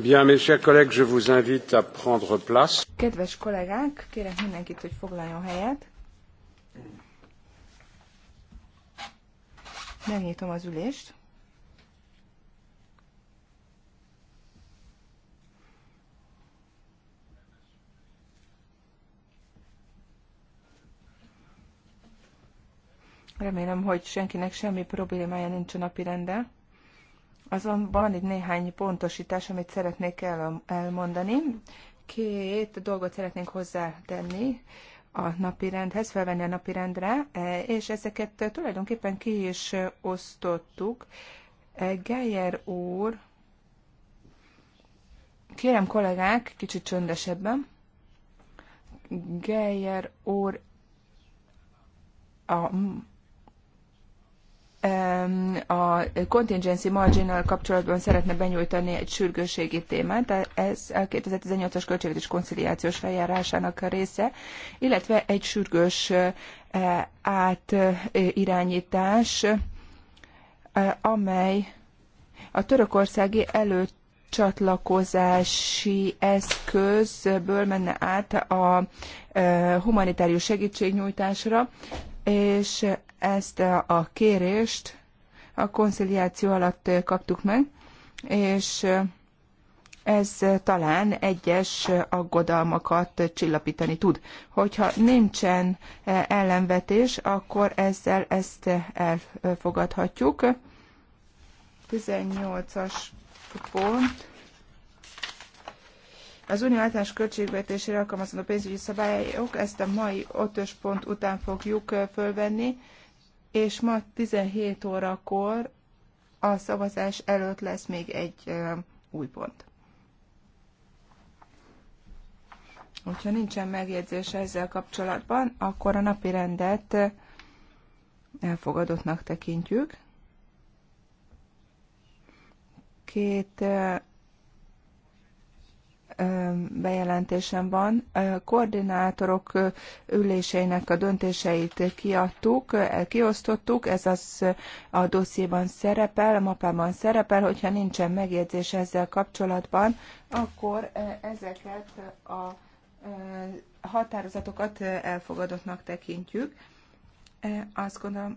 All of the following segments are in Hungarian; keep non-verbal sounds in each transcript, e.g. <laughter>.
Bien, mes chers collègues, je vous invite à prendre place. Kedves kollégák, kérek mindenkit, hogy foglaljon helyet. Megnyitom az ülést. Remélem, hogy senkinek semmi problémája nincs a napi rendel. Azonban van egy néhány pontosítás, amit szeretnék el, elmondani. Két dolgot szeretnénk hozzátenni a napirendhez, felvenni a napirendre, e, és ezeket tulajdonképpen ki is osztottuk. E, Geyer úr, kérem kollégák, kicsit csöndesebben. Geyer úr a a contingency marginal kapcsolatban szeretne benyújtani egy sürgősségi témát, ez a 2018-as költségvetés konciliációs feljárásának a része, illetve egy sürgős eh, átirányítás, eh, amely a törökországi előtt csatlakozási eszközből menne át a eh, humanitárius segítségnyújtásra, és ezt a kérést a konciliáció alatt kaptuk meg, és ez talán egyes aggodalmakat csillapítani tud. Hogyha nincsen ellenvetés, akkor ezzel ezt elfogadhatjuk. 18-as pont az unió általános költségvetésére alkalmazandó pénzügyi szabályok, ezt a mai ötös pont után fogjuk fölvenni, és ma 17 órakor a szavazás előtt lesz még egy új pont. Hogyha nincsen megjegyzés ezzel kapcsolatban, akkor a napi rendet elfogadottnak tekintjük. Két bejelentésem van. Koordinátorok üléseinek a döntéseit kiadtuk, kiosztottuk, ez az a dossziéban szerepel, a mapában szerepel, hogyha nincsen megjegyzés ezzel kapcsolatban, akkor ezeket a határozatokat elfogadottnak tekintjük. Azt gondolom,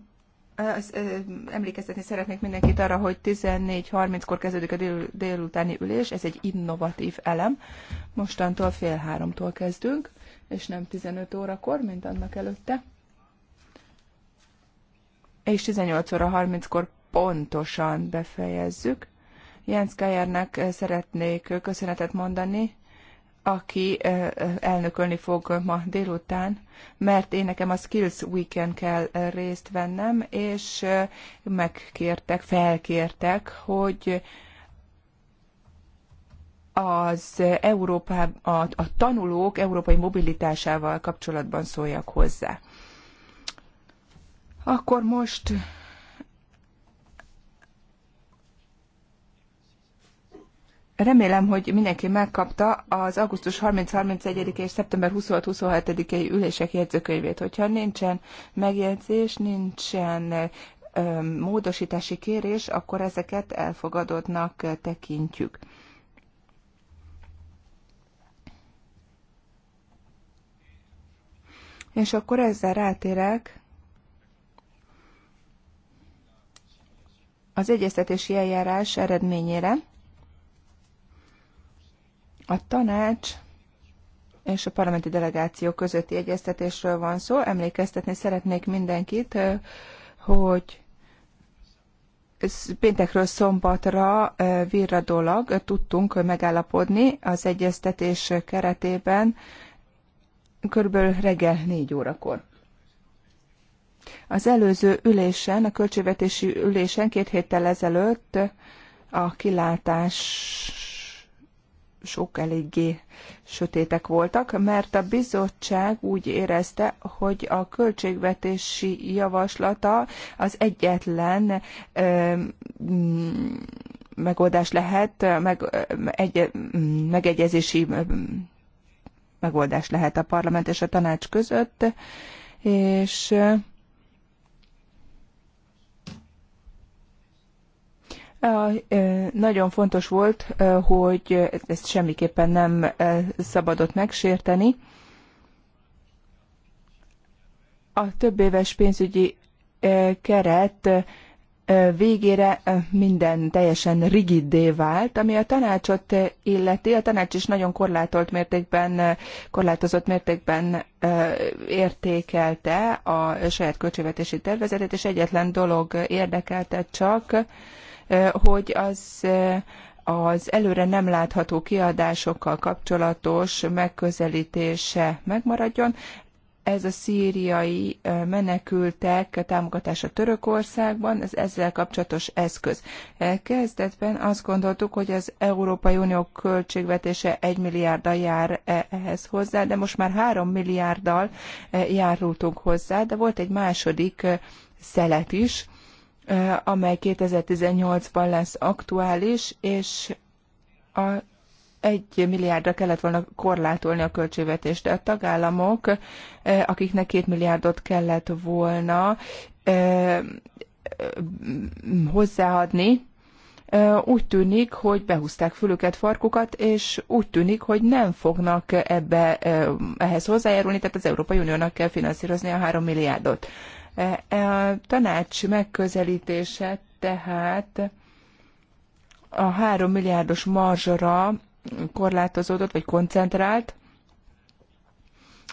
emlékeztetni szeretnék mindenkit arra, hogy 14.30-kor kezdődik a dél, délutáni ülés, ez egy innovatív elem. Mostantól fél háromtól kezdünk, és nem 15 órakor, mint annak előtte. És 18 óra 30-kor pontosan befejezzük. Jens Kajernek szeretnék köszönetet mondani aki elnökölni fog ma délután, mert én nekem a Skills Weekend kell részt vennem, és megkértek, felkértek, hogy az Európa, a, a tanulók európai mobilitásával kapcsolatban szóljak hozzá. Akkor most Remélem, hogy mindenki megkapta az augusztus 30-31 és szeptember 26-27-i ülések jegyzőkönyvét. Hogyha nincsen megjegyzés, nincsen módosítási kérés, akkor ezeket elfogadottnak tekintjük. És akkor ezzel rátérek az egyeztetési eljárás eredményére. A tanács és a parlamenti delegáció közötti egyeztetésről van szó. Emlékeztetni szeretnék mindenkit, hogy péntekről szombatra virradólag tudtunk megállapodni az egyeztetés keretében, körülbelül reggel négy órakor. Az előző ülésen, a költségvetési ülésen két héttel ezelőtt a kilátás sok eléggé sötétek voltak, mert a bizottság úgy érezte, hogy a költségvetési javaslata az egyetlen ö, mm, megoldás lehet, meg, egy, mm, megegyezési megoldás lehet a parlament és a tanács között, és Nagyon fontos volt, hogy ezt semmiképpen nem szabadott megsérteni. A több éves pénzügyi keret végére minden teljesen rigiddé vált, ami a tanácsot illeti. A tanács is nagyon korlátolt mértékben, korlátozott mértékben értékelte a saját költségvetési tervezetet, és egyetlen dolog érdekelte csak, hogy az az előre nem látható kiadásokkal kapcsolatos megközelítése megmaradjon. Ez a szíriai menekültek támogatása Törökországban, ez ezzel kapcsolatos eszköz. Kezdetben azt gondoltuk, hogy az Európai Unió költségvetése egy milliárddal jár e, ehhez hozzá, de most már három milliárddal e, járultunk hozzá, de volt egy második szelet is, amely 2018-ban lesz aktuális, és a egy milliárdra kellett volna korlátolni a költségvetést, de a tagállamok, akiknek két milliárdot kellett volna hozzáadni, úgy tűnik, hogy behúzták fülüket, farkukat, és úgy tűnik, hogy nem fognak ebbe ehhez hozzájárulni, tehát az Európai Uniónak kell finanszírozni a három milliárdot. E, e, a tanács megközelítése tehát a három milliárdos marzsra korlátozódott, vagy koncentrált,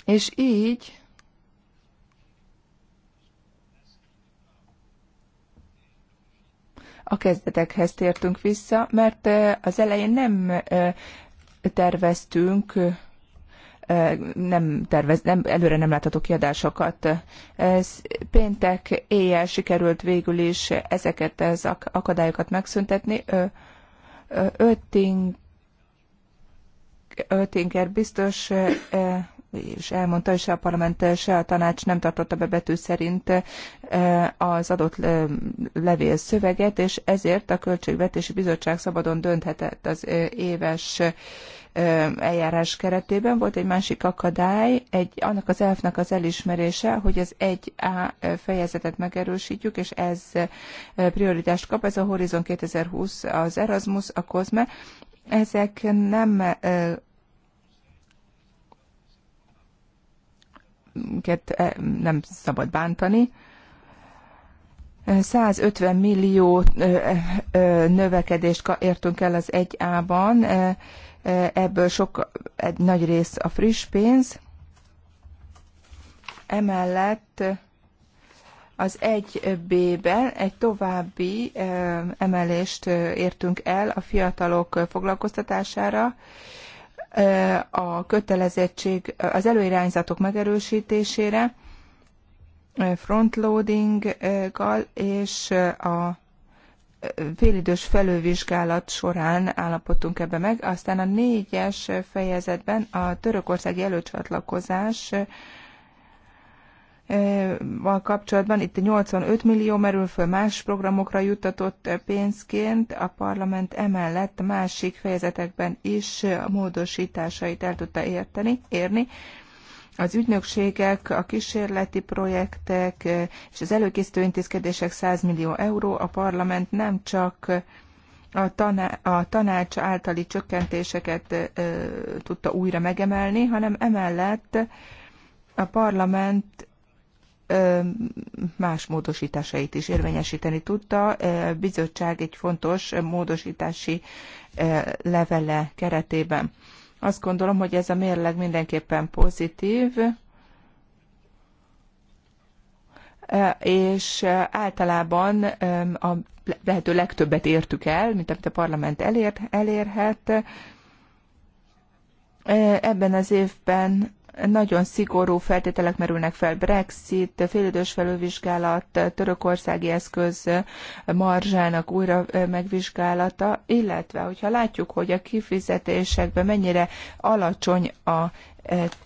és így a kezdetekhez tértünk vissza, mert e, az elején nem terveztünk nem tervez, nem, előre nem látható kiadásokat. Ez péntek éjjel sikerült végül is ezeket az akadályokat megszüntetni. Ötting, Öttinger biztos és elmondta, és se a parlament, se a tanács nem tartotta be betű szerint az adott levél szöveget, és ezért a Költségvetési Bizottság szabadon dönthetett az éves eljárás keretében. Volt egy másik akadály, egy, annak az elfnek az elismerése, hogy az 1A fejezetet megerősítjük, és ez prioritást kap, ez a Horizon 2020, az Erasmus, a COSME. Ezek nem nem szabad bántani. 150 millió növekedést értünk el az 1A-ban, ebből sok, egy nagy rész a friss pénz. Emellett az 1B-ben egy további emelést értünk el a fiatalok foglalkoztatására, a kötelezettség, az előirányzatok megerősítésére, frontloadinggal és a félidős felülvizsgálat során állapodtunk ebbe meg, aztán a négyes fejezetben a törökországi előcsatlakozás kapcsolatban itt 85 millió merül föl más programokra juttatott pénzként, a parlament emellett másik fejezetekben is a módosításait el tudta érteni, érni, az ügynökségek, a kísérleti projektek eh, és az előkészítő intézkedések 100 millió euró, a parlament nem csak a, taná- a tanács általi csökkentéseket ö, eh, eh, tudta újra megemelni, hanem emellett a parlament más módosításait is érvényesíteni tudta. bizottság egy fontos módosítási levele keretében. Azt gondolom, hogy ez a mérleg mindenképpen pozitív, e, és általában e, a lehető legtöbbet értük el, mint amit a parlament elér, elérhet. E, ebben az évben nagyon szigorú feltételek merülnek fel, Brexit, félidős felülvizsgálat, törökországi eszköz marzsának újra megvizsgálata, illetve hogyha látjuk, hogy a kifizetésekben mennyire alacsony a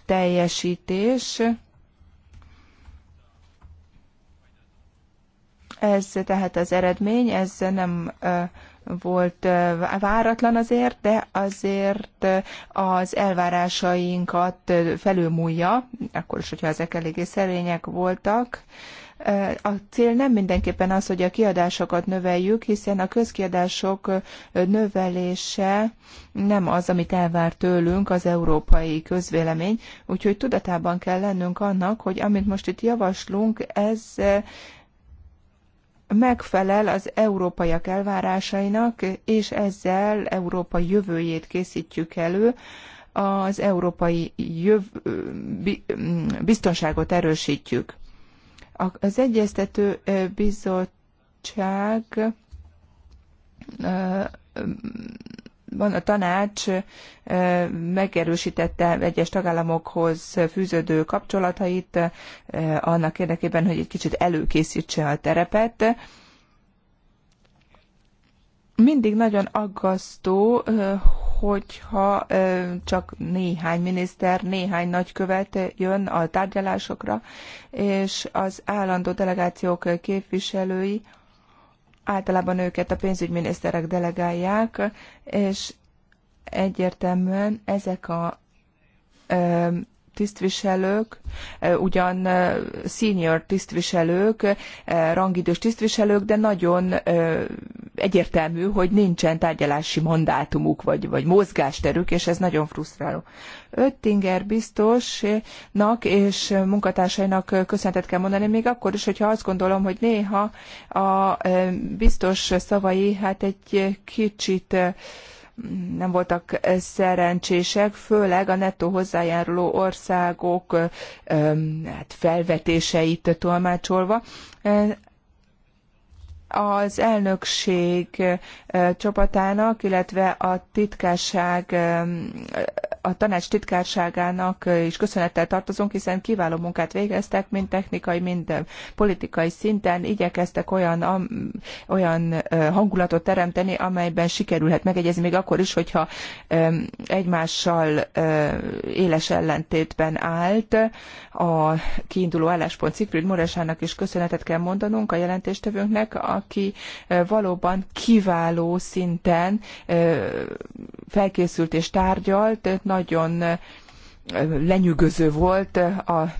teljesítés, ez tehát az eredmény, ez nem volt váratlan azért, de azért az elvárásainkat felülmúlja, akkor is, hogyha ezek eléggé szerények voltak. A cél nem mindenképpen az, hogy a kiadásokat növeljük, hiszen a közkiadások növelése nem az, amit elvár tőlünk az európai közvélemény, úgyhogy tudatában kell lennünk annak, hogy amit most itt javaslunk, ez megfelel az európaiak elvárásainak, és ezzel Európa jövőjét készítjük elő, az európai jöv... biztonságot erősítjük. Az Egyeztető Bizottság van a tanács megerősítette egyes tagállamokhoz fűződő kapcsolatait annak érdekében, hogy egy kicsit előkészítse a terepet. Mindig nagyon aggasztó, hogyha csak néhány miniszter, néhány nagykövet jön a tárgyalásokra, és az állandó delegációk képviselői, általában őket a pénzügyminiszterek delegálják, és egyértelműen ezek a tisztviselők, ugyan senior tisztviselők, rangidős tisztviselők, de nagyon egyértelmű, hogy nincsen tárgyalási mandátumuk, vagy, vagy mozgásterük, és ez nagyon frusztráló. Öttinger biztosnak és munkatársainak köszönetet kell mondani, még akkor is, hogyha azt gondolom, hogy néha a biztos szavai hát egy kicsit nem voltak szerencsések, főleg a nettó hozzájáruló országok hát felvetéseit tolmácsolva az elnökség csapatának, illetve a titkárság, a tanács titkárságának is köszönettel tartozunk, hiszen kiváló munkát végeztek, mind technikai, mind politikai szinten. Igyekeztek olyan, olyan hangulatot teremteni, amelyben sikerülhet megegyezni, még akkor is, hogyha egymással éles ellentétben állt a kiinduló álláspont Szigrid Muresának is köszönetet kell mondanunk a jelentéstevőnknek, a aki valóban kiváló szinten felkészült és tárgyalt, nagyon lenyűgöző volt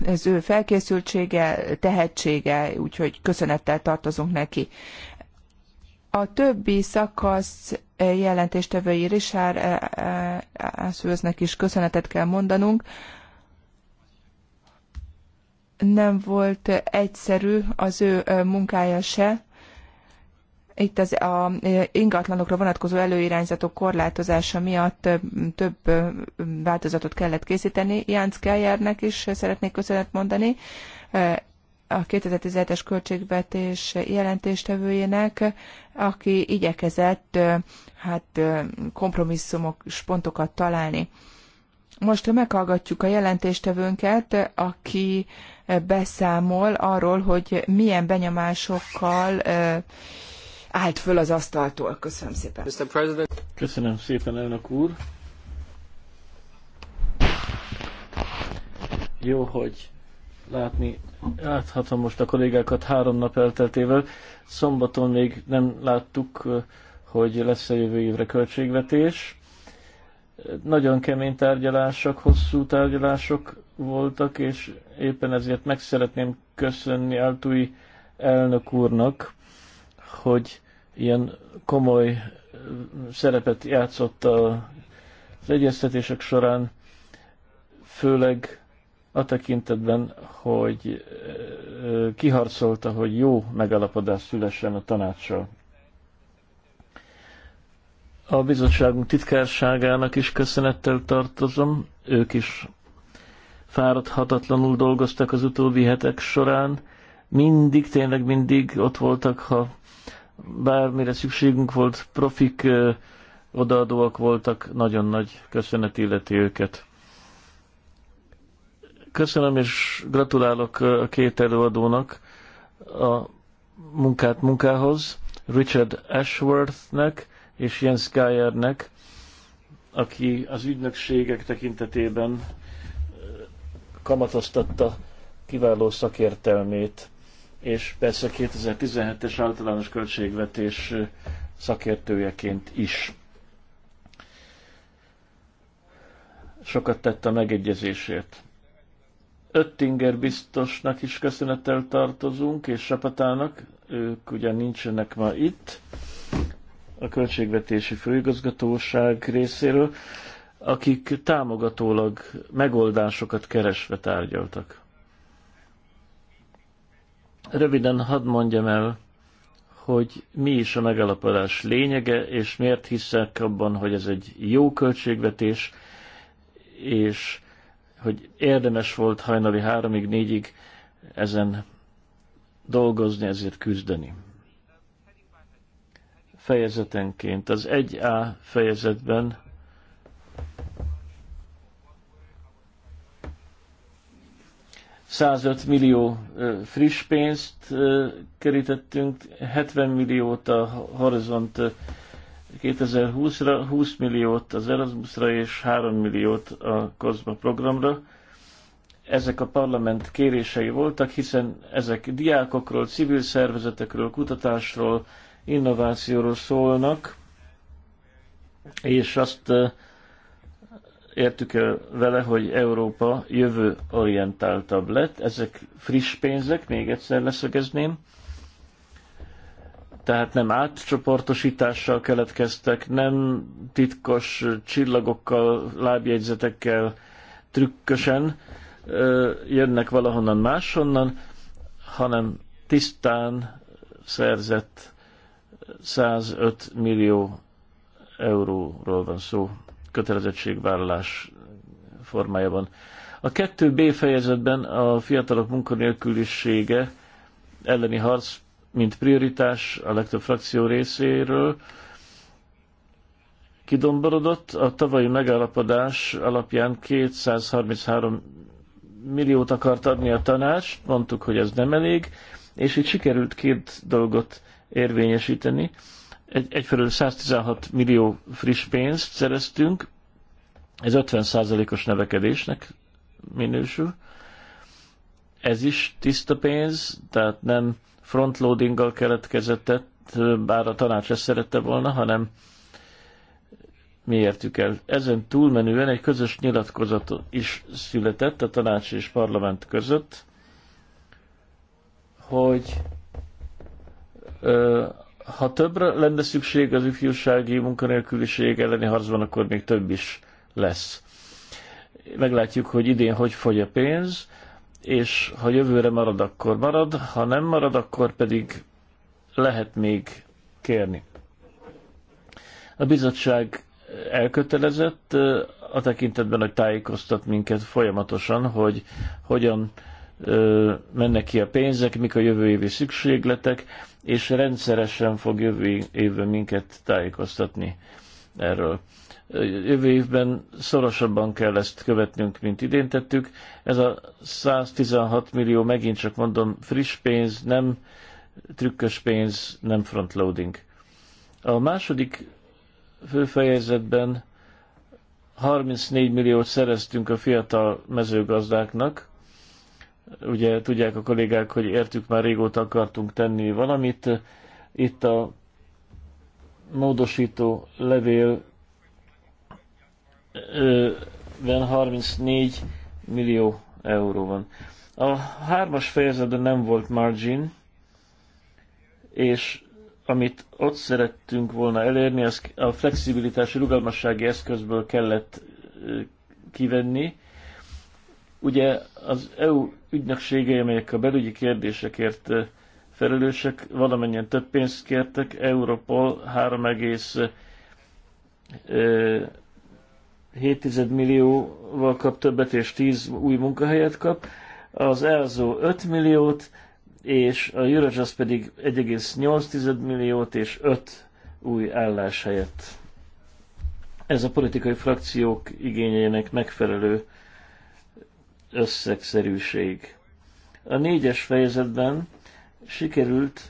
az ő felkészültsége, tehetsége, úgyhogy köszönettel tartozunk neki. A többi szakasz jelentéstevői Richard Ashworthnek is köszönetet kell mondanunk. Nem volt egyszerű az ő munkája se, itt az a ingatlanokra vonatkozó előirányzatok korlátozása miatt több változatot kellett készíteni. Jánc Kellernek is szeretnék köszönet mondani, a 2017-es költségvetés jelentéstevőjének, aki igyekezett hát kompromisszumok pontokat találni. Most meghallgatjuk a jelentéstevőnket, aki beszámol arról, hogy milyen benyomásokkal állt föl az asztaltól. Köszönöm szépen. Köszönöm szépen, elnök úr. Jó, hogy látni, láthatom most a kollégákat három nap elteltével. Szombaton még nem láttuk, hogy lesz a jövő évre költségvetés. Nagyon kemény tárgyalások, hosszú tárgyalások voltak, és éppen ezért meg szeretném köszönni Altui elnök úrnak, hogy ilyen komoly szerepet játszott az egyeztetések során, főleg a tekintetben, hogy kiharcolta, hogy jó megalapodás szülessen a tanácssal. A bizottságunk titkárságának is köszönettel tartozom, ők is fáradhatatlanul dolgoztak az utóbbi hetek során, mindig, tényleg mindig ott voltak, ha bármire szükségünk volt, profik odaadóak voltak, nagyon nagy köszönet illeti őket. Köszönöm és gratulálok a két előadónak a munkát munkához, Richard Ashworthnek és Jens Geyernek, aki az ügynökségek tekintetében kamatoztatta kiváló szakértelmét és persze 2017-es általános költségvetés szakértőjeként is. Sokat tett a megegyezésért. Öttinger biztosnak is köszönettel tartozunk, és Sapatának, ők ugye nincsenek ma itt, a Költségvetési Főigazgatóság részéről, akik támogatólag megoldásokat keresve tárgyaltak. Röviden hadd mondjam el, hogy mi is a megalapodás lényege, és miért hiszek abban, hogy ez egy jó költségvetés, és hogy érdemes volt hajnali háromig, négyig ezen dolgozni, ezért küzdeni. Fejezetenként. Az 1A fejezetben 105 millió friss pénzt kerítettünk, 70 milliót a Horizont 2020-ra, 20 milliót az Erasmusra és 3 milliót a COSMA programra. Ezek a parlament kérései voltak, hiszen ezek diákokról, civil szervezetekről, kutatásról, innovációról szólnak, és azt értük el vele, hogy Európa jövő orientáltabb lett. Ezek friss pénzek, még egyszer leszögezném. Tehát nem átcsoportosítással keletkeztek, nem titkos csillagokkal, lábjegyzetekkel, trükkösen jönnek valahonnan máshonnan, hanem tisztán szerzett 105 millió euróról van szó kötelezettségvállalás formájában. A 2B fejezetben a fiatalok munkanélkülisége elleni harc, mint prioritás a legtöbb frakció részéről kidomborodott. A tavalyi megállapodás alapján 233 milliót akart adni a tanács, mondtuk, hogy ez nem elég, és itt sikerült két dolgot érvényesíteni egy, egyfelől 116 millió friss pénzt szereztünk, ez 50%-os növekedésnek minősül. Ez is tiszta pénz, tehát nem frontloadinggal keletkezett, bár a tanács ezt szerette volna, hanem mi értük el. Ezen túlmenően egy közös nyilatkozat is született a tanács és parlament között, hogy ha többre lenne szükség az ifjúsági munkanélküliség elleni harcban, akkor még több is lesz. Meglátjuk, hogy idén hogy fogy a pénz, és ha jövőre marad, akkor marad, ha nem marad, akkor pedig lehet még kérni. A bizottság elkötelezett a tekintetben, hogy tájékoztat minket folyamatosan, hogy hogyan mennek ki a pénzek, mik a jövő évi szükségletek, és rendszeresen fog jövő évben minket tájékoztatni erről. Jövő évben szorosabban kell ezt követnünk, mint idén tettük. Ez a 116 millió, megint csak mondom, friss pénz, nem trükkös pénz, nem frontloading. A második főfejezetben 34 milliót szereztünk a fiatal mezőgazdáknak, Ugye tudják a kollégák, hogy értük már régóta akartunk tenni valamit. Itt a módosító levél 34 millió euró van. A hármas fejezetben nem volt margin, és amit ott szerettünk volna elérni, az a flexibilitási rugalmassági eszközből kellett kivenni. Ugye az EU ügynökségei, amelyek a belügyi kérdésekért eh, felelősek, valamennyien több pénzt kértek, Europol 3,7 eh, millióval kap többet, és 10 új munkahelyet kap, az ELZO 5 milliót, és a Eurojust pedig 1,8 milliót és 5 új álláshelyet. Ez a politikai frakciók igényeinek megfelelő összegszerűség. A négyes fejezetben sikerült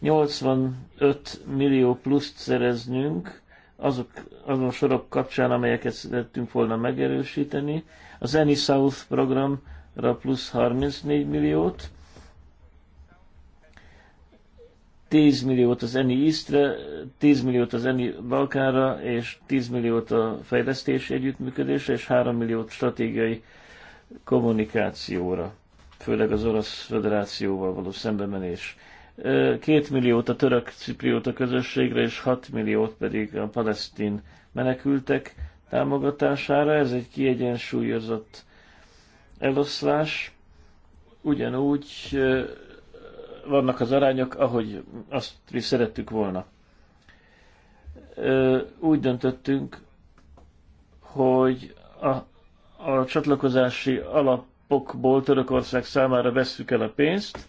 85 millió pluszt szereznünk azok, azon sorok kapcsán, amelyeket szerettünk volna megerősíteni. Az Any South programra plusz 34 milliót, 10 milliót az Eni Eastre, 10 milliót az Eni Balkánra, és 10 milliót a fejlesztési együttműködésre, és 3 milliót stratégiai kommunikációra, főleg az Orosz Föderációval való szembemenés. Két milliót a török a közösségre, és hat milliót pedig a palesztin menekültek támogatására. Ez egy kiegyensúlyozott eloszlás. Ugyanúgy vannak az arányok, ahogy azt mi szerettük volna. Úgy döntöttünk, hogy a a csatlakozási alapokból Törökország számára vesszük el a pénzt,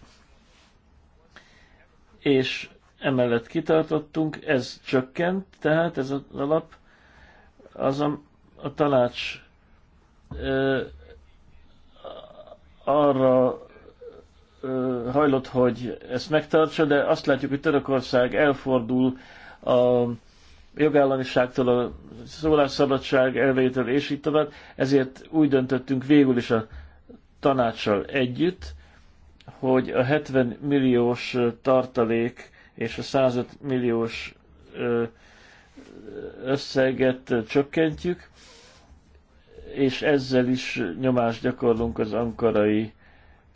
és emellett kitartottunk, ez csökkent, tehát ez az alap, az a, a tanács ö, arra ö, hajlott, hogy ezt megtartsa, de azt látjuk, hogy Törökország elfordul a jogállamiságtól a szólásszabadság elvétől, és így tovább. Ezért úgy döntöttünk végül is a tanácssal együtt, hogy a 70 milliós tartalék és a 105 milliós összeget csökkentjük, és ezzel is nyomást gyakorlunk az ankarai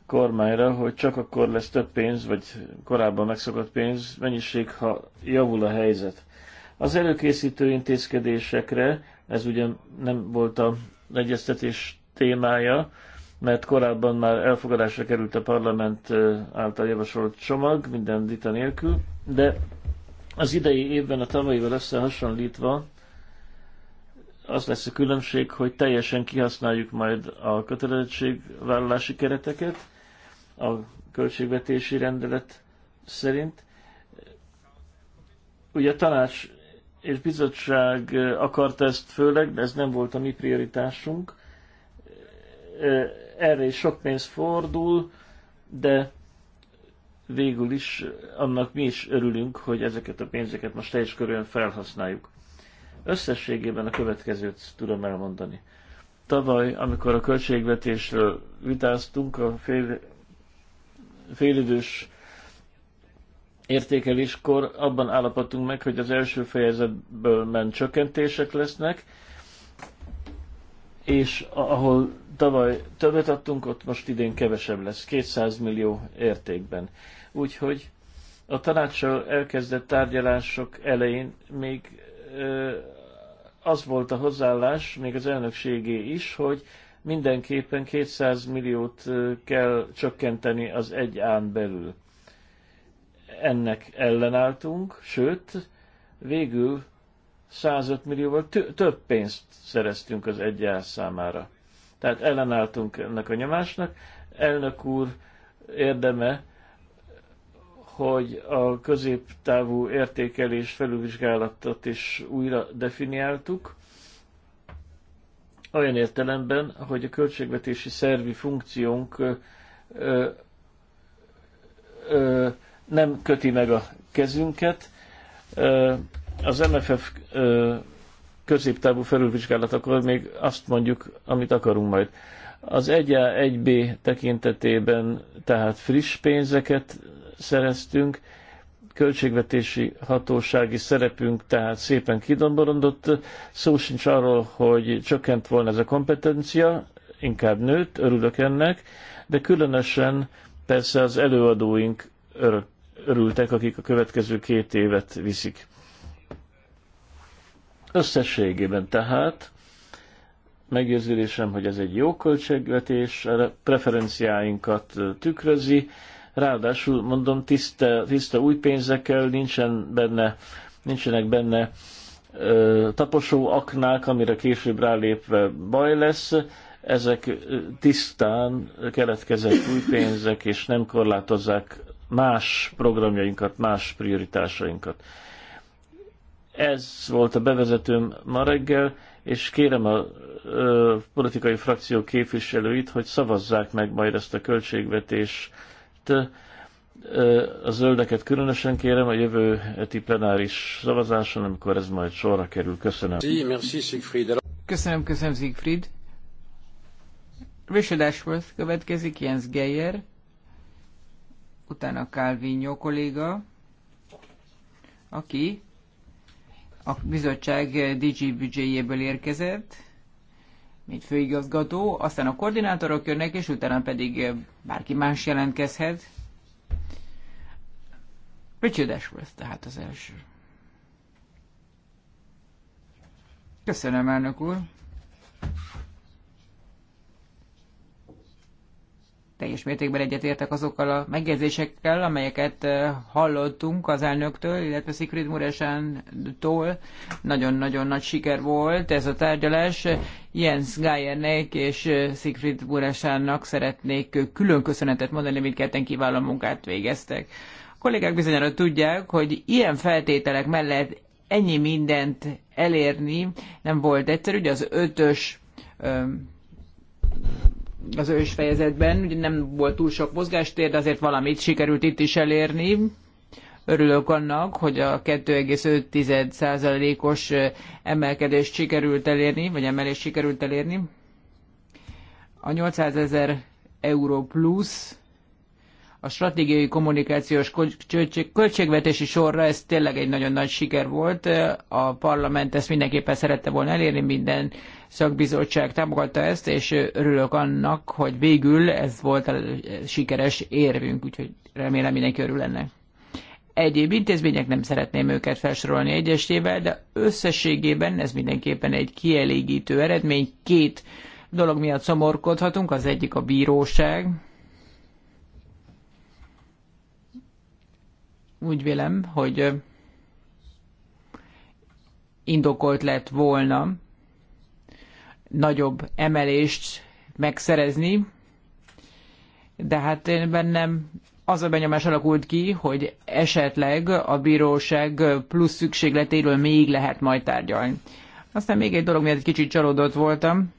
kormányra, hogy csak akkor lesz több pénz, vagy korábban megszokott pénz mennyiség, ha javul a helyzet. Az előkészítő intézkedésekre, ez ugye nem volt a egyeztetés témája, mert korábban már elfogadásra került a parlament által javasolt csomag, minden dita nélkül, de az idei évben a tavalyival összehasonlítva az lesz a különbség, hogy teljesen kihasználjuk majd a kötelezettségvállalási kereteket a költségvetési rendelet szerint. Ugye a tanács és bizottság akart ezt főleg, de ez nem volt a mi prioritásunk. Erre is sok pénz fordul, de végül is annak mi is örülünk, hogy ezeket a pénzeket most teljes körülön felhasználjuk. Összességében a következőt tudom elmondani. Tavaly, amikor a költségvetésről vitáztunk, a fél, félidős értékeléskor abban állapodtunk meg, hogy az első fejezetből ment csökkentések lesznek, és ahol tavaly többet adtunk, ott most idén kevesebb lesz, 200 millió értékben. Úgyhogy a tanácssal elkezdett tárgyalások elején még az volt a hozzáállás, még az elnökségé is, hogy mindenképpen 200 milliót kell csökkenteni az egy án belül ennek ellenálltunk, sőt, végül 105 millióval több pénzt szereztünk az egyház számára. Tehát ellenálltunk ennek a nyomásnak. Elnök úr érdeme, hogy a középtávú értékelés felülvizsgálatot is újra definiáltuk, olyan értelemben, hogy a költségvetési szervi funkciónk ö, ö, ö, nem köti meg a kezünket. Az MFF középtávú felülvizsgálatakor még azt mondjuk, amit akarunk majd. Az 1A, 1B tekintetében tehát friss pénzeket szereztünk, költségvetési hatósági szerepünk tehát szépen kidomborondott Szó sincs arról, hogy csökkent volna ez a kompetencia, inkább nőtt, örülök ennek, de különösen persze az előadóink örök örültek, akik a következő két évet viszik. Összességében tehát meggyőződésem, hogy ez egy jó költségvetés, a preferenciáinkat tükrözi, ráadásul mondom, tiszta, tiszta új pénzekkel nincsen benne, nincsenek benne ö, taposó aknák, amire később rálépve baj lesz, ezek tisztán keletkezett új pénzek, és nem korlátozzák más programjainkat, más prioritásainkat. Ez volt a bevezetőm ma reggel, és kérem a ö, politikai frakció képviselőit, hogy szavazzák meg majd ezt a költségvetést. Ö, a zöldeket különösen kérem a jövő heti plenáris szavazáson, amikor ez majd sorra kerül. Köszönöm. Köszönöm, köszönöm Siegfried. Richard Ashworth következik, Jens Geyer utána Calvinio kolléga, aki a bizottság DG büdzséjéből érkezett, mint főigazgató, aztán a koordinátorok jönnek, és utána pedig bárki más jelentkezhet. Richard Ashworth tehát az első. Köszönöm, elnök úr. teljes mértékben egyetértek azokkal a megjegyzésekkel, amelyeket eh, hallottunk az elnöktől, illetve Szikrid muresen tól Nagyon-nagyon nagy siker volt ez a tárgyalás. Jens Geiernek és eh, Szikrid Muresennak szeretnék külön köszönetet mondani, mindketten kiváló munkát végeztek. A kollégák bizonyára tudják, hogy ilyen feltételek mellett ennyi mindent elérni nem volt egyszerű, ugye az ötös eh, az ős fejezetben, ugye nem volt túl sok mozgástér, de azért valamit sikerült itt is elérni. Örülök annak, hogy a 2,5%-os emelkedést sikerült elérni, vagy emelést sikerült elérni. A 800 ezer euró plusz a stratégiai kommunikációs költségvetési sorra ez tényleg egy nagyon nagy siker volt. A parlament ezt mindenképpen szerette volna elérni, minden szakbizottság támogatta ezt, és örülök annak, hogy végül ez volt a sikeres érvünk, úgyhogy remélem mindenki örül ennek. Egyéb intézmények nem szeretném őket felsorolni egyesével, de összességében ez mindenképpen egy kielégítő eredmény. Két dolog miatt szomorkodhatunk, az egyik a bíróság. Úgy vélem, hogy indokolt lett volna nagyobb emelést megszerezni, de hát én bennem az a benyomás alakult ki, hogy esetleg a bíróság plusz szükségletéről még lehet majd tárgyalni. Aztán még egy dolog miatt egy kicsit csalódott voltam.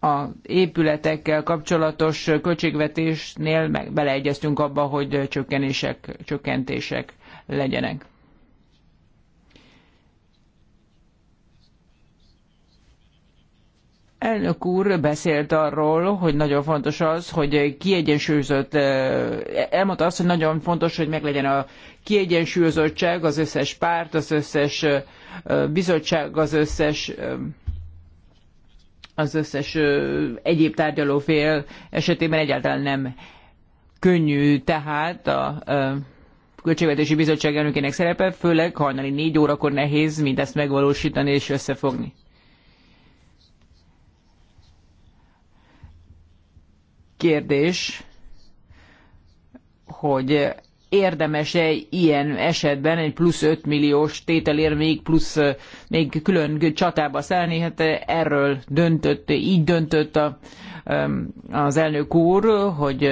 a épületekkel kapcsolatos költségvetésnél meg beleegyeztünk abba, hogy csökkenések, csökkentések legyenek. Elnök úr beszélt arról, hogy nagyon fontos az, hogy kiegyensúlyozott, eh, elmondta azt, hogy nagyon fontos, hogy meglegyen a kiegyensúlyozottság, az összes párt, az összes eh, bizottság, az összes eh, az összes egyéb tárgyalófél esetében egyáltalán nem könnyű tehát a Költségvetési Bizottság elnökének szerepe, főleg hajnali négy órakor nehéz mindezt megvalósítani és összefogni. kérdés, hogy érdemes-e ilyen esetben egy plusz 5 milliós tételért még plusz, még külön csatába szállni, hát erről döntött, így döntött a, az elnök úr, hogy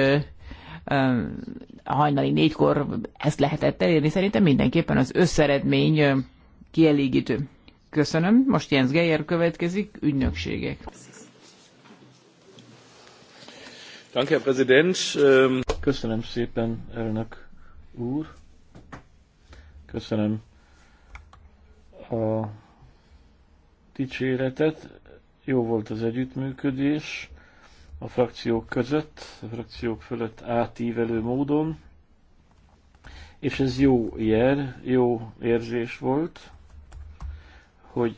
hajnali négykor ezt lehetett elérni. Szerintem mindenképpen az összeredmény kielégítő. Köszönöm. Most Jens Geyer következik, ügynökségek. Danke, Herr Präsident. Ähm, Köszönöm szépen, elnök úr. Köszönöm a dicséretet. Jó volt az együttműködés a frakciók között, a frakciók fölött átívelő módon, és ez jó jel, jó érzés volt, hogy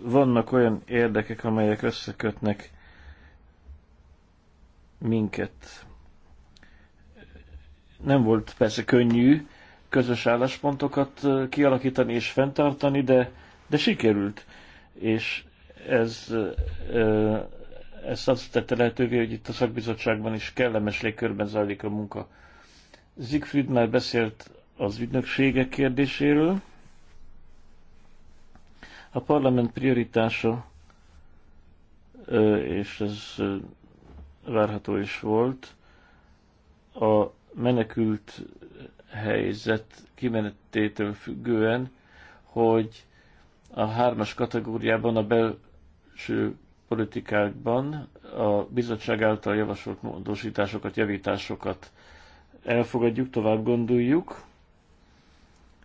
vannak olyan érdekek, amelyek összekötnek minket. Nem volt persze könnyű közös álláspontokat kialakítani és fenntartani, de, de sikerült. És ez, ez azt tette lehetővé, hogy itt a szakbizottságban is kellemes légkörben zajlik a munka. Siegfried már beszélt az ügynökségek kérdéséről. A parlament prioritása, és ez várható is volt. A menekült helyzet kimenetétől függően, hogy a hármas kategóriában a belső politikákban a bizottság által javasolt módosításokat, javításokat elfogadjuk, tovább gondoljuk.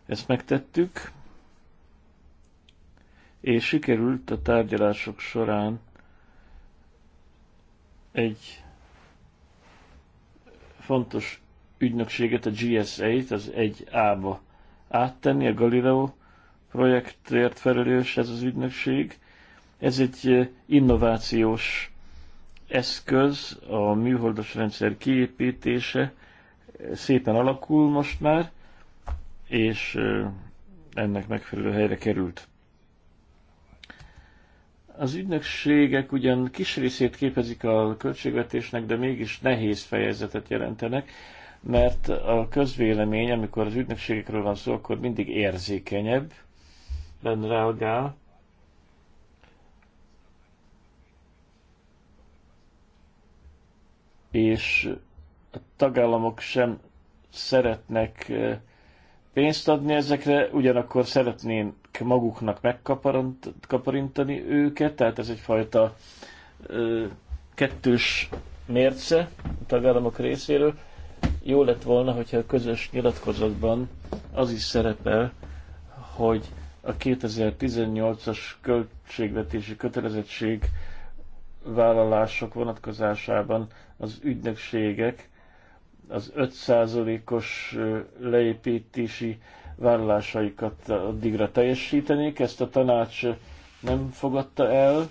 Ezt megtettük, és sikerült a tárgyalások során egy fontos ügynökséget, a GSA-t, az 1A-ba áttenni, a Galileo projektért felelős ez az ügynökség. Ez egy innovációs eszköz, a műholdas rendszer kiépítése szépen alakul most már, és ennek megfelelő helyre került. Az ügynökségek ugyan kis részét képezik a költségvetésnek, de mégis nehéz fejezetet jelentenek, mert a közvélemény, amikor az ügynökségekről van szó, akkor mindig érzékenyebb, benne reagál. És a tagállamok sem szeretnek eh, pénzt adni ezekre, ugyanakkor szeretnénk maguknak megkaparintani őket, tehát ez egyfajta ö, kettős mérce a tagállamok részéről. Jó lett volna, hogyha a közös nyilatkozatban az is szerepel, hogy a 2018-as költségvetési kötelezettség vállalások vonatkozásában az ügynökségek az 5%-os leépítési vállalásaikat addigra teljesítenék, ezt a tanács nem fogadta el.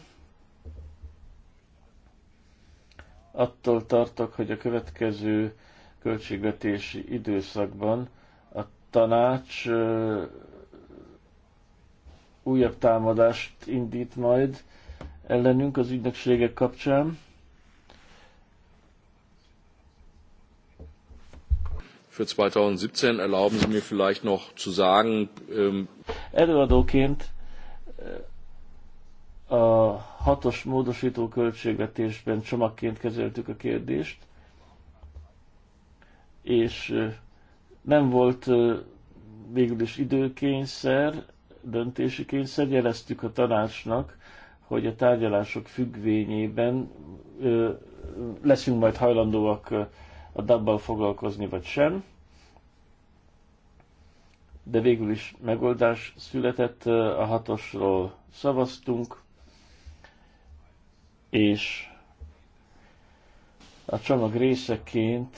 Attól tartok, hogy a következő költségvetési időszakban a tanács újabb támadást indít majd ellenünk az ügynökségek kapcsán. für 2017 erlauben Sie mir vielleicht noch zu sagen. Ähm Előadóként äh, a hatos módosító költségvetésben csomagként kezeltük a kérdést, és nem volt végül is időkényszer, döntési kényszer, jeleztük a tanácsnak, hogy a tárgyalások függvényében leszünk majd hajlandóak a dabbal foglalkozni, vagy sem. De végül is megoldás született, a hatosról szavaztunk, és a csomag részeként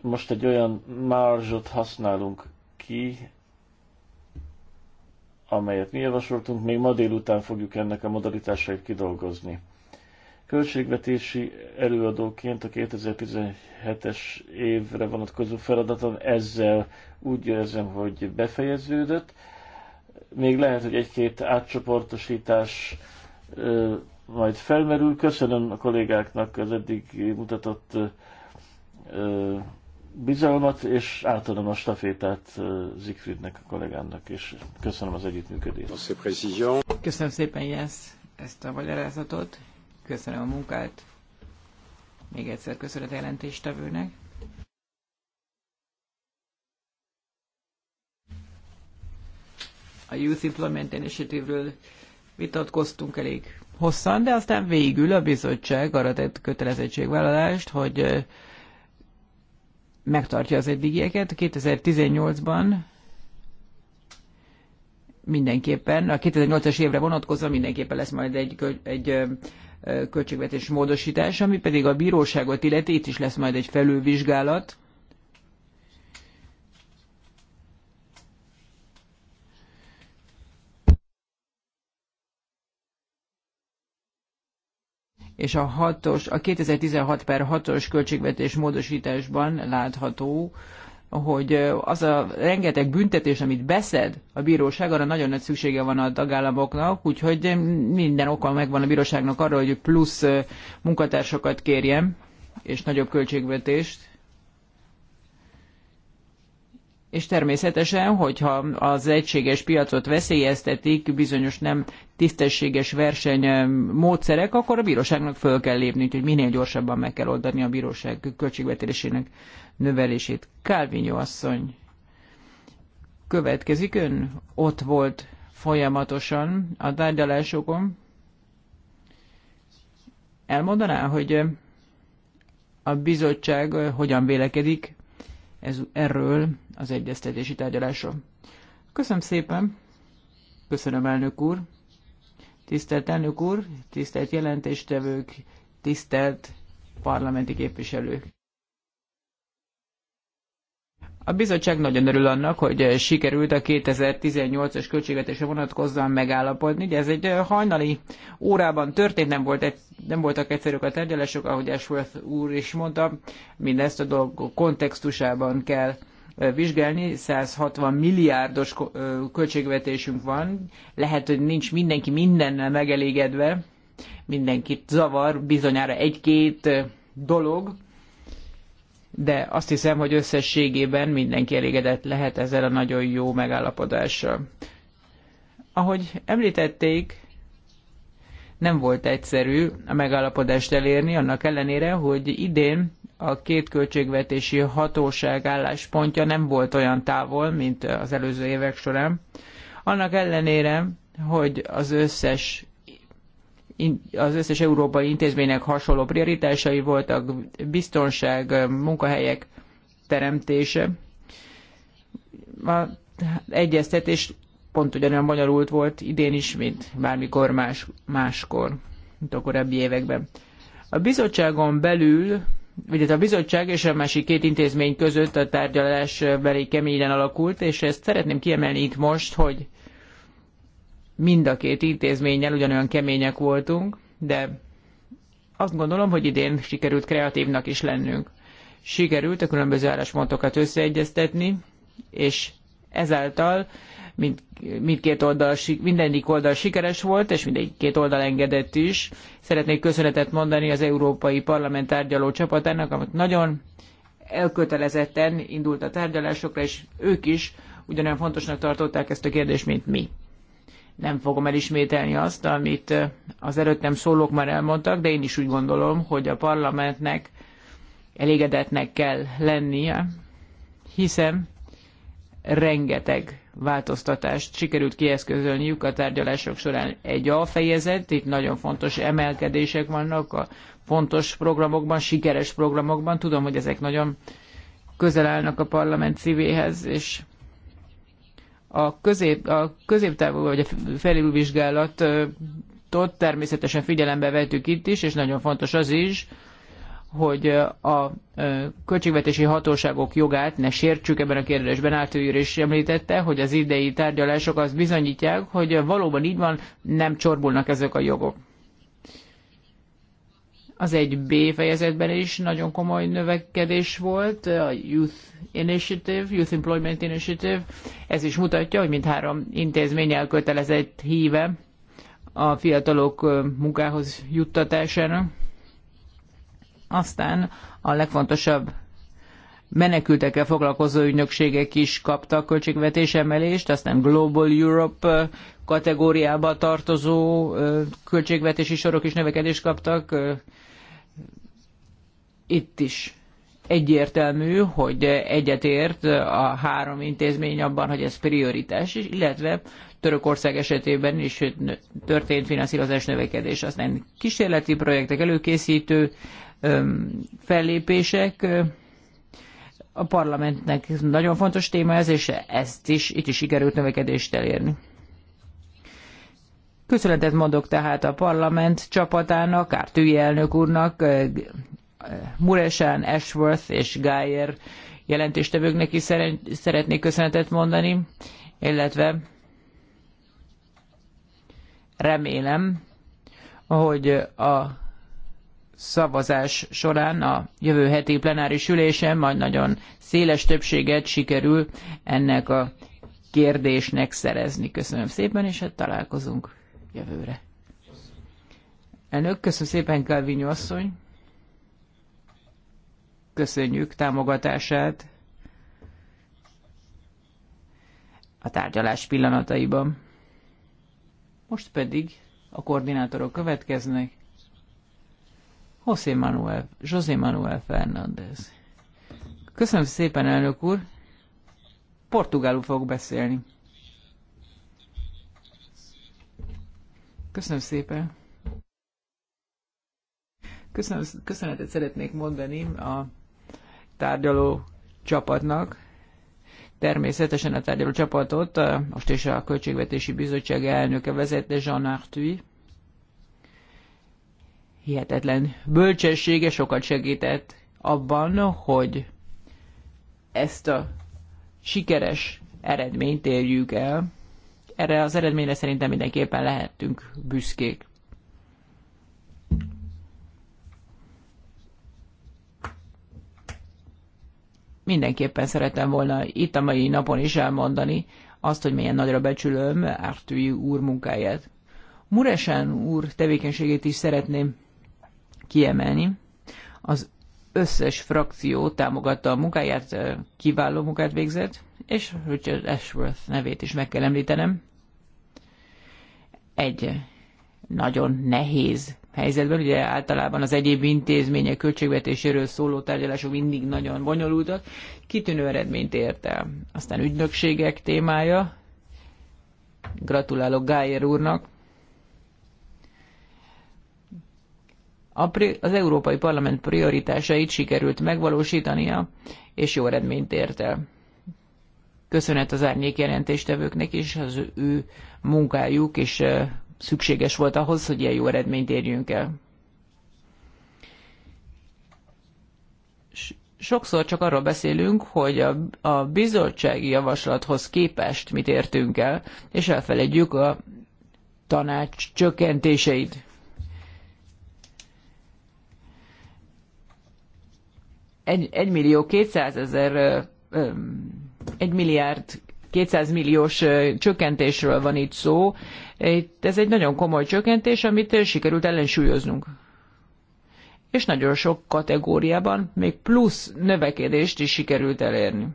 most egy olyan marzsot használunk ki, amelyet mi javasoltunk, még ma délután fogjuk ennek a modalitásait kidolgozni. Költségvetési előadóként a 2017-es évre vonatkozó feladatom ezzel úgy érzem, hogy befejeződött. Még lehet, hogy egy-két átcsoportosítás majd felmerül. Köszönöm a kollégáknak az eddig mutatott bizalmat, és átadom a stafétát Zigfriednek, a kollégának, és köszönöm az együttműködést. Köszönöm szépen, Jens, ezt a magyarázatot. Köszönöm a munkát. Még egyszer köszönet a jelentéstevőnek. A Youth Employment Initiative-ről vitatkoztunk elég hosszan, de aztán végül a bizottság arra tett kötelezettségvállalást, hogy megtartja az eddigieket. 2018-ban mindenképpen, a 2008-as évre vonatkozva mindenképpen lesz majd egy, egy költségvetés módosítás, ami pedig a bíróságot illeti, itt is lesz majd egy felülvizsgálat. és a, hatos, a 2016 per 6-os költségvetés módosításban látható, hogy az a rengeteg büntetés, amit beszed a bíróság, arra nagyon nagy szüksége van a tagállamoknak, úgyhogy minden oka megvan a bíróságnak arra, hogy plusz munkatársakat kérjem, és nagyobb költségvetést. És természetesen, hogyha az egységes piacot veszélyeztetik bizonyos nem tisztességes verseny módszerek, akkor a bíróságnak föl kell lépni, úgyhogy minél gyorsabban meg kell oldani a bíróság költségvetésének növelését. Kálvinyó asszony következik, ön ott volt folyamatosan a tárgyalásokon. Elmondaná, hogy a bizottság hogyan vélekedik ez, erről az egyeztetési tárgyalásról. Köszönöm szépen, köszönöm elnök úr, tisztelt elnök úr, tisztelt jelentéstevők, tisztelt parlamenti képviselők. A bizottság nagyon örül annak, hogy eh, sikerült a 2018-as költségvetésre vonatkozóan megállapodni, de ez egy eh, hajnali órában történt, nem, volt egy, nem voltak egyszerűek a tárgyalások, ahogy Ashworth úr is mondta, mindezt a dolgok kontextusában kell eh, vizsgálni, 160 milliárdos költségvetésünk van, lehet, hogy nincs mindenki mindennel megelégedve, mindenkit zavar bizonyára egy-két dolog, de azt hiszem, hogy összességében mindenki elégedett lehet ezzel a nagyon jó megállapodással. Ahogy említették, nem volt egyszerű a megállapodást elérni, annak ellenére, hogy idén a két költségvetési hatóság álláspontja nem volt olyan távol, mint az előző évek során. Annak ellenére, hogy az összes az összes európai intézménynek hasonló prioritásai voltak, biztonság, munkahelyek teremtése. A egyeztetés pont ugyanolyan bonyolult volt idén is, mint bármikor más, máskor, mint a korábbi években. A bizottságon belül, ugye a bizottság és a másik két intézmény között a tárgyalás belé keményen alakult, és ezt szeretném kiemelni itt most, hogy mind a két intézménnyel ugyanolyan kemények voltunk, de azt gondolom, hogy idén sikerült kreatívnak is lennünk. Sikerült a különböző álláspontokat összeegyeztetni, és ezáltal mind, mindkét oldal, mindegyik oldal sikeres volt, és mindegyik két oldal engedett is. Szeretnék köszönetet mondani az Európai Parlament tárgyaló csapatának, amit nagyon elkötelezetten indult a tárgyalásokra, és ők is ugyanolyan fontosnak tartották ezt a kérdést, mint mi. Nem fogom elismételni azt, amit az előttem szólók már elmondtak, de én is úgy gondolom, hogy a parlamentnek elégedetnek kell lennie, hiszen rengeteg változtatást sikerült kieszközölniük a tárgyalások során. Egy A fejezet, itt nagyon fontos emelkedések vannak a fontos programokban, sikeres programokban. Tudom, hogy ezek nagyon közel állnak a parlament szívéhez, és a, közép, a középtávú vagy a felülvizsgálatot természetesen figyelembe vettük itt is, és nagyon fontos az is, hogy a költségvetési hatóságok jogát ne sértsük ebben a kérdésben. Átőjűr is említette, hogy az idei tárgyalások azt bizonyítják, hogy valóban így van, nem csorbulnak ezek a jogok. Az egy B fejezetben is nagyon komoly növekedés volt, a Youth Initiative, Youth Employment Initiative. Ez is mutatja, hogy mindhárom intézmény elkötelezett híve a fiatalok munkához juttatásának. Aztán a legfontosabb menekültekkel foglalkozó ügynökségek is kaptak költségvetésemelést, aztán Global Europe kategóriába tartozó költségvetési sorok is növekedést kaptak, itt is egyértelmű, hogy egyetért a három intézmény abban, hogy ez prioritás, illetve Törökország esetében is történt finanszírozás növekedés. Aztán kísérleti projektek, előkészítő fellépések, a parlamentnek nagyon fontos téma ez, és ezt is, itt is sikerült növekedést elérni. Köszönetet mondok tehát a parlament csapatának, Ártői elnök úrnak, Muresan, Ashworth és Geyer jelentéstevőknek is szeretnék köszönetet mondani, illetve remélem, hogy a szavazás során a jövő heti plenáris ülésen majd nagyon széles többséget sikerül ennek a kérdésnek szerezni. Köszönöm szépen, és hát találkozunk jövőre. Elnök, köszönöm szépen, asszony köszönjük támogatását a tárgyalás pillanataiban. Most pedig a koordinátorok következnek. José Manuel, José Manuel Fernández. Köszönöm szépen, elnök úr. Portugálul fogok beszélni. Köszönöm szépen. Köszönöm, köszönetet szeretnék mondani a tárgyaló csapatnak. Természetesen a tárgyaló csapatot eh, most is a Költségvetési Bizottság elnöke vezette Jean Arthuy. Hihetetlen bölcsessége sokat segített abban, hogy ezt a sikeres eredményt érjük el. Erre az eredményre szerintem mindenképpen lehetünk büszkék. mindenképpen szeretem volna itt a mai napon is elmondani azt, hogy milyen nagyra becsülöm Ártői úr munkáját. Muresen úr tevékenységét is szeretném kiemelni. Az összes frakció támogatta a munkáját, kiváló munkát végzett, és Richard Ashworth nevét is meg kell említenem. Egy nagyon nehéz helyzetben. Ugye általában az egyéb intézmények költségvetéséről szóló tárgyalások mindig nagyon bonyolultak. Kitűnő eredményt ért el. Aztán ügynökségek témája. Gratulálok Gájer úrnak. az Európai Parlament prioritásait sikerült megvalósítania, és jó eredményt ért el. Köszönet az árnyék jelentéstevőknek is, az ő munkájuk és eh, szükséges volt ahhoz, hogy ilyen jó eredményt érjünk el. Sokszor csak arról beszélünk, hogy a, a bizottsági javaslathoz képest mit értünk el, és elfelejtjük a tanács csökkentéseit. Egy, egy millió kétszázezer, egy milliárd 200 milliós csökkentésről van itt szó. Ez egy nagyon komoly csökkentés, amit sikerült ellensúlyoznunk. És nagyon sok kategóriában még plusz növekedést is sikerült elérni.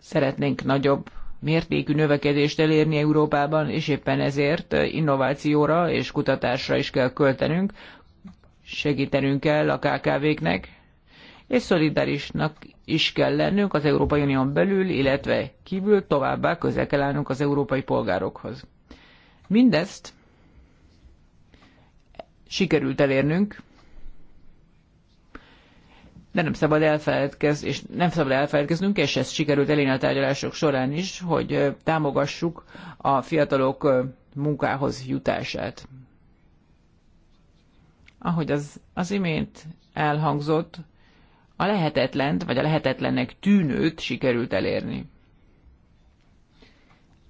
Szeretnénk nagyobb mértékű növekedést elérni Európában, és éppen ezért innovációra és kutatásra is kell költenünk, segítenünk kell a KKV-knek, és szolidarisnak is kell lennünk az Európai Unión belül, illetve kívül továbbá közel kell állnunk az európai polgárokhoz. Mindezt sikerült elérnünk, de nem szabad elfeledkez, és nem szabad elfeledkeznünk, és ezt sikerült elérni a tárgyalások során is, hogy támogassuk a fiatalok munkához jutását. Ahogy az, az imént elhangzott, a lehetetlent, vagy a lehetetlennek tűnőt sikerült elérni.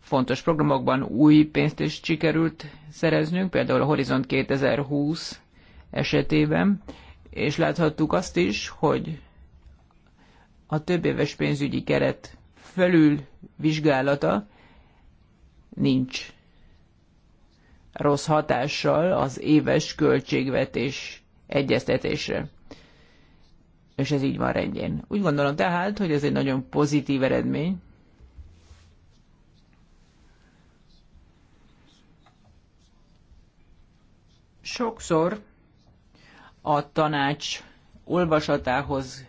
Fontos programokban új pénzt is sikerült szereznünk, például a Horizont 2020 esetében, és láthattuk azt is, hogy a több éves pénzügyi keret felül vizsgálata nincs rossz hatással az éves költségvetés egyeztetésre és ez így van rendjén. Úgy gondolom tehát, hogy ez egy nagyon pozitív eredmény. Sokszor a tanács olvasatához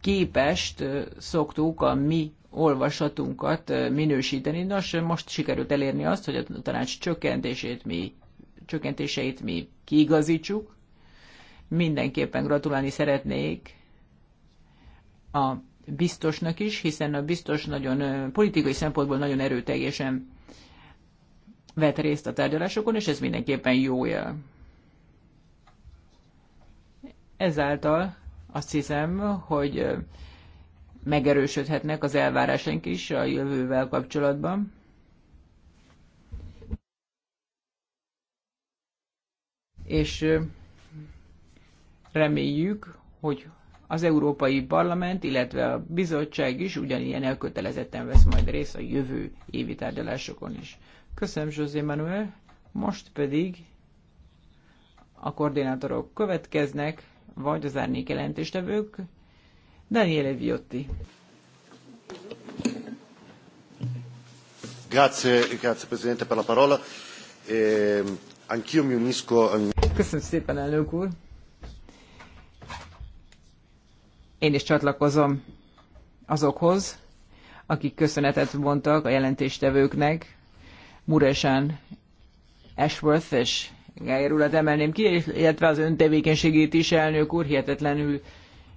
képest szoktuk a mi olvasatunkat minősíteni. Nos, most sikerült elérni azt, hogy a tanács csökkentését mi, csökkentéseit mi kiigazítsuk. Mindenképpen gratulálni szeretnék a biztosnak is, hiszen a biztos nagyon politikai szempontból nagyon erőteljesen vett részt a tárgyalásokon, és ez mindenképpen jó jel. Ezáltal azt hiszem, hogy megerősödhetnek az elvárásaink is a jövővel kapcsolatban. És reméljük, hogy az Európai Parlament, illetve a bizottság is ugyanilyen elkötelezetten vesz majd részt a jövő évi tárgyalásokon is. Köszönöm, José Manuel. Most pedig a koordinátorok következnek, vagy az árnyék jelentéstevők. Daniele Viotti. Grazie, grazie Presidente per la parola. Eh, anch'io mi unisco... Köszönöm szépen, elnök úr. Én is csatlakozom azokhoz, akik köszönetet mondtak a jelentéstevőknek, Muresán, Ashworth és Gájer urat emelném ki, illetve az öntevékenységét is, elnök úr, hihetetlenül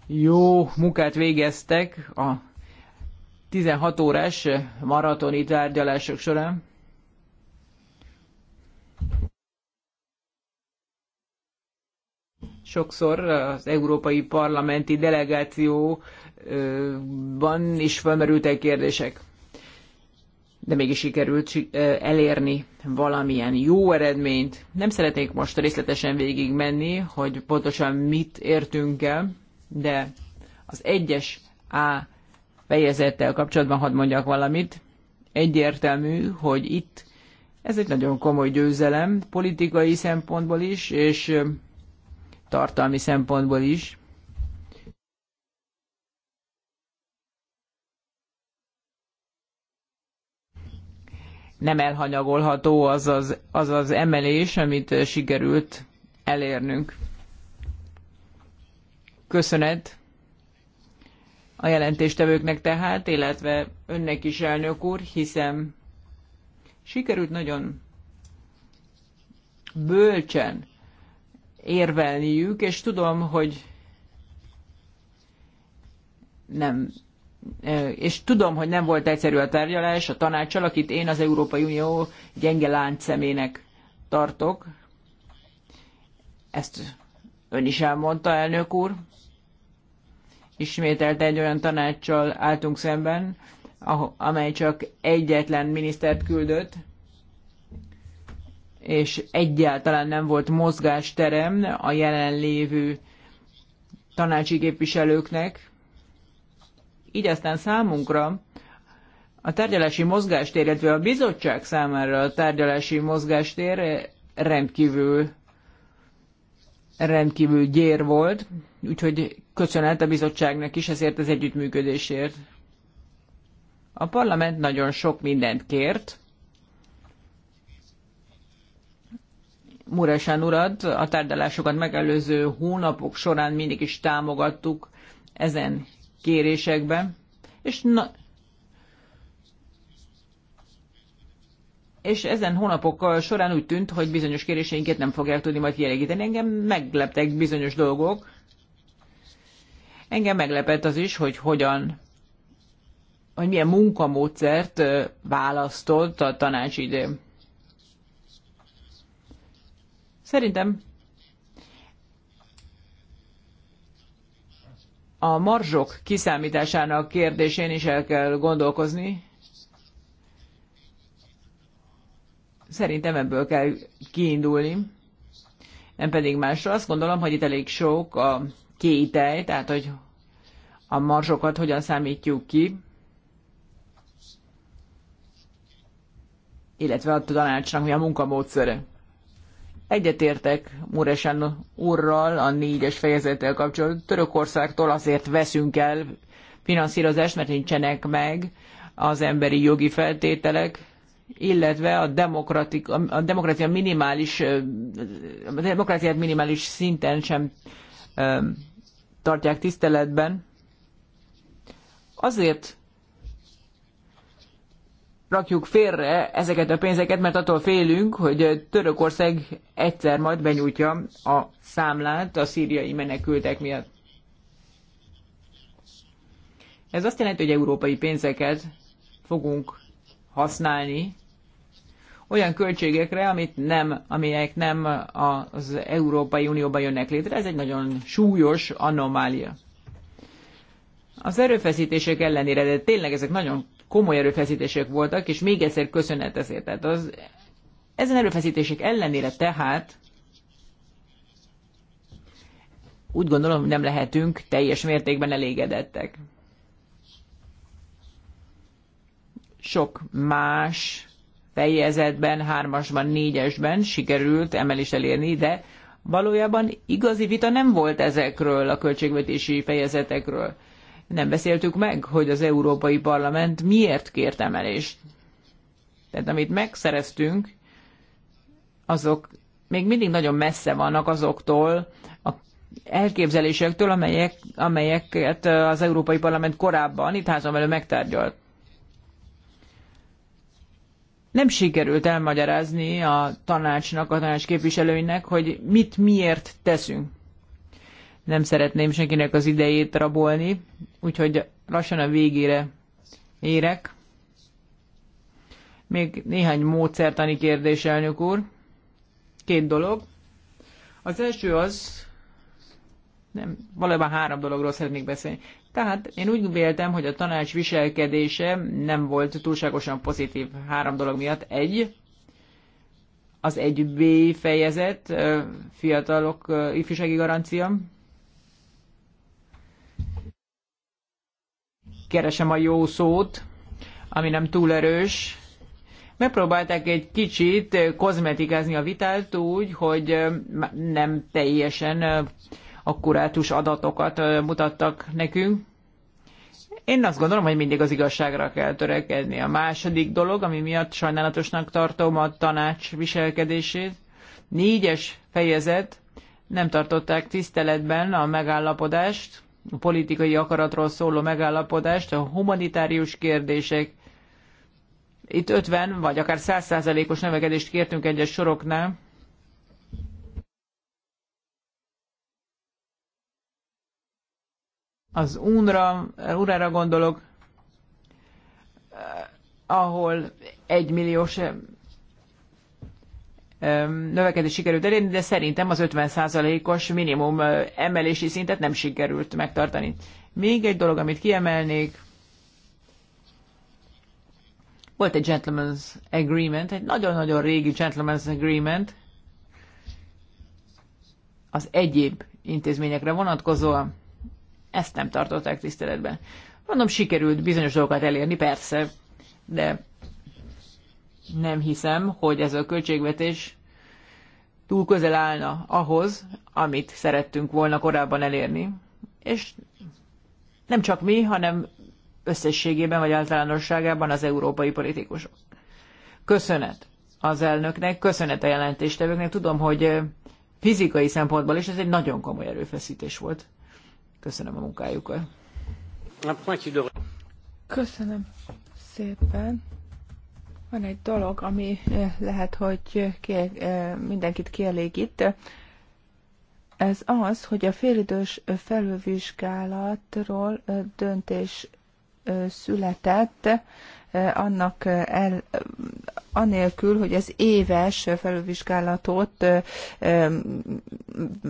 jó munkát végeztek a 16 órás maratoni tárgyalások során. sokszor az Európai Parlamenti delegációban is felmerültek kérdések. De mégis sikerült elérni valamilyen jó eredményt. Nem szeretnék most részletesen végigmenni, hogy pontosan mit értünk el, de az egyes A fejezettel kapcsolatban hadd mondjak valamit. Egyértelmű, hogy itt ez egy nagyon komoly győzelem politikai szempontból is, és tartalmi szempontból is. Nem elhanyagolható az az, az az emelés, amit sikerült elérnünk. Köszönet a jelentéstevőknek tehát, illetve önnek is, elnök úr, hiszen sikerült nagyon bölcsen érvelniük, és tudom, hogy nem és tudom, hogy nem volt egyszerű a tárgyalás a tanácsal, akit én az Európai Unió gyenge láncszemének tartok. Ezt ön is elmondta, elnök úr. Ismételt egy olyan tanácssal álltunk szemben, amely csak egyetlen minisztert küldött, és egyáltalán nem volt mozgásterem a jelenlévő tanácsi képviselőknek. Így aztán számunkra a tárgyalási mozgástér, illetve a bizottság számára a tárgyalási mozgástér rendkívül, rendkívül gyér volt, úgyhogy köszönet a bizottságnak is ezért az együttműködésért. A parlament nagyon sok mindent kért, Muresen urat a tárgyalásokat megelőző hónapok során mindig is támogattuk ezen kérésekben, és, na, és ezen hónapok során úgy tűnt, hogy bizonyos kéréseinket nem fogják tudni majd kielégíteni. Engem megleptek bizonyos dolgok. Engem meglepett az is, hogy hogyan, hogy milyen munkamódszert választott a tanács idén. Szerintem a marzsok kiszámításának kérdésén is el kell gondolkozni. Szerintem ebből kell kiindulni, nem pedig másra. Azt gondolom, hogy itt elég sok a kétej, tehát hogy a marzsokat hogyan számítjuk ki, illetve a tanácsnak mi a munkamódszere. Egyetértek Muresen úrral a négyes fejezettel kapcsolatban. Törökországtól azért veszünk el finanszírozást, mert nincsenek meg az emberi jogi feltételek, illetve a, demokratik, a demokrácia minimális, a demokráciát minimális szinten sem tartják tiszteletben. Azért rakjuk félre ezeket a pénzeket, mert attól félünk, hogy Törökország egyszer majd benyújtja a számlát a szíriai menekültek miatt. Ez azt jelenti, hogy európai pénzeket fogunk használni olyan költségekre, amit nem, amelyek nem az Európai Unióban jönnek létre. Ez egy nagyon súlyos anomália. Az erőfeszítések ellenére, de tényleg ezek nagyon komoly erőfeszítések voltak, és még egyszer köszönet ezért. Tehát az, ezen erőfeszítések ellenére tehát úgy gondolom, nem lehetünk teljes mértékben elégedettek. Sok más fejezetben, hármasban, négyesben sikerült emelést elérni, de valójában igazi vita nem volt ezekről a költségvetési fejezetekről nem beszéltük meg, hogy az Európai Parlament miért kért emelést. Tehát amit megszereztünk, azok még mindig nagyon messze vannak azoktól a elképzelésektől, amelyek, amelyeket az Európai Parlament korábban itt házon belül megtárgyalt. Nem sikerült elmagyarázni a tanácsnak, a tanács képviselőinek, hogy mit miért teszünk nem szeretném senkinek az idejét rabolni, úgyhogy lassan a végére érek. Még néhány módszertani kérdés, elnök úr. Két dolog. Az első az, nem, valójában három dologról szeretnék beszélni. Tehát én úgy véltem, hogy a tanács viselkedése nem volt túlságosan pozitív három dolog miatt. Egy, az egy b fejezet, fiatalok ifjúsági garancia. keresem a jó szót, ami nem túl erős. Megpróbálták egy kicsit eh, kozmetikázni a vitát úgy, hogy eh, nem teljesen eh, akkurátus adatokat mutattak nekünk. Én azt gondolom, hogy mindig az igazságra kell törekedni. A második dolog, ami miatt sajnálatosnak tartom a tanács viselkedését, négyes fejezet, nem tartották tiszteletben a megállapodást, politikai akaratról szóló megállapodást, a humanitárius kérdések, itt 50 vagy akár 100%-os növekedést kértünk egyes soroknál, az UNRA, urára gondolok, eh, ahol egy milliós növekedés sikerült elérni, de szerintem az 50%-os minimum emelési szintet nem sikerült megtartani. Még egy dolog, amit kiemelnék, volt egy gentleman's agreement, egy nagyon-nagyon régi gentleman's agreement az egyéb intézményekre vonatkozóan. Ezt nem tartották tiszteletben. Mondom, sikerült bizonyos dolgokat elérni, persze, de nem hiszem, hogy ez a költségvetés túl közel állna ahhoz, amit szerettünk volna korábban elérni. És nem csak mi, hanem összességében vagy általánosságában az európai politikusok. Köszönet az elnöknek, köszönet a jelentéstevőknek. Tudom, hogy fizikai szempontból is ez egy nagyon komoly erőfeszítés volt. Köszönöm a munkájukat. Köszönöm szépen. Van egy dolog, ami eh, lehet, hogy eh, mindenkit kielégít. Ez az, hogy a félidős felülvizsgálatról eh, döntés született, annak el, anélkül, hogy az éves felülvizsgálatot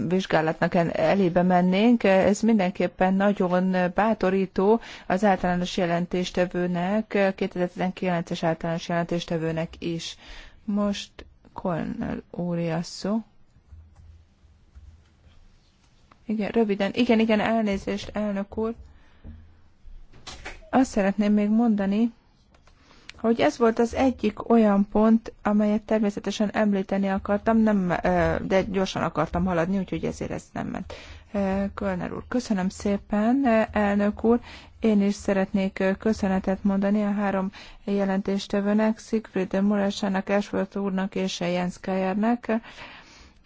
vizsgálatnak elébe mennénk. Ez mindenképpen nagyon bátorító az általános jelentéstevőnek, 2019-es általános jelentéstevőnek is. Most Kornel úri a szó. Igen, röviden. Igen, igen, elnézést, elnök úr. Azt szeretném még mondani, hogy ez volt az egyik olyan pont, amelyet természetesen említeni akartam, nem, de gyorsan akartam haladni, úgyhogy ezért ez nem ment. Kölner úr, köszönöm szépen, elnök úr. Én is szeretnék köszönetet mondani a három jelentéstevőnek, Siegfried Muresának, Ashworth úrnak és Jens Kajernek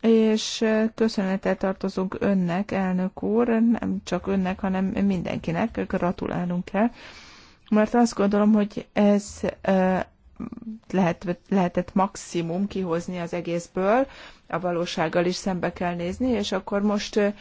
és köszönetet tartozunk önnek, elnök úr, nem csak önnek, hanem mindenkinek, gratulálunk el mert azt gondolom, hogy ez lehet, lehetett maximum kihozni az egészből, a valósággal is szembe kell nézni, és akkor most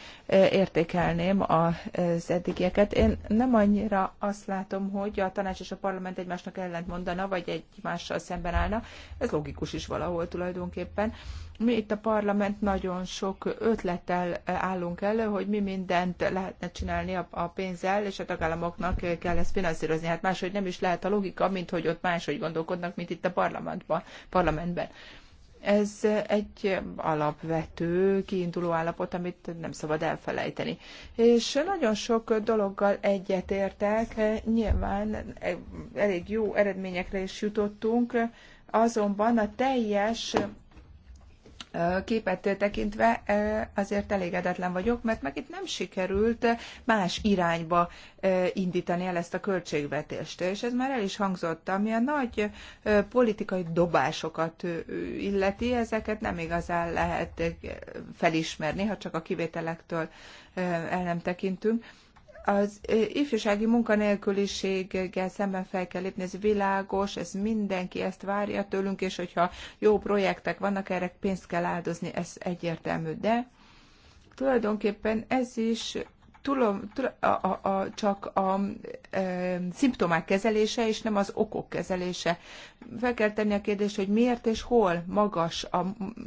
értékelném az eddigieket. Én nem annyira azt látom, hogy a tanács és a parlament egymásnak ellent mondana, vagy egymással szemben állna. Ez logikus is valahol tulajdonképpen. Mi itt a parlament nagyon sok ötlettel állunk elő, hogy mi mindent lehetne csinálni a pénzzel, és a tagállamoknak kell ezt finanszírozni. Hát máshogy nem is lehet a logika, mint hogy ott máshogy gondolkodnak, mint itt a parlamentben. parlamentben. Ez egy alapvető, kiinduló állapot, amit nem szabad elfelejteni. És nagyon sok dologgal egyetértek, nyilván elég jó eredményekre is jutottunk, azonban a teljes képet tekintve azért elégedetlen vagyok, mert meg itt nem sikerült más irányba indítani el ezt a költségvetést. És ez már el is hangzott, ami a nagy politikai dobásokat illeti, ezeket nem igazán lehet felismerni, ha csak a kivételektől el nem tekintünk az ifjúsági munkanélküliséggel szemben fel kell lépni, ez világos, ez mindenki ezt várja tőlünk, és hogyha jó projektek vannak, erre pénzt kell áldozni, ez egyértelmű. De tulajdonképpen ez is tulom, tulom, a, a, a, csak a e, szimptomák kezelése, és nem az okok kezelése. Fel kell tenni a kérdést, hogy miért és hol magas a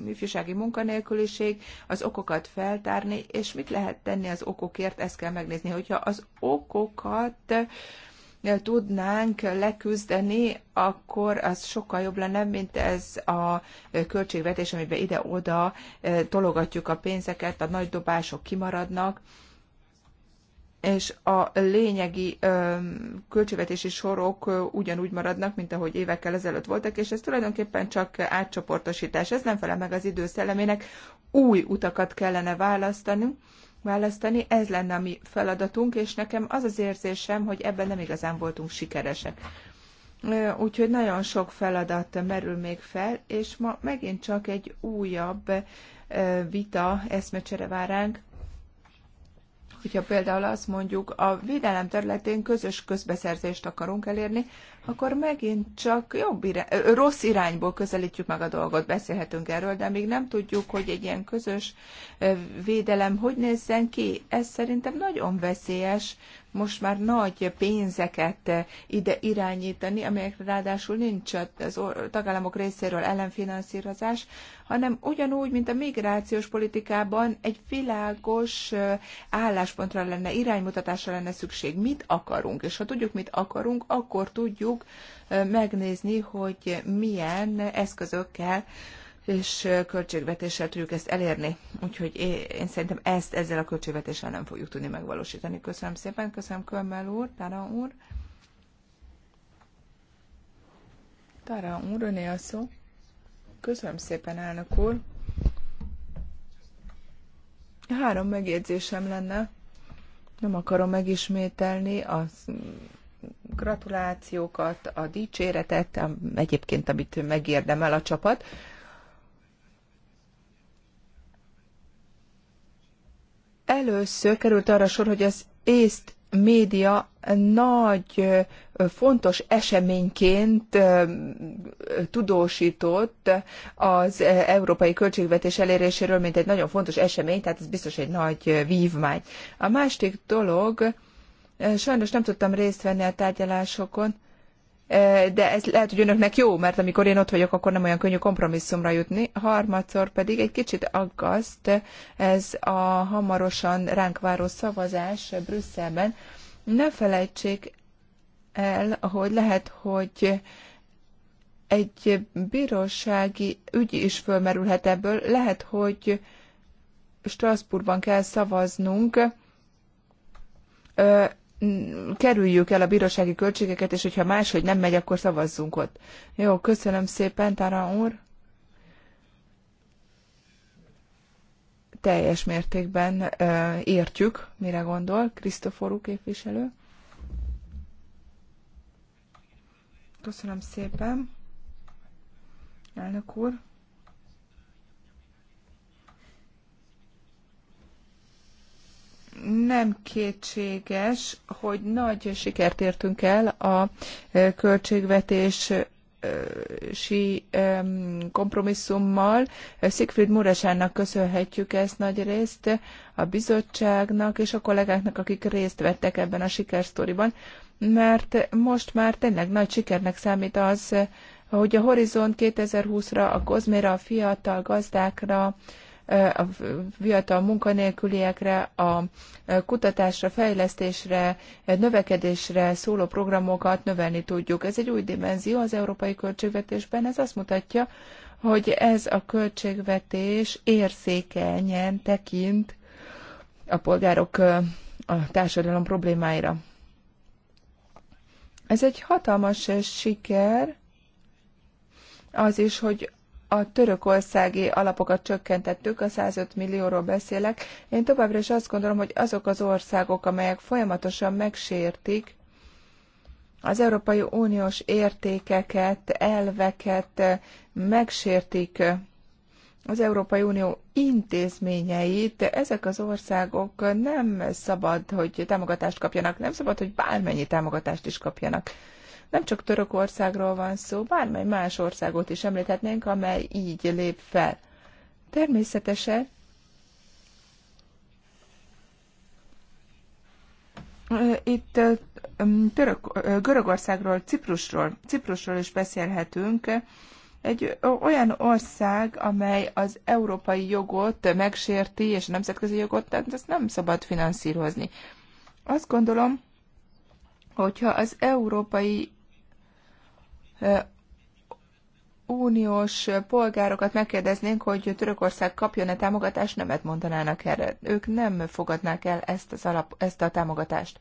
ifjúsági munkanélküliség, az okokat feltárni, és mit lehet tenni az okokért, ezt kell megnézni. Hogyha az okokat e, tudnánk leküzdeni, akkor az sokkal jobb lenne, mint ez a e, költségvetés, amiben ide-oda e, tologatjuk a pénzeket, a nagy dobások kimaradnak és a lényegi ö, költségvetési sorok ö, ugyanúgy maradnak, mint ahogy évekkel ezelőtt voltak, és ez tulajdonképpen csak átcsoportosítás. Ez nem felel meg az idő szellemének, új utakat kellene választani, választani, ez lenne a mi feladatunk, és nekem az az érzésem, hogy ebben nem igazán voltunk sikeresek. Úgyhogy nagyon sok feladat merül még fel, és ma megint csak egy újabb vita eszmecsere vár ránk, hogyha például azt mondjuk a védelem területén közös közbeszerzést akarunk elérni, akkor megint csak jobb irány, rossz irányból közelítjük meg a dolgot, beszélhetünk erről, de még nem tudjuk, hogy egy ilyen közös védelem hogy nézzen ki. Ez szerintem nagyon veszélyes, most már nagy pénzeket eh, ide irányítani, amelyek ráadásul nincs az tagállamok részéről ellenfinanszírozás, hanem ugyanúgy, mint a migrációs politikában egy világos eh, álláspontra lenne, iránymutatásra lenne szükség. Mit akarunk? És ha tudjuk, mit akarunk, akkor tudjuk eh, megnézni, hogy milyen eszközökkel és költségvetéssel tudjuk ezt elérni. Úgyhogy én szerintem ezt ezzel a költségvetéssel nem fogjuk tudni megvalósítani. Köszönöm szépen, köszönöm Körmel úr, Tara úr. Tara úr, öné a szó. Köszönöm szépen, elnök úr. Három megjegyzésem lenne. Nem akarom megismételni a gratulációkat, a dicséretet, egyébként, amit megérdemel a csapat. Először került arra sor, hogy az észt média nagy, fontos eseményként tudósított az európai költségvetés eléréséről, mint egy nagyon fontos esemény, tehát ez biztos egy nagy vívmány. A másik dolog, sajnos nem tudtam részt venni a tárgyalásokon, de ez lehet, hogy önöknek jó, mert amikor én ott vagyok, akkor nem olyan könnyű kompromisszumra jutni. Harmadszor pedig egy kicsit aggaszt ez a hamarosan ránk váró szavazás Brüsszelben. Ne felejtsék el, hogy lehet, hogy egy bírósági ügy is fölmerülhet ebből. Lehet, hogy Strasbourgban kell szavaznunk kerüljük el a bírósági költségeket, és hogyha máshogy nem megy, akkor szavazzunk ott. Jó, köszönöm szépen, Tára úr. Teljes mértékben ö, értjük, mire gondol Krisztoforú képviselő. Köszönöm szépen, elnök úr. nem kétséges, hogy nagy sikert értünk el a költségvetés si kompromisszummal. Siegfried Muresának köszönhetjük ezt nagy részt, a bizottságnak és a kollégáknak, akik részt vettek ebben a sikersztoriban, mert most már tényleg nagy sikernek számít az, hogy a Horizont 2020-ra, a Kozméra, a fiatal gazdákra, a fiatal munkanélküliekre, a kutatásra, fejlesztésre, növekedésre szóló programokat növelni tudjuk. Ez egy új dimenzió az európai költségvetésben, ez azt mutatja, hogy ez a költségvetés érzékenyen tekint a polgárok a társadalom problémáira. Ez egy hatalmas siker, az is, hogy a törökországi alapokat csökkentettük, a 105 millióról beszélek. Én továbbra is azt gondolom, hogy azok az országok, amelyek folyamatosan megsértik az Európai Uniós értékeket, elveket, megsértik az Európai Unió intézményeit, ezek az országok nem szabad, hogy támogatást kapjanak, nem szabad, hogy bármennyi támogatást is kapjanak. Nem csak Törökországról van szó, bármely más országot is említhetnénk, amely így lép fel. Természetesen Itt török, Görögországról, Ciprusról, Ciprusról is beszélhetünk. Egy olyan ország, amely az európai jogot megsérti, és a nemzetközi jogot, tehát ezt nem szabad finanszírozni. Azt gondolom, hogyha az európai uniós polgárokat megkérdeznénk, hogy Törökország kapjon-e támogatást, nemet mondanának erre. Ők nem fogadnák el ezt, az alap, ezt a támogatást.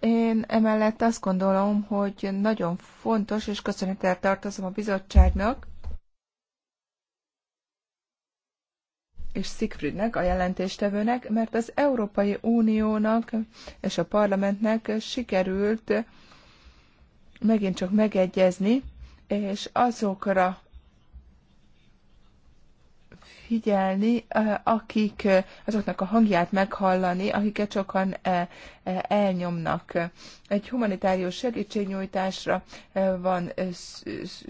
Én emellett azt gondolom, hogy nagyon fontos, és köszönettel tartozom a bizottságnak, és Siegfriednek, a jelentéstevőnek, mert az Európai Uniónak és a parlamentnek sikerült megint csak megegyezni, és azokra figyelni, akik, azoknak a hangját meghallani, akiket sokan elnyomnak. Egy humanitárius segítségnyújtásra van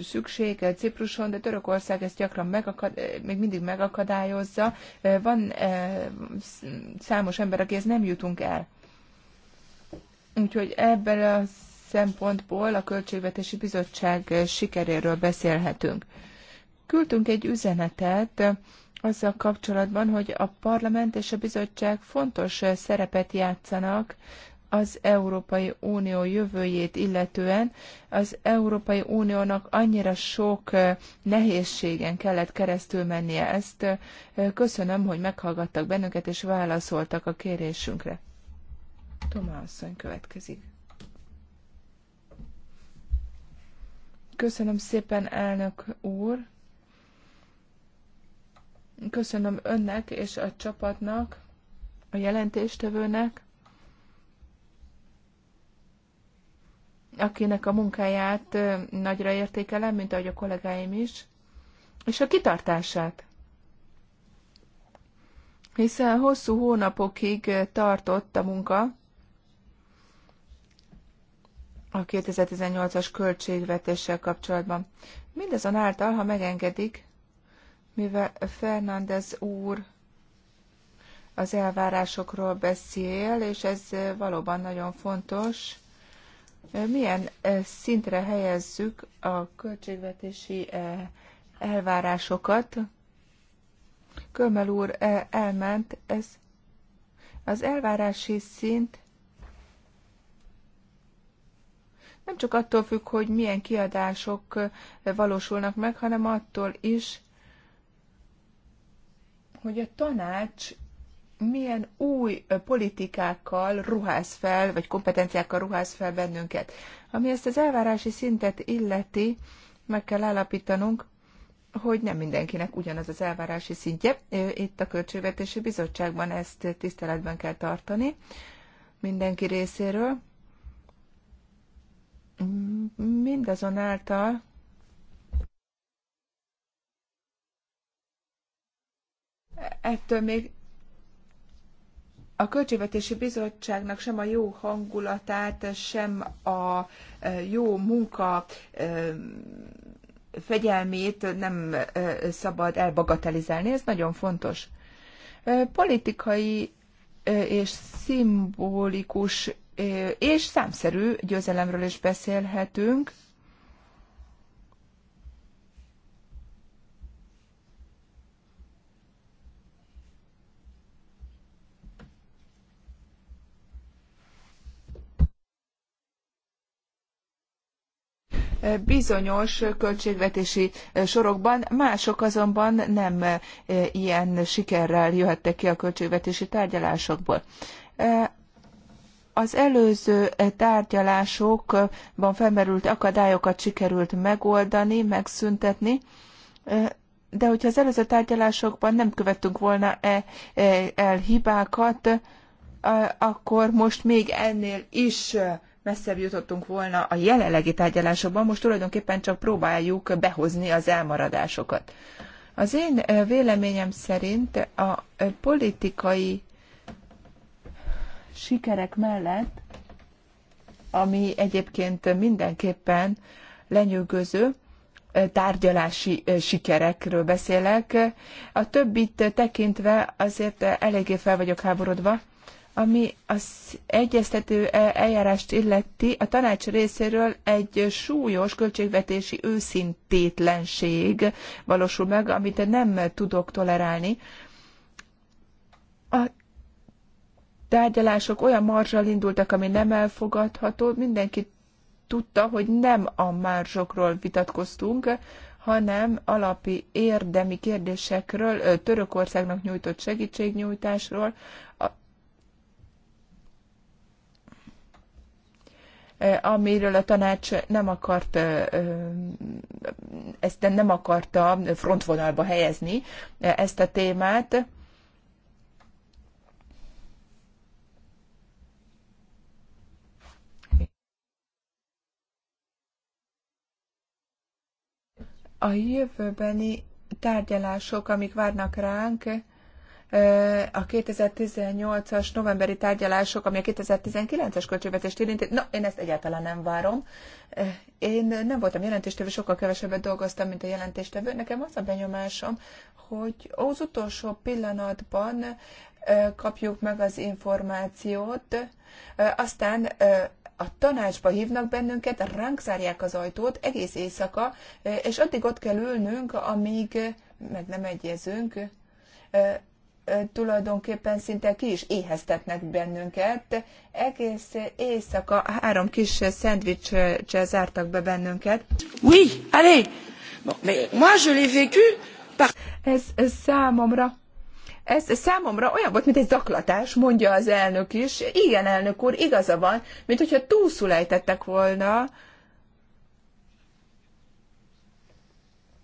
szükség Cipruson, de Törökország ezt gyakran megakad, még mindig megakadályozza. Van számos ember, akihez nem jutunk el. Úgyhogy ebben az szempontból a Költségvetési Bizottság sikeréről beszélhetünk. Küldtünk egy üzenetet azzal kapcsolatban, hogy a parlament és a bizottság fontos szerepet játszanak az Európai Unió jövőjét illetően. Az Európai Uniónak annyira sok nehézségen kellett keresztül mennie. Ezt köszönöm, hogy meghallgattak bennünket és válaszoltak a kérésünkre. Tomá asszony következik. Köszönöm szépen, elnök úr. Köszönöm önnek és a csapatnak, a jelentéstevőnek, akinek a munkáját nagyra értékelem, mint ahogy a kollégáim is, és a kitartását. Hiszen hosszú hónapokig tartott a munka, a 2018-as költségvetéssel kapcsolatban. Mindazonáltal, ha megengedik, mivel Fernández úr az elvárásokról beszél, és ez valóban nagyon fontos, milyen eh, szintre helyezzük a költségvetési eh, elvárásokat. Kömmel úr eh, elment, ez az elvárási szint nem csak attól függ, hogy milyen kiadások valósulnak meg, hanem attól is, hogy a tanács milyen új politikákkal ruház fel, vagy kompetenciákkal ruház fel bennünket. Ami ezt az elvárási szintet illeti, meg kell állapítanunk, hogy nem mindenkinek ugyanaz az elvárási szintje. Itt a Költségvetési Bizottságban ezt tiszteletben kell tartani mindenki részéről. Mindazonáltal ettől még a Költségvetési Bizottságnak sem a jó hangulatát, sem a e, jó munka e, fegyelmét nem e, szabad elbagatelizálni, ez nagyon fontos. Politikai és szimbolikus és számszerű győzelemről is beszélhetünk. bizonyos költségvetési sorokban, mások azonban nem ilyen sikerrel jöhettek ki a költségvetési tárgyalásokból. Az előző eh, tárgyalásokban felmerült akadályokat sikerült megoldani, megszüntetni, eh, de hogyha az előző tárgyalásokban nem követtünk volna eh, el hibákat, akkor most még ennél is messzebb jutottunk volna a jelenlegi tárgyalásokban, most tulajdonképpen csak próbáljuk behozni az elmaradásokat. Az én véleményem szerint a politikai sikerek mellett, ami egyébként mindenképpen lenyűgöző, tárgyalási sikerekről beszélek. A többit tekintve azért eléggé fel vagyok háborodva, ami az egyeztető eljárást illeti, a tanács részéről egy súlyos költségvetési őszintétlenség valósul meg, amit nem tudok tolerálni. tárgyalások olyan marzsal indultak, ami nem elfogadható. Mindenki tudta, hogy nem a marzsokról vitatkoztunk, hanem alapi érdemi kérdésekről, Törökországnak nyújtott segítségnyújtásról, amiről a tanács nem akart, ezt nem akarta frontvonalba helyezni ezt a témát. a jövőbeni tárgyalások, amik várnak ránk, a 2018-as novemberi tárgyalások, ami a 2019-es költségvetést érinti, na, én ezt egyáltalán nem várom. Én nem voltam jelentéstevő, sokkal kevesebbet dolgoztam, mint a jelentéstevő. Nekem az a benyomásom, hogy az utolsó pillanatban kapjuk meg az információt, aztán a tanácsba hívnak bennünket, ránk zárják az ajtót egész éjszaka, és addig ott kell ülnünk, amíg meg nem egyezünk. Tulajdonképpen szinte ki is éheztetnek bennünket. Egész éjszaka három kis szendvicssel zártak be bennünket. Oui, allez! Bon, mais moi je l'ai vécu par... Ez, ez számomra ez számomra olyan volt, mint egy zaklatás, mondja az elnök is. Igen, elnök úr, igaza van, mint hogyha túlszulejtettek volna.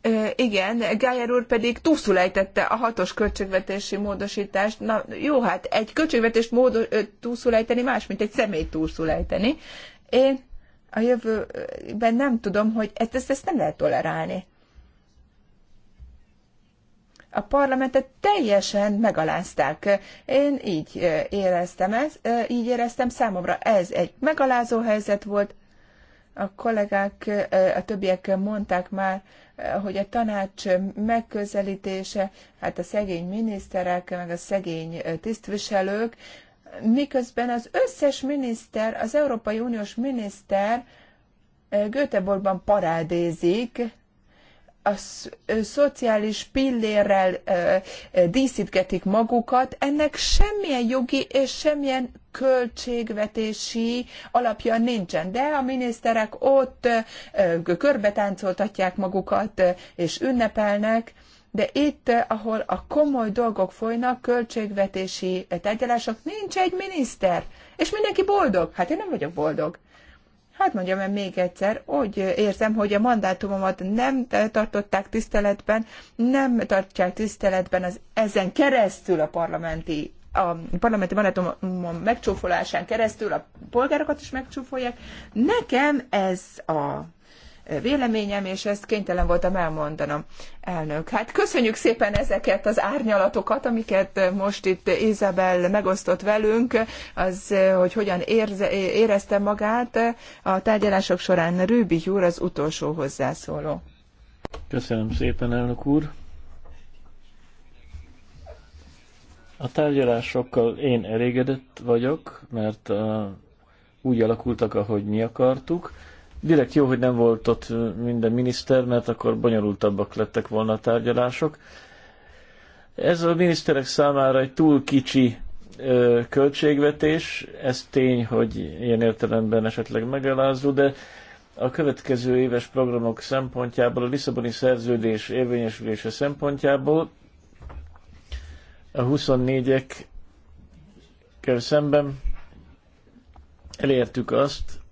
volna. igen, Gájer úr pedig túlszulejtette a hatos költségvetési módosítást. Na jó, hát egy költségvetést módos, túlszul más, mint egy személy túlszulejteni. Én a jövőben nem tudom, hogy ezt, ezt, ezt nem lehet tolerálni a parlamentet teljesen megalázták. Én így éreztem ezt, így éreztem számomra. Ez egy megalázó helyzet volt. A kollégák, a többiek mondták már, hogy a tanács megközelítése, hát a szegény miniszterek, meg a szegény tisztviselők, miközben az összes miniszter, az Európai Uniós miniszter Göteborgban parádézik, a szociális pillérrel díszítgetik magukat, ennek semmilyen jogi és semmilyen költségvetési alapja nincsen. De a miniszterek ott körbetáncoltatják magukat és ünnepelnek, de itt, ahol a komoly dolgok folynak, költségvetési tárgyalások, nincs egy miniszter, és mindenki boldog. Hát én nem vagyok boldog. Hát mondjam el még egyszer, úgy érzem, hogy a mandátumomat nem tartották tiszteletben, nem tartják tiszteletben az ezen keresztül a parlamenti a parlamenti mandátumom megcsúfolásán keresztül a polgárokat is megcsúfolják. Nekem ez a véleményem, és ezt kénytelen voltam elmondanom, elnök. Hát köszönjük szépen ezeket az árnyalatokat, amiket most itt Izabel megosztott velünk, az, hogy hogyan érze, érezte magát a tárgyalások során. Rübi úr az utolsó hozzászóló. Köszönöm szépen, elnök úr. A tárgyalásokkal én elégedett vagyok, mert uh, úgy alakultak, ahogy mi akartuk Direkt jó, hogy nem volt ott minden miniszter, mert akkor bonyolultabbak lettek volna a tárgyalások. Ez a miniszterek számára egy túl kicsi ö, költségvetés, ez tény, hogy ilyen értelemben esetleg megalázó, de a következő éves programok szempontjából, a Lisszaboni szerződés érvényesülése szempontjából a 24-ekkel szemben elértük azt,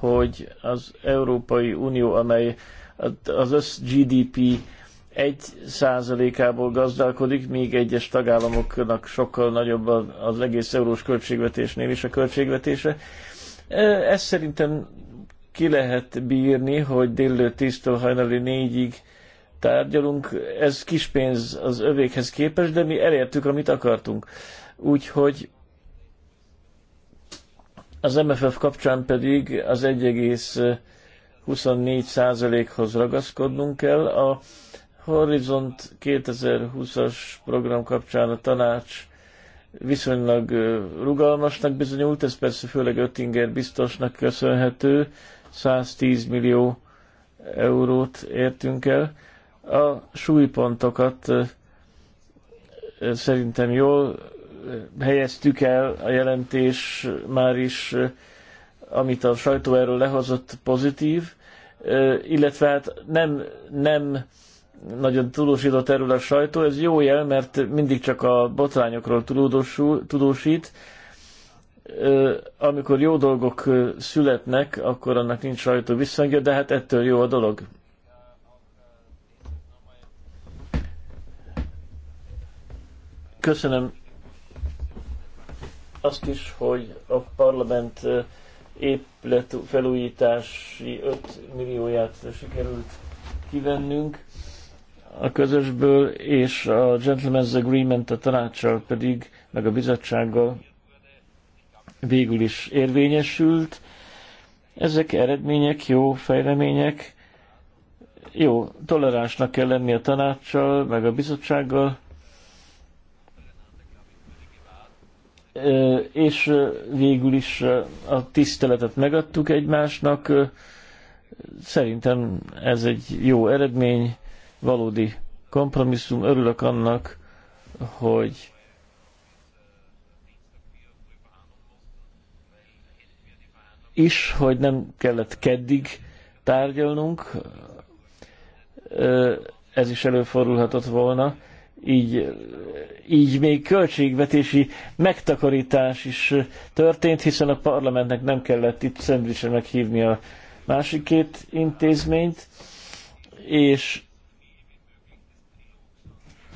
hogy az Európai Unió, amely az össz GDP 1%-ából gazdálkodik, még egyes tagállamoknak sokkal nagyobb az egész eurós költségvetésnél is a költségvetése. Ezt szerintem ki lehet bírni, hogy délő 10 hajnali 4-ig tárgyalunk. Ez kis pénz az övékhez képest, de mi elértük, amit akartunk. Úgyhogy az MFF kapcsán pedig az 1,24%-hoz ragaszkodnunk kell. A Horizont 2020-as program kapcsán a tanács viszonylag rugalmasnak bizonyult, ez persze főleg Öttinger biztosnak köszönhető, 110 millió eurót értünk el. A súlypontokat szerintem jól helyeztük el a jelentés már is, amit a sajtó erről lehozott pozitív, illetve hát nem, nem nagyon tudósított erről a sajtó, ez jó jel, mert mindig csak a botrányokról tudósít, amikor jó dolgok születnek, akkor annak nincs sajtó visszhangja, de hát ettől jó a dolog. Köszönöm azt is, hogy a parlament épület felújítási 5 millióját sikerült kivennünk a közösből, és a Gentleman's Agreement a tanácssal pedig, meg a bizottsággal végül is érvényesült. Ezek eredmények, jó fejlemények, jó, toleránsnak kell lenni a tanácssal, meg a bizottsággal, és végül is a tiszteletet megadtuk egymásnak. Szerintem ez egy jó eredmény, valódi kompromisszum. Örülök annak, hogy is, hogy nem kellett keddig tárgyalnunk, ez is előfordulhatott volna így, így még költségvetési megtakarítás is történt, hiszen a parlamentnek nem kellett itt szendvicsre meghívni a másik két intézményt, és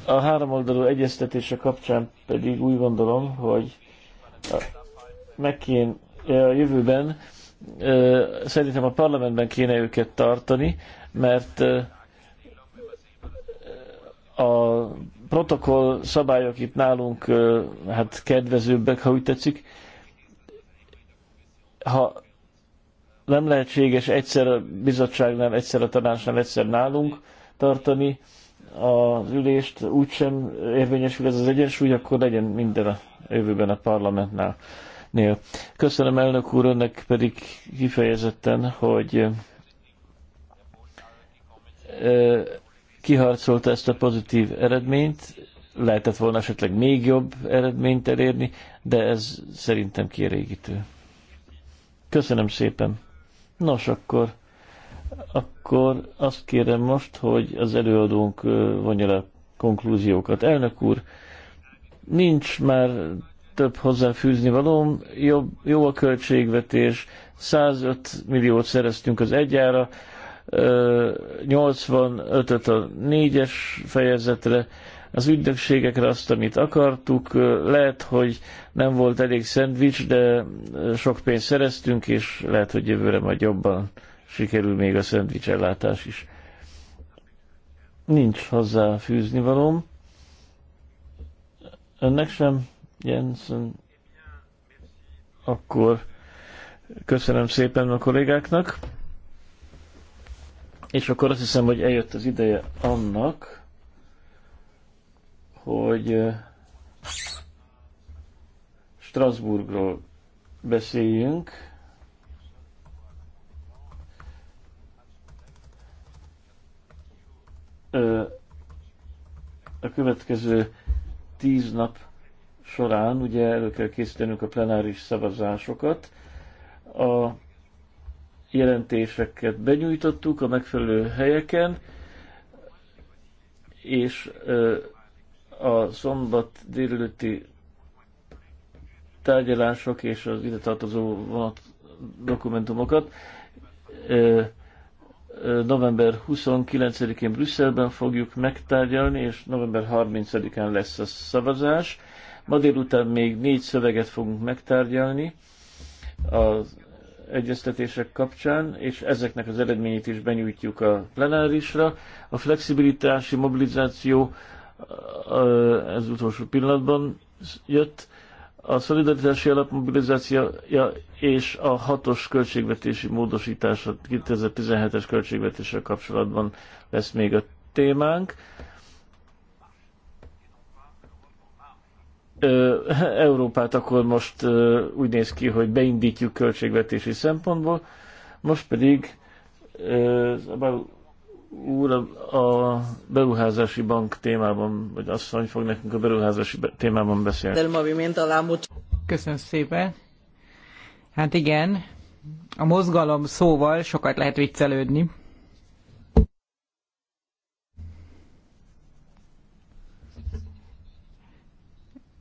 a háromoldalú egyeztetése kapcsán pedig úgy gondolom, hogy meg kéne a jövőben szerintem a parlamentben kéne őket tartani, mert a protokoll szabályok itt nálunk hát kedvezőbbek, ha úgy tetszik. Ha nem lehetséges egyszer a bizottságnál, egyszer a tanácsnál, egyszer nálunk tartani az ülést, úgysem érvényesül ez az egyensúly, akkor legyen minden a jövőben a parlamentnál. Nél. Köszönöm elnök úr, önnek pedig kifejezetten, hogy kiharcolta ezt a pozitív eredményt, lehetett volna esetleg még jobb eredményt elérni, de ez szerintem kielégítő. Köszönöm szépen. Nos, akkor, akkor azt kérem most, hogy az előadónk vonja le konklúziókat. Elnök úr, nincs már több hozzáfűzni valóm, jobb, jó a költségvetés, 105 milliót szereztünk az egyára, 85-öt a 4-es fejezetre, az ügynökségekre azt, amit akartuk. Lehet, hogy nem volt elég szendvics, de sok pénzt szereztünk, és lehet, hogy jövőre majd jobban sikerül még a szendvics ellátás is. Nincs hozzá fűzni valóm. Önnek sem, Jensen? Akkor köszönöm szépen a kollégáknak. És akkor azt hiszem, hogy eljött az ideje annak, hogy Strasbourgról beszéljünk. A következő tíz nap során ugye elő kell készítenünk a plenáris szavazásokat. A jelentéseket benyújtottuk a megfelelő helyeken, és a szombat délelőtti tárgyalások és az ide tartozó vonat dokumentumokat november 29-én Brüsszelben fogjuk megtárgyalni, és november 30-án lesz a szavazás. Ma délután még négy szöveget fogunk megtárgyalni az egyeztetések kapcsán, és ezeknek az eredményét is benyújtjuk a plenárisra. A flexibilitási mobilizáció ez utolsó pillanatban jött, a szolidaritási alapmobilizációja és a hatos költségvetési módosítása 2017-es költségvetéssel kapcsolatban lesz még a témánk. Európát akkor most úgy néz ki, hogy beindítjuk költségvetési szempontból, most pedig úr a beruházási bank témában, vagy asszony fog nekünk a beruházási témában beszélni. Köszönöm szépen. Hát igen, a mozgalom szóval sokat lehet viccelődni.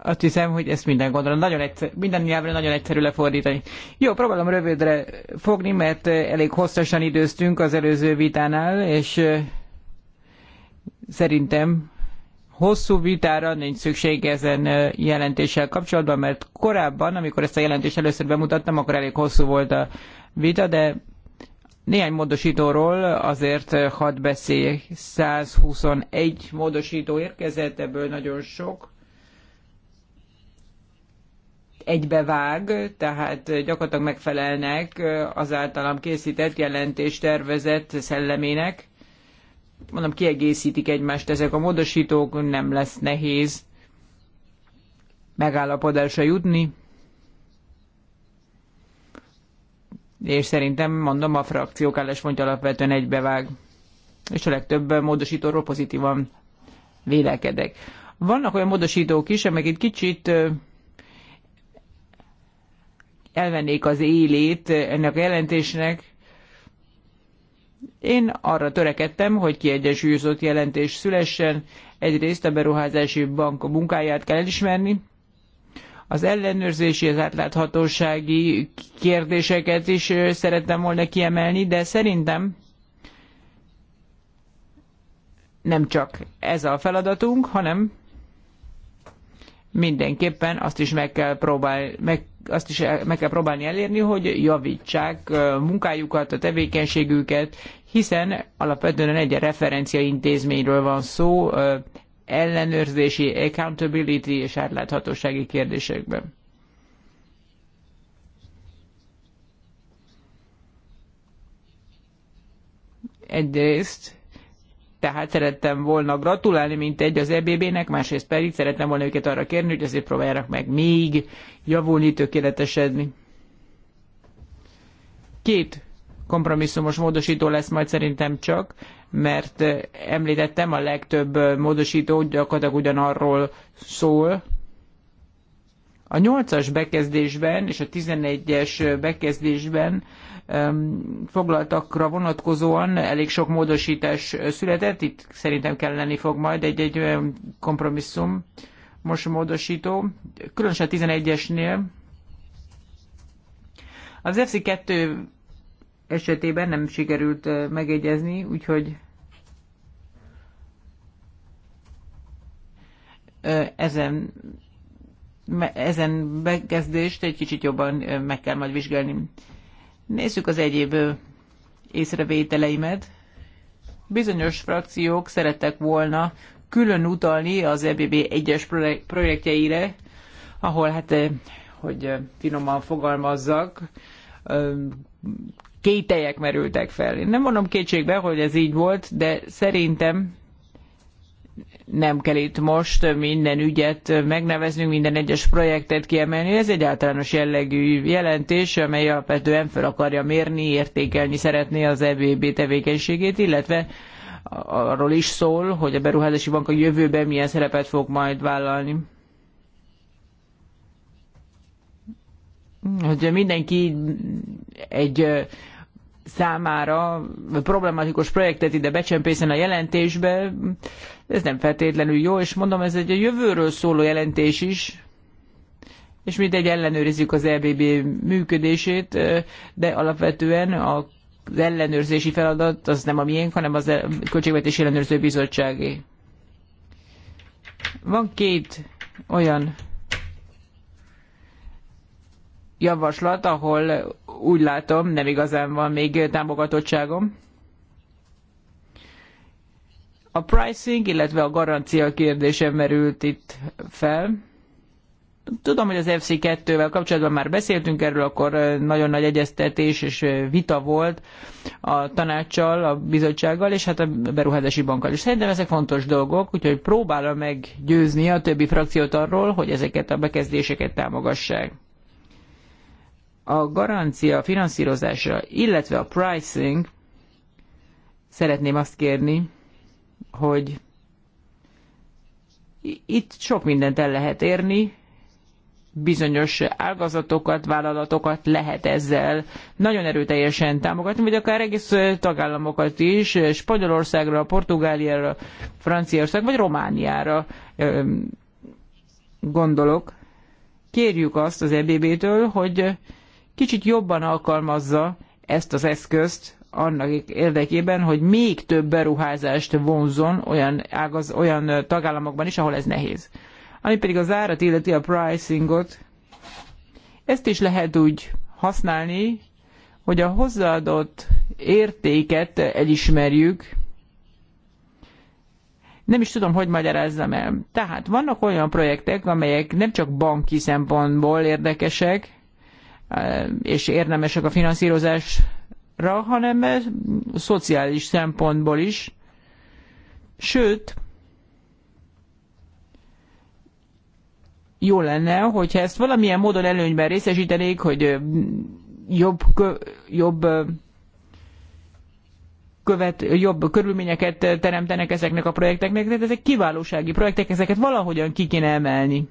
Azt hiszem, hogy ezt minden gondolom, nagyon egyszer, minden nyelvre nagyon egyszerű lefordítani. Jó, próbálom rövidre fogni, mert eh, elég hosszasan időztünk az előző vitánál, és eh, szerintem hosszú vitára nincs szükség ezen eh, jelentéssel kapcsolatban, mert korábban, amikor ezt a jelentést először bemutattam, akkor elég hosszú volt a vita, de néhány módosítóról azért hadd beszéljek. 121 módosító érkezett, ebből nagyon sok egybevág, tehát gyakorlatilag megfelelnek az általam készített jelentés tervezett szellemének. Mondom, kiegészítik egymást ezek a módosítók, nem lesz nehéz megállapodásra jutni. És szerintem, mondom, a frakciók álláspontja alapvetően egybevág. És a legtöbb módosítóról pozitívan vélekedek. Vannak olyan módosítók is, amelyek egy kicsit elvennék az élét ennek a jelentésnek. Én arra törekedtem, hogy kiegyensúlyozott jelentés szülessen. Egyrészt a beruházási bank munkáját kell elismerni, az ellenőrzési, az átláthatósági kérdéseket is szerettem volna kiemelni, de szerintem nem csak ez a feladatunk, hanem mindenképpen azt is meg kell, próbálni, meg, azt is meg kell próbálni elérni, hogy javítsák munkájukat, a tevékenységüket, hiszen alapvetően egy referencia intézményről van szó, ellenőrzési, accountability és átláthatósági kérdésekben. Egyrészt tehát szerettem volna gratulálni, mint egy az EBB-nek, másrészt pedig szerettem volna őket arra kérni, hogy azért próbáljanak meg még javulni, tökéletesedni. Két kompromisszumos módosító lesz majd szerintem csak, mert eh, említettem, a legtöbb eh, módosító gyakorlatilag ugyanarról szól, a 8-as bekezdésben és a 11-es bekezdésben foglaltakra vonatkozóan elég sok módosítás született, itt szerintem kell lenni fog majd egy-egy kompromisszum most módosító, különösen a 11-esnél. Az FC2 esetében nem sikerült eh, megegyezni, úgyhogy eh, ezen ezen bekezdést egy kicsit jobban meg kell majd vizsgálni. Nézzük az egyéb észrevételeimet. Bizonyos frakciók szerettek volna külön utalni az EBB egyes projektjeire, ahol hát, hogy finoman fogalmazzak, kételyek merültek fel. Én nem mondom kétségbe, hogy ez így volt, de szerintem nem kell itt most minden ügyet megneveznünk, minden egyes projektet kiemelni. Ez egy általános jellegű jelentés, amely alapvetően fel akarja mérni, értékelni szeretné az EBB tevékenységét, illetve arról is szól, hogy a beruházási bank a jövőben milyen szerepet fog majd vállalni. Hogy mindenki egy számára problematikus projektet ide becsempészen a jelentésbe, ez nem feltétlenül jó, és mondom, ez egy a jövőről szóló jelentés is, és mindegy ellenőrizzük az EBB működését, de alapvetően a az ellenőrzési feladat az nem a miénk, hanem az Költségvetési Ellenőrző Bizottságé. Van két olyan javaslat, ahol úgy látom, nem igazán van még támogatottságom. A pricing, illetve a garancia kérdése merült itt fel. Tudom, hogy az FC2-vel kapcsolatban már beszéltünk erről, akkor nagyon nagy egyeztetés és vita volt a tanácssal, a bizottsággal, és hát a beruházási bankkal is. Szerintem ezek fontos dolgok, úgyhogy próbálom meggyőzni a többi frakciót arról, hogy ezeket a bekezdéseket támogassák a garancia a finanszírozásra, illetve a pricing, szeretném azt kérni, hogy itt sok mindent el lehet érni, bizonyos ágazatokat, vállalatokat lehet ezzel nagyon erőteljesen támogatni, vagy akár egész tagállamokat is, Spanyolországra, Portugáliára, Franciaország, vagy Romániára gondolok. Kérjük azt az EBB-től, hogy kicsit jobban alkalmazza ezt az eszközt annak érdekében, hogy még több beruházást vonzon olyan, ágaz, olyan tagállamokban is, ahol ez nehéz. Ami pedig az árat illeti a pricingot, ezt is lehet úgy használni, hogy a hozzáadott értéket elismerjük. Nem is tudom, hogy magyarázzam el. Tehát vannak olyan projektek, amelyek nem csak banki szempontból érdekesek, és érdemesek a finanszírozásra, hanem szociális szempontból is. Sőt, jó lenne, hogyha ezt valamilyen módon előnyben részesítenék, hogy jobb, jobb követ, jobb körülményeket teremtenek ezeknek a projekteknek, tehát ezek kiválósági projektek, ezeket valahogyan ki kéne emelni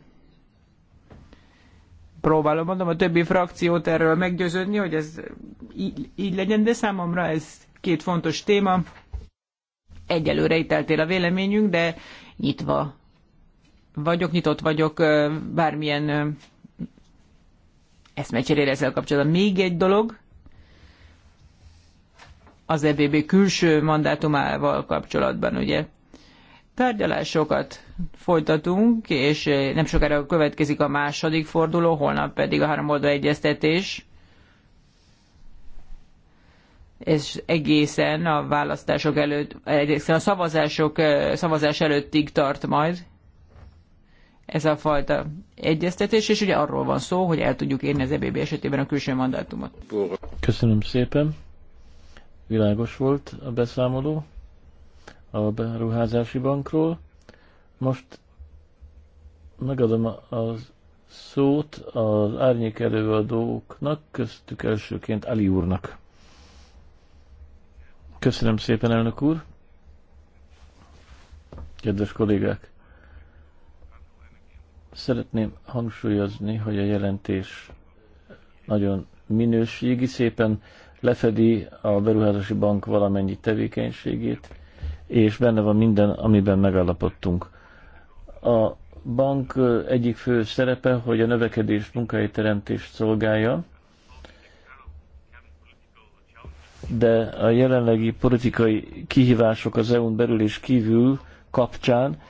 próbálom, mondom, a többi frakciót erről meggyőződni, hogy ez így, így legyen, de számomra ez két fontos téma. Egyelőre itt eltér a véleményünk, de nyitva vagyok, nyitott vagyok bármilyen eszmecserére ezzel kapcsolatban. Még egy dolog, az EBB külső mandátumával kapcsolatban, ugye? Tárgyalásokat folytatunk, és eh, nem sokára következik a második forduló, holnap pedig a háromoldal egyeztetés, és egészen a választások előtt, egészen a szavazások, eh, szavazás előttig tart majd ez a fajta egyeztetés, és ugye arról van szó, hogy el tudjuk érni az EBB esetében a külső mandátumot. Köszönöm szépen. Világos volt a beszámoló a beruházási bankról. Most megadom az szót az árnyék előadóknak, köztük elsőként Ali úrnak. Köszönöm szépen, elnök úr! Kedves kollégák! Szeretném hangsúlyozni, hogy a jelentés nagyon minőségi, szépen lefedi a beruházási bank valamennyi tevékenységét, és benne van minden, amiben megállapodtunk. A bank egyik fő szerepe, hogy a növekedés teremtést szolgálja, de a jelenlegi politikai kihívások az EU-n belül és kívül kapcsán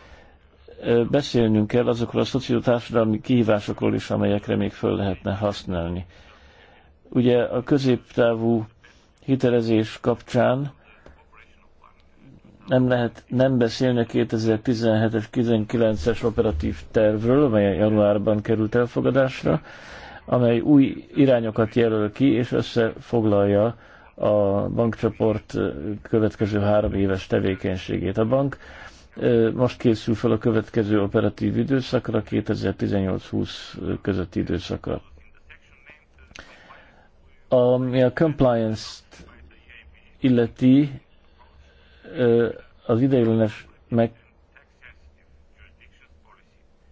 beszélnünk kell azokról a szociotársadalmi kihívásokról is, amelyekre még föl lehetne használni. Ugye a középtávú hitelezés kapcsán nem lehet nem beszélni a 2017-es, 19-es operatív tervről, amely januárban került elfogadásra, amely új irányokat jelöl ki, és összefoglalja a bankcsoport következő három éves tevékenységét. A bank most készül fel a következő operatív időszakra, 2018-20 közötti időszakra. Ami a compliance illeti, az ideiglenes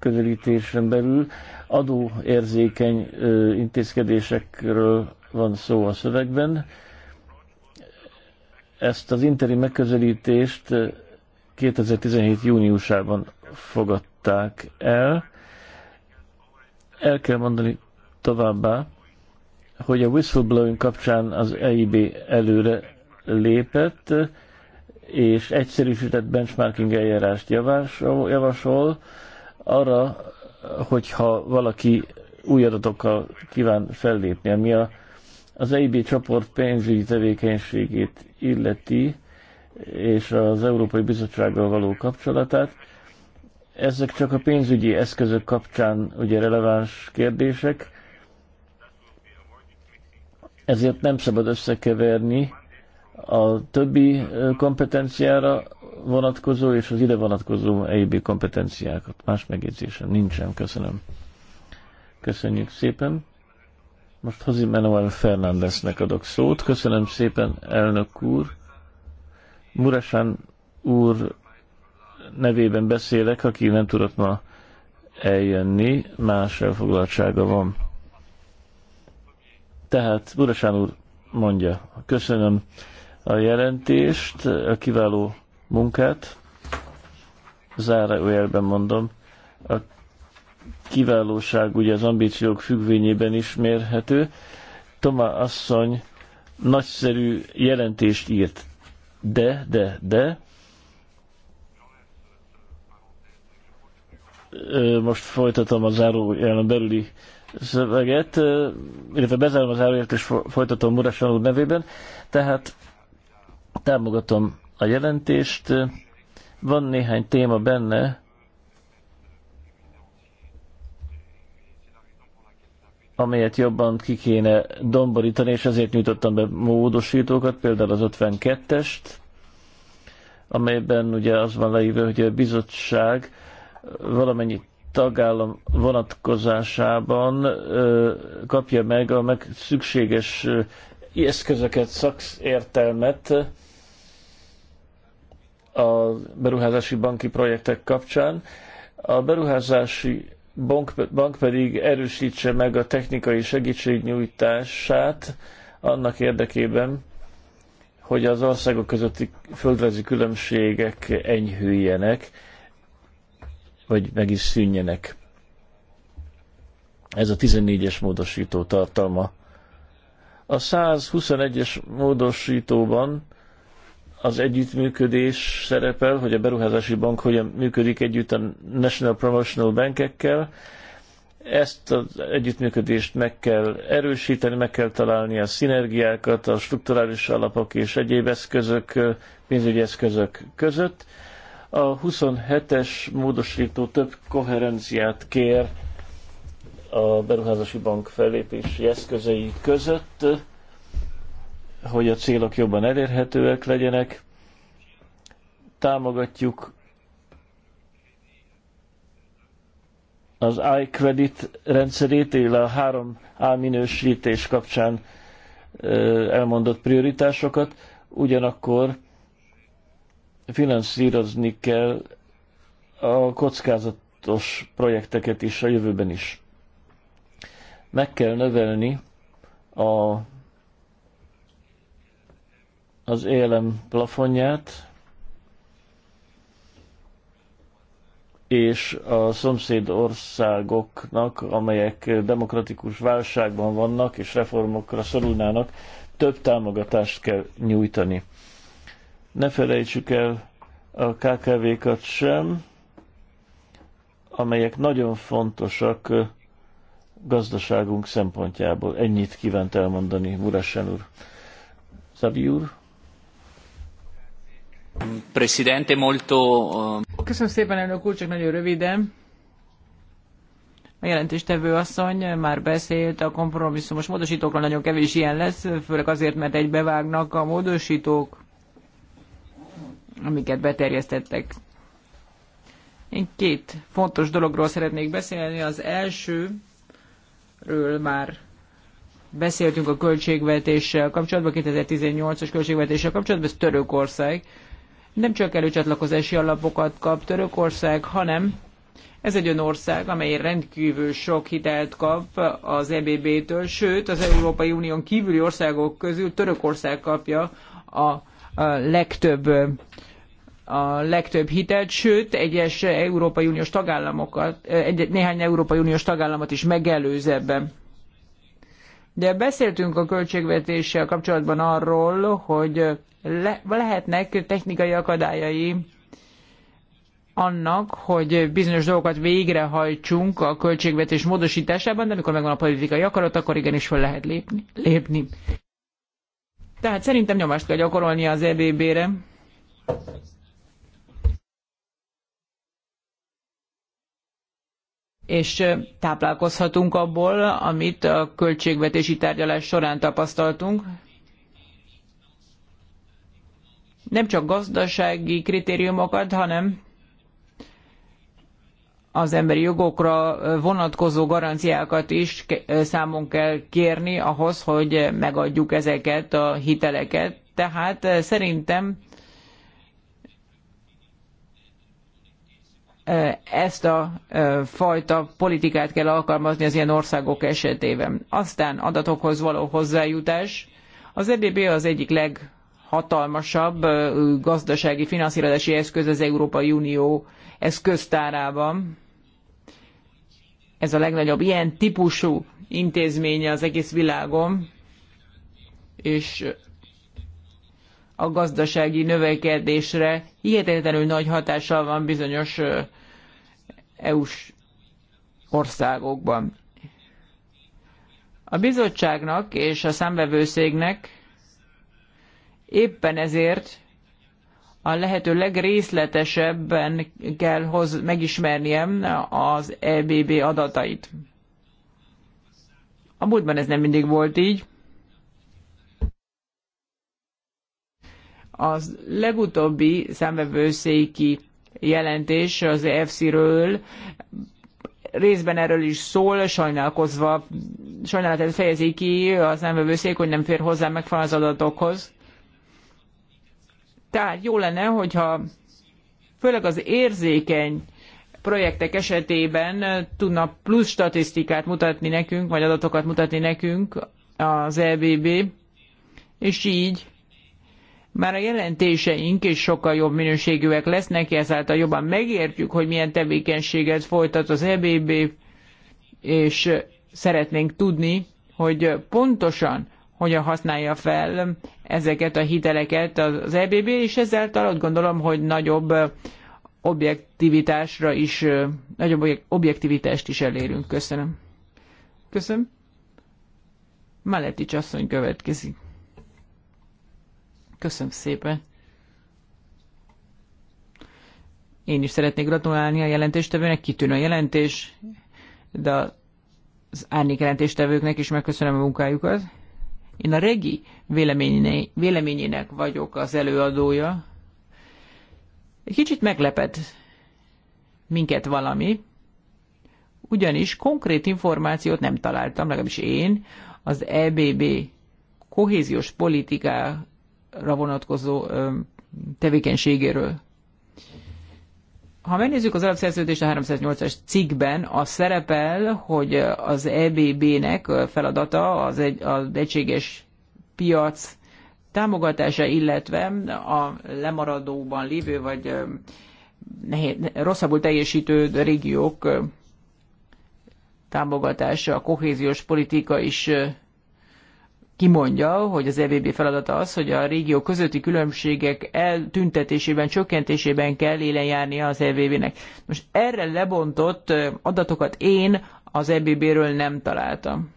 megközelítésen belül adóérzékeny intézkedésekről van szó a szövegben. Ezt az interi megközelítést 2017. júniusában fogadták el. El kell mondani továbbá, hogy a whistleblowing kapcsán az EIB előre lépett, és egyszerűsített benchmarking eljárást javasol arra, hogyha valaki új adatokkal kíván fellépni, ami a, az EIB csoport pénzügyi tevékenységét illeti, és az Európai Bizottsággal való kapcsolatát. Ezek csak a pénzügyi eszközök kapcsán ugye releváns kérdések, ezért nem szabad összekeverni a többi kompetenciára vonatkozó és az ide vonatkozó egyéb kompetenciákat. Más megjegyzésem nincsen, köszönöm. Köszönjük szépen. Most Hozi Manuel Fernándeznek adok szót. Köszönöm szépen, elnök úr. Murasán úr nevében beszélek, aki nem tudott ma eljönni, más elfoglaltsága van. Tehát Murasán úr mondja, köszönöm a jelentést, a kiváló munkát, zárójelben mondom, a kiválóság ugye az ambíciók függvényében is mérhető. Toma asszony nagyszerű jelentést írt, de, de, de, most folytatom a zárójelen belüli szöveget, illetve bezárom a záróért és folytatom Murasan úr nevében. Tehát Támogatom a jelentést. Van néhány téma benne, amelyet jobban ki kéne domborítani, és azért nyújtottam be módosítókat, például az 52-est, amelyben ugye az van leírva, hogy a bizottság valamennyi tagállam vonatkozásában kapja meg a meg szükséges eszközöket, szakértelmet a beruházási banki projektek kapcsán. A beruházási bank, bank pedig erősítse meg a technikai segítségnyújtását annak érdekében, hogy az országok közötti földrajzi különbségek enyhüljenek, vagy meg is szűnjenek. Ez a 14-es módosító tartalma a 121-es módosítóban az együttműködés szerepel, hogy a beruházási bank hogyan működik együtt a National Promotional Bankekkel. Ezt az együttműködést meg kell erősíteni, meg kell találni a szinergiákat a strukturális alapok és egyéb eszközök, pénzügyi eszközök között. A 27-es módosító több koherenciát kér a beruházási bank fellépési eszközei között, hogy a célok jobban elérhetőek legyenek. Támogatjuk az iCredit rendszerét, illetve a három A minősítés kapcsán elmondott prioritásokat, ugyanakkor finanszírozni kell a kockázatos projekteket is a jövőben is meg kell növelni a, az élem plafonját, és a szomszéd országoknak, amelyek demokratikus válságban vannak és reformokra szorulnának, több támogatást kell nyújtani. Ne felejtsük el a KKV-kat sem, amelyek nagyon fontosak gazdaságunk szempontjából. Ennyit kívánt elmondani Murasen úr. Szabi úr? Presidente, molto... Uh, Köszönöm szépen, elnök úr, csak nagyon röviden. A jelentéstevő asszony már beszélt a kompromisszumos módosítókról, nagyon kevés ilyen lesz, főleg azért, mert egybevágnak a módosítók, amiket beterjesztettek. Én két fontos dologról szeretnék beszélni. Az első, ről már beszéltünk a költségvetéssel kapcsolatban, 2018-as költségvetéssel kapcsolatban, ez Törökország. Nem csak előcsatlakozási alapokat kap Törökország, hanem ez egy olyan ország, amely rendkívül sok hitelt kap az EBB-től, sőt az Európai Unión kívüli országok közül Törökország kapja a, a legtöbb a legtöbb hitelt, sőt, egyes Európai Uniós tagállamokat, egy, néhány Európai Uniós tagállamot is megelőz ebben. De beszéltünk a költségvetéssel kapcsolatban arról, hogy le, lehetnek technikai akadályai annak, hogy bizonyos dolgokat végrehajtsunk a költségvetés módosításában, de amikor megvan a politikai akarat, akkor igenis fel lehet lépni. lépni. Tehát szerintem nyomást kell gyakorolni az EBB-re és táplálkozhatunk abból, amit a költségvetési tárgyalás során tapasztaltunk. Nem csak gazdasági kritériumokat, hanem az emberi jogokra vonatkozó garanciákat is számon kell kérni ahhoz, hogy megadjuk ezeket a hiteleket. Tehát szerintem ezt a fajta politikát kell alkalmazni az ilyen országok esetében. Aztán adatokhoz való hozzájutás. Az EBB az egyik leghatalmasabb gazdasági finanszírozási eszköz az Európai Unió eszköztárában. Ez a legnagyobb ilyen típusú intézménye az egész világon, és a gazdasági növekedésre hihetetlenül nagy hatással van bizonyos EU-s országokban. A bizottságnak és a számvevőszégnek éppen ezért a lehető legrészletesebben kell hoz, megismerniem az EBB adatait. A múltban ez nem mindig volt így. Az legutóbbi számvevőszéki jelentés az EFSZ-ről, részben erről is szól, sajnálkozva, sajnálatát fejezi ki az számvevőszék, hogy nem fér hozzá megfelelő az adatokhoz. Tehát jó lenne, hogyha főleg az érzékeny projektek esetében tudna plusz statisztikát mutatni nekünk, vagy adatokat mutatni nekünk az EBB, és így már a jelentéseink is sokkal jobb minőségűek lesznek, ezáltal jobban megértjük, hogy milyen tevékenységet folytat az EBB, és szeretnénk tudni, hogy pontosan hogyan használja fel ezeket a hiteleket az EBB, és ezáltal azt gondolom, hogy nagyobb objektivitásra is, nagyobb objektivitást is elérünk. Köszönöm. Köszönöm. Maletics asszony következik. Köszönöm szépen. Én is szeretnék gratulálni a jelentéstevőnek, kitűnő a jelentés, de az árnyék jelentéstevőknek is megköszönöm a munkájukat. Én a Regi véleményének vagyok az előadója. Egy kicsit meglepet minket valami, ugyanis konkrét információt nem találtam, legalábbis én, az EBB kohéziós politika ra vonatkozó tevékenységéről. Ha megnézzük az alapszerződést a 308-as cikkben, az szerepel, hogy az EBB-nek feladata az, egy, az egységes piac támogatása, illetve a lemaradóban lévő vagy nehéz, rosszabbul teljesítő régiók támogatása, a kohéziós politika is kimondja, hogy az EVB feladata az, hogy a régió közötti különbségek eltüntetésében, csökkentésében kell élen járnia az EVB-nek. Most erre lebontott adatokat én az EVB-ről nem találtam.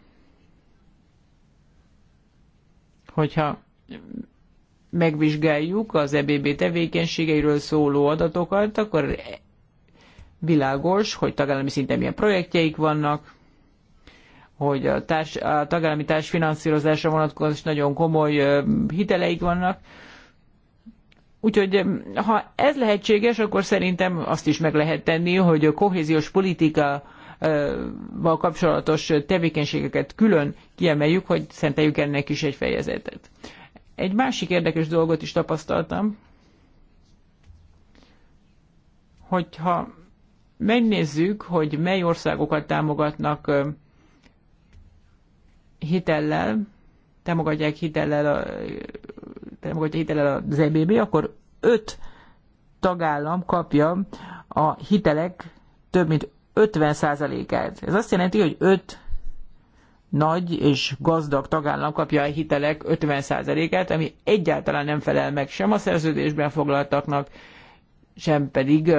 Hogyha megvizsgáljuk az EBB tevékenységeiről szóló adatokat, akkor világos, hogy tagállami szinten milyen projektjeik vannak, hogy a, társ, a tagállami társfinanszírozásra vonatkozó nagyon komoly hiteleik vannak. Úgyhogy ha ez lehetséges, akkor szerintem azt is meg lehet tenni, hogy a kohéziós politika-val kapcsolatos tevékenységeket külön kiemeljük, hogy szenteljük ennek is egy fejezetet. Egy másik érdekes dolgot is tapasztaltam, hogyha megnézzük, hogy mely országokat támogatnak hitellel, támogatják hitellel, a, támogatja hitellel az EBB, akkor öt tagállam kapja a hitelek több mint 50%-át. Ez azt jelenti, hogy öt nagy és gazdag tagállam kapja a hitelek 50%-át, ami egyáltalán nem felel meg sem a szerződésben foglaltaknak, sem pedig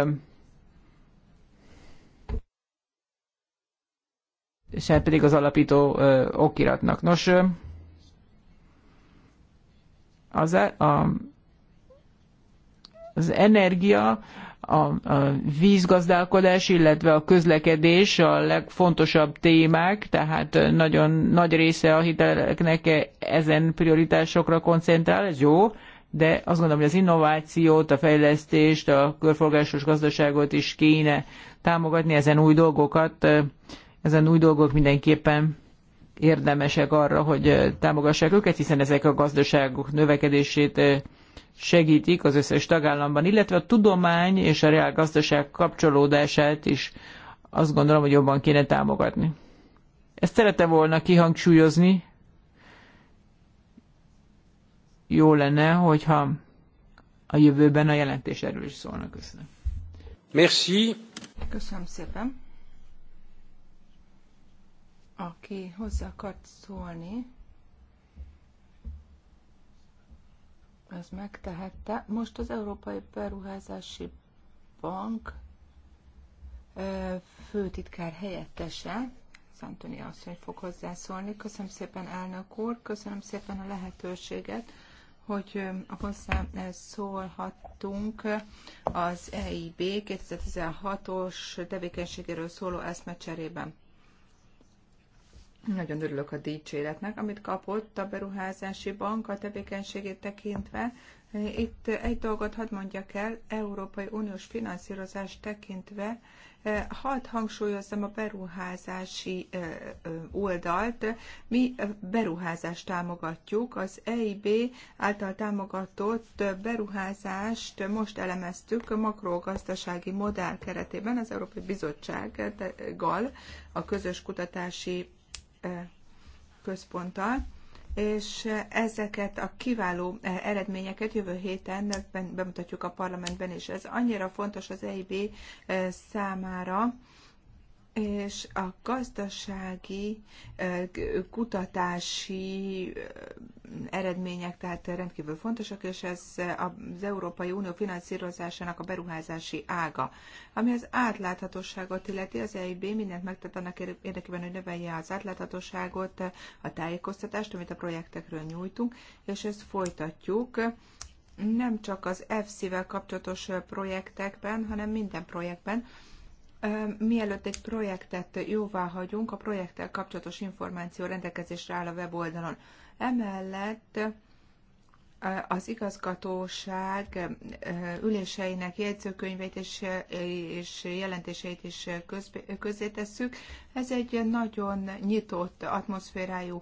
sem hát pedig az alapító ö, okiratnak. Nos, ö, az, e- a, az energia, a, a vízgazdálkodás, illetve a közlekedés a legfontosabb témák, tehát nagyon nagy része a hiteleknek e- ezen prioritásokra koncentrál, ez jó, de azt gondolom, hogy az innovációt, a fejlesztést, a körforgásos gazdaságot is kéne támogatni, ezen új dolgokat ezen új dolgok mindenképpen érdemesek arra, hogy támogassák őket, hiszen ezek a gazdaságok növekedését segítik az összes tagállamban, illetve a tudomány és a reál gazdaság kapcsolódását is azt gondolom, hogy jobban kéne támogatni. Ezt szerette volna kihangsúlyozni. Jó lenne, hogyha a jövőben a jelentés erről is szólnak. Köszönöm. Merci. Köszönöm szépen aki hozzá akart szólni, az megtehette. Most az Európai Beruházási Bank főtitkár helyettese, Szantoni asszony fog hozzászólni. Köszönöm szépen, elnök úr, köszönöm szépen a lehetőséget, hogy hozzá szólhattunk az EIB 2016-os tevékenységéről szóló eszmecserében. Nagyon örülök a dicséretnek, amit kapott a beruházási bank a tevékenységét tekintve. Itt egy dolgot hadd mondjak el, Európai Uniós finanszírozást tekintve, eh, hadd hangsúlyozzam a beruházási eh, eh, oldalt. Mi beruházást támogatjuk, az EIB által támogatott beruházást most elemeztük a makrogazdasági modell keretében az Európai Bizottsággal a közös kutatási központtal, és ezeket a kiváló eredményeket jövő héten bemutatjuk a parlamentben, és ez annyira fontos az EIB számára, és a gazdasági kutatási eredmények tehát rendkívül fontosak, és ez az Európai Unió finanszírozásának a beruházási ága. Ami az átláthatóságot illeti, az EIB mindent megtett annak érdekében, hogy növelje az átláthatóságot, a tájékoztatást, amit a projektekről nyújtunk, és ezt folytatjuk nem csak az EFSZ-vel kapcsolatos projektekben, hanem minden projektben, Mielőtt egy projektet jóvá hagyunk, a projekttel kapcsolatos információ rendelkezésre áll a weboldalon. Emellett az igazgatóság üléseinek jegyzőkönyveit és, jelentéseit is közzétesszük. Ez egy nagyon nyitott atmoszférájú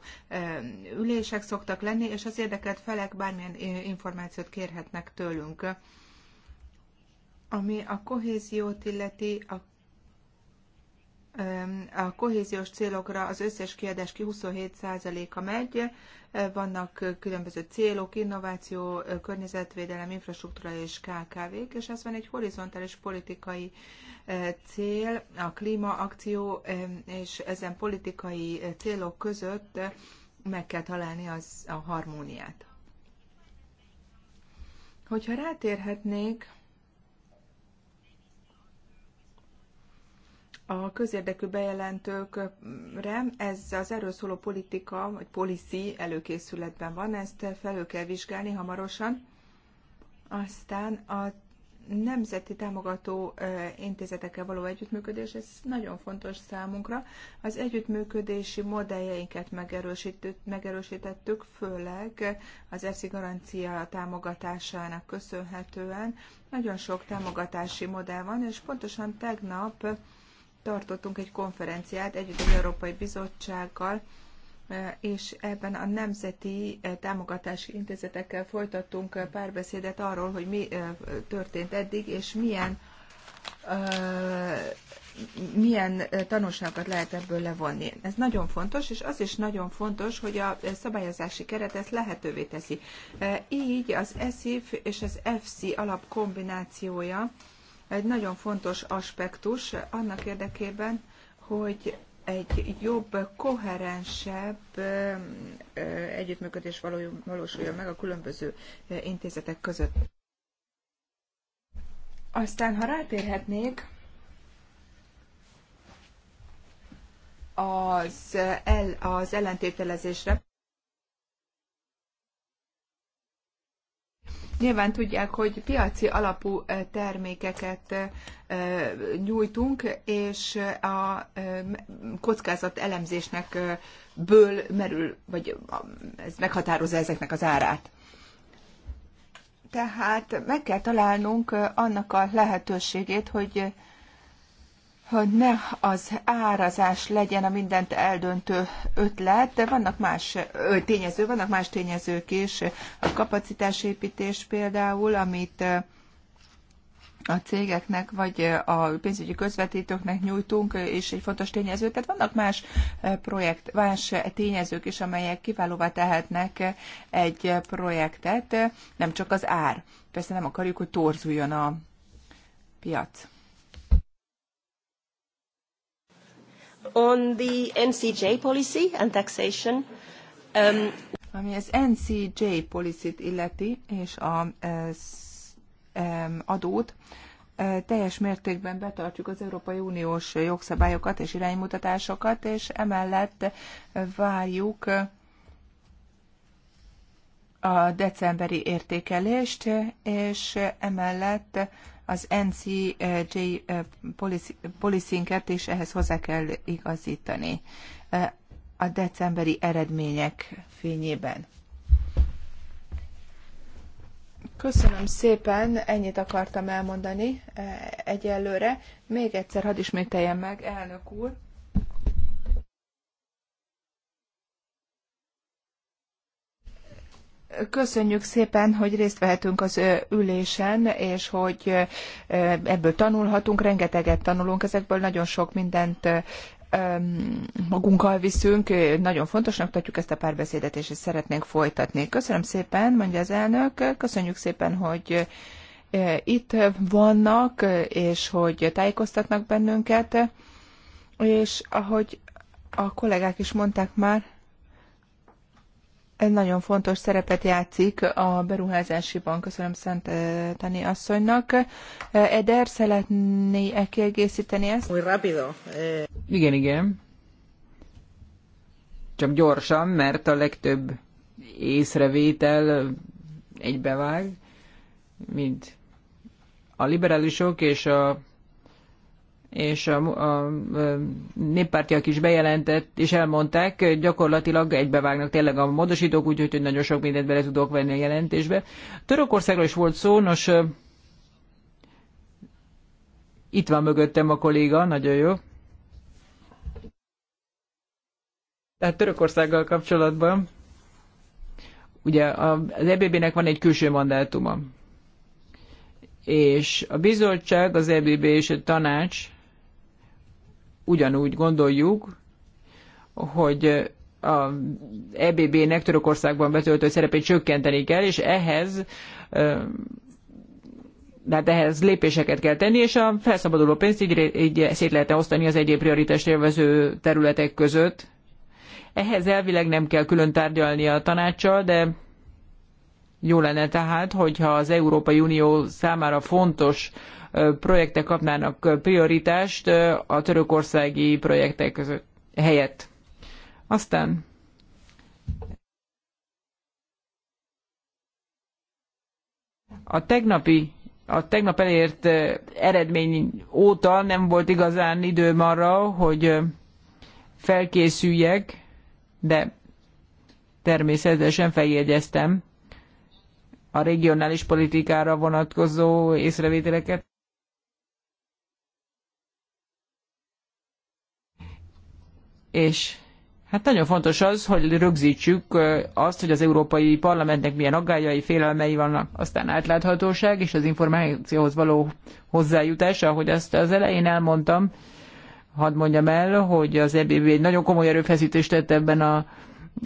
ülések szoktak lenni, és az érdekelt felek bármilyen információt kérhetnek tőlünk. Ami a kohéziót illeti, a a kohéziós célokra az összes kiadás ki 27%-a megy, vannak különböző célok, innováció, környezetvédelem, infrastruktúra és KKV-k, és ez van egy horizontális politikai cél, a klímaakció, és ezen politikai célok között meg kell találni az, a harmóniát. Hogyha rátérhetnék a közérdekű bejelentőkre, ez az erről szóló politika, vagy policy előkészületben van, ezt felül kell vizsgálni hamarosan. Aztán a nemzeti támogató intézetekkel való együttműködés, ez nagyon fontos számunkra. Az együttműködési modelljeinket megerősítettük, főleg az ESZI garancia támogatásának köszönhetően. Nagyon sok támogatási modell van, és pontosan tegnap tartottunk egy konferenciát együtt az Európai Bizottsággal, e, és ebben a nemzeti e, támogatási intézetekkel folytattunk e, párbeszédet arról, hogy mi történt eddig, és milyen milyen tanulságokat lehet ebből levonni. Ez nagyon fontos, és az is nagyon fontos, hogy a szabályozási keret ezt lehetővé teszi. Így az ESIF és az FC alap kombinációja egy nagyon fontos aspektus annak érdekében, hogy egy jobb, koherensebb együttműködés valósuljon meg a különböző intézetek között. Aztán, ha rátérhetnék az, el, az ellentételezésre, Nyilván tudják, hogy piaci alapú termékeket nyújtunk, és a kockázat elemzésnek ből merül, vagy ez meghatározza ezeknek az árát. Tehát meg kell találnunk annak a lehetőségét, hogy hogy ne az árazás legyen a mindent eldöntő ötlet, de vannak más tényezők, vannak más tényezők is, a kapacitásépítés például, amit a cégeknek vagy a pénzügyi közvetítőknek nyújtunk, és egy fontos tényező. Tehát vannak más projekt, más tényezők is, amelyek kiválóvá tehetnek egy projektet, nem csak az ár. Persze nem akarjuk, hogy torzuljon a piac. on the NCJ policy and taxation. Um, ami az NCJ policy illeti, és a eh, adót, eh, teljes mértékben betartjuk az Európai Uniós jogszabályokat és iránymutatásokat, és emellett várjuk eh, a decemberi értékelést, és emellett az NCJ eh, policinket és ehhez hozzá kell igazítani eh, a decemberi eredmények fényében. Köszönöm szépen, ennyit akartam elmondani eh, egyelőre. Még egyszer hadd ismételjem meg, elnök úr, Köszönjük szépen, hogy részt vehetünk az ülésen, és hogy ebből tanulhatunk, rengeteget tanulunk, ezekből nagyon sok mindent magunkkal viszünk, nagyon fontosnak tartjuk ezt a párbeszédet, és ezt szeretnénk folytatni. Köszönöm szépen, mondja az elnök, köszönjük szépen, hogy itt vannak, és hogy tájékoztatnak bennünket, és ahogy a kollégák is mondták már, nagyon fontos szerepet játszik a beruházási bank. Köszönöm Szent eh, Tani asszonynak. Eh, Eder, szeretné -e kiegészíteni ezt? Muy rápido. Igen, igen. Csak gyorsan, mert a legtöbb észrevétel egybevág, mint a liberálisok és a és a, a, a néppártiak is bejelentett, és elmondták, gyakorlatilag egybevágnak tényleg a módosítók, úgyhogy nagyon sok mindent bele tudok venni a jelentésbe. Törökországról is volt szó, nos, itt van mögöttem a kolléga, nagyon jó. Tehát Törökországgal kapcsolatban, ugye az EBB-nek van egy külső mandátuma, és a bizottság, az EBB és a tanács ugyanúgy gondoljuk, hogy a EBB-nek Törökországban betöltött szerepét csökkenteni kell, és ehhez de hát ehhez lépéseket kell tenni, és a felszabaduló pénzt így, így szét lehetne osztani az egyéb prioritást élvező területek között. Ehhez elvileg nem kell külön tárgyalni a tanácssal, de jó lenne tehát, hogyha az Európai Unió számára fontos projektek kapnának prioritást a törökországi projektek között helyett. Aztán a tegnapi a tegnap elért eredmény óta nem volt igazán időm arra, hogy felkészüljek, de természetesen feljegyeztem a regionális politikára vonatkozó észrevételeket. és hát nagyon fontos az, hogy rögzítsük azt, hogy az Európai Parlamentnek milyen aggályai, félelmei vannak, aztán átláthatóság és az információhoz való hozzájutás, ahogy azt az elején elmondtam, hadd mondjam el, hogy az EBB egy nagyon komoly erőfeszítést tett ebben a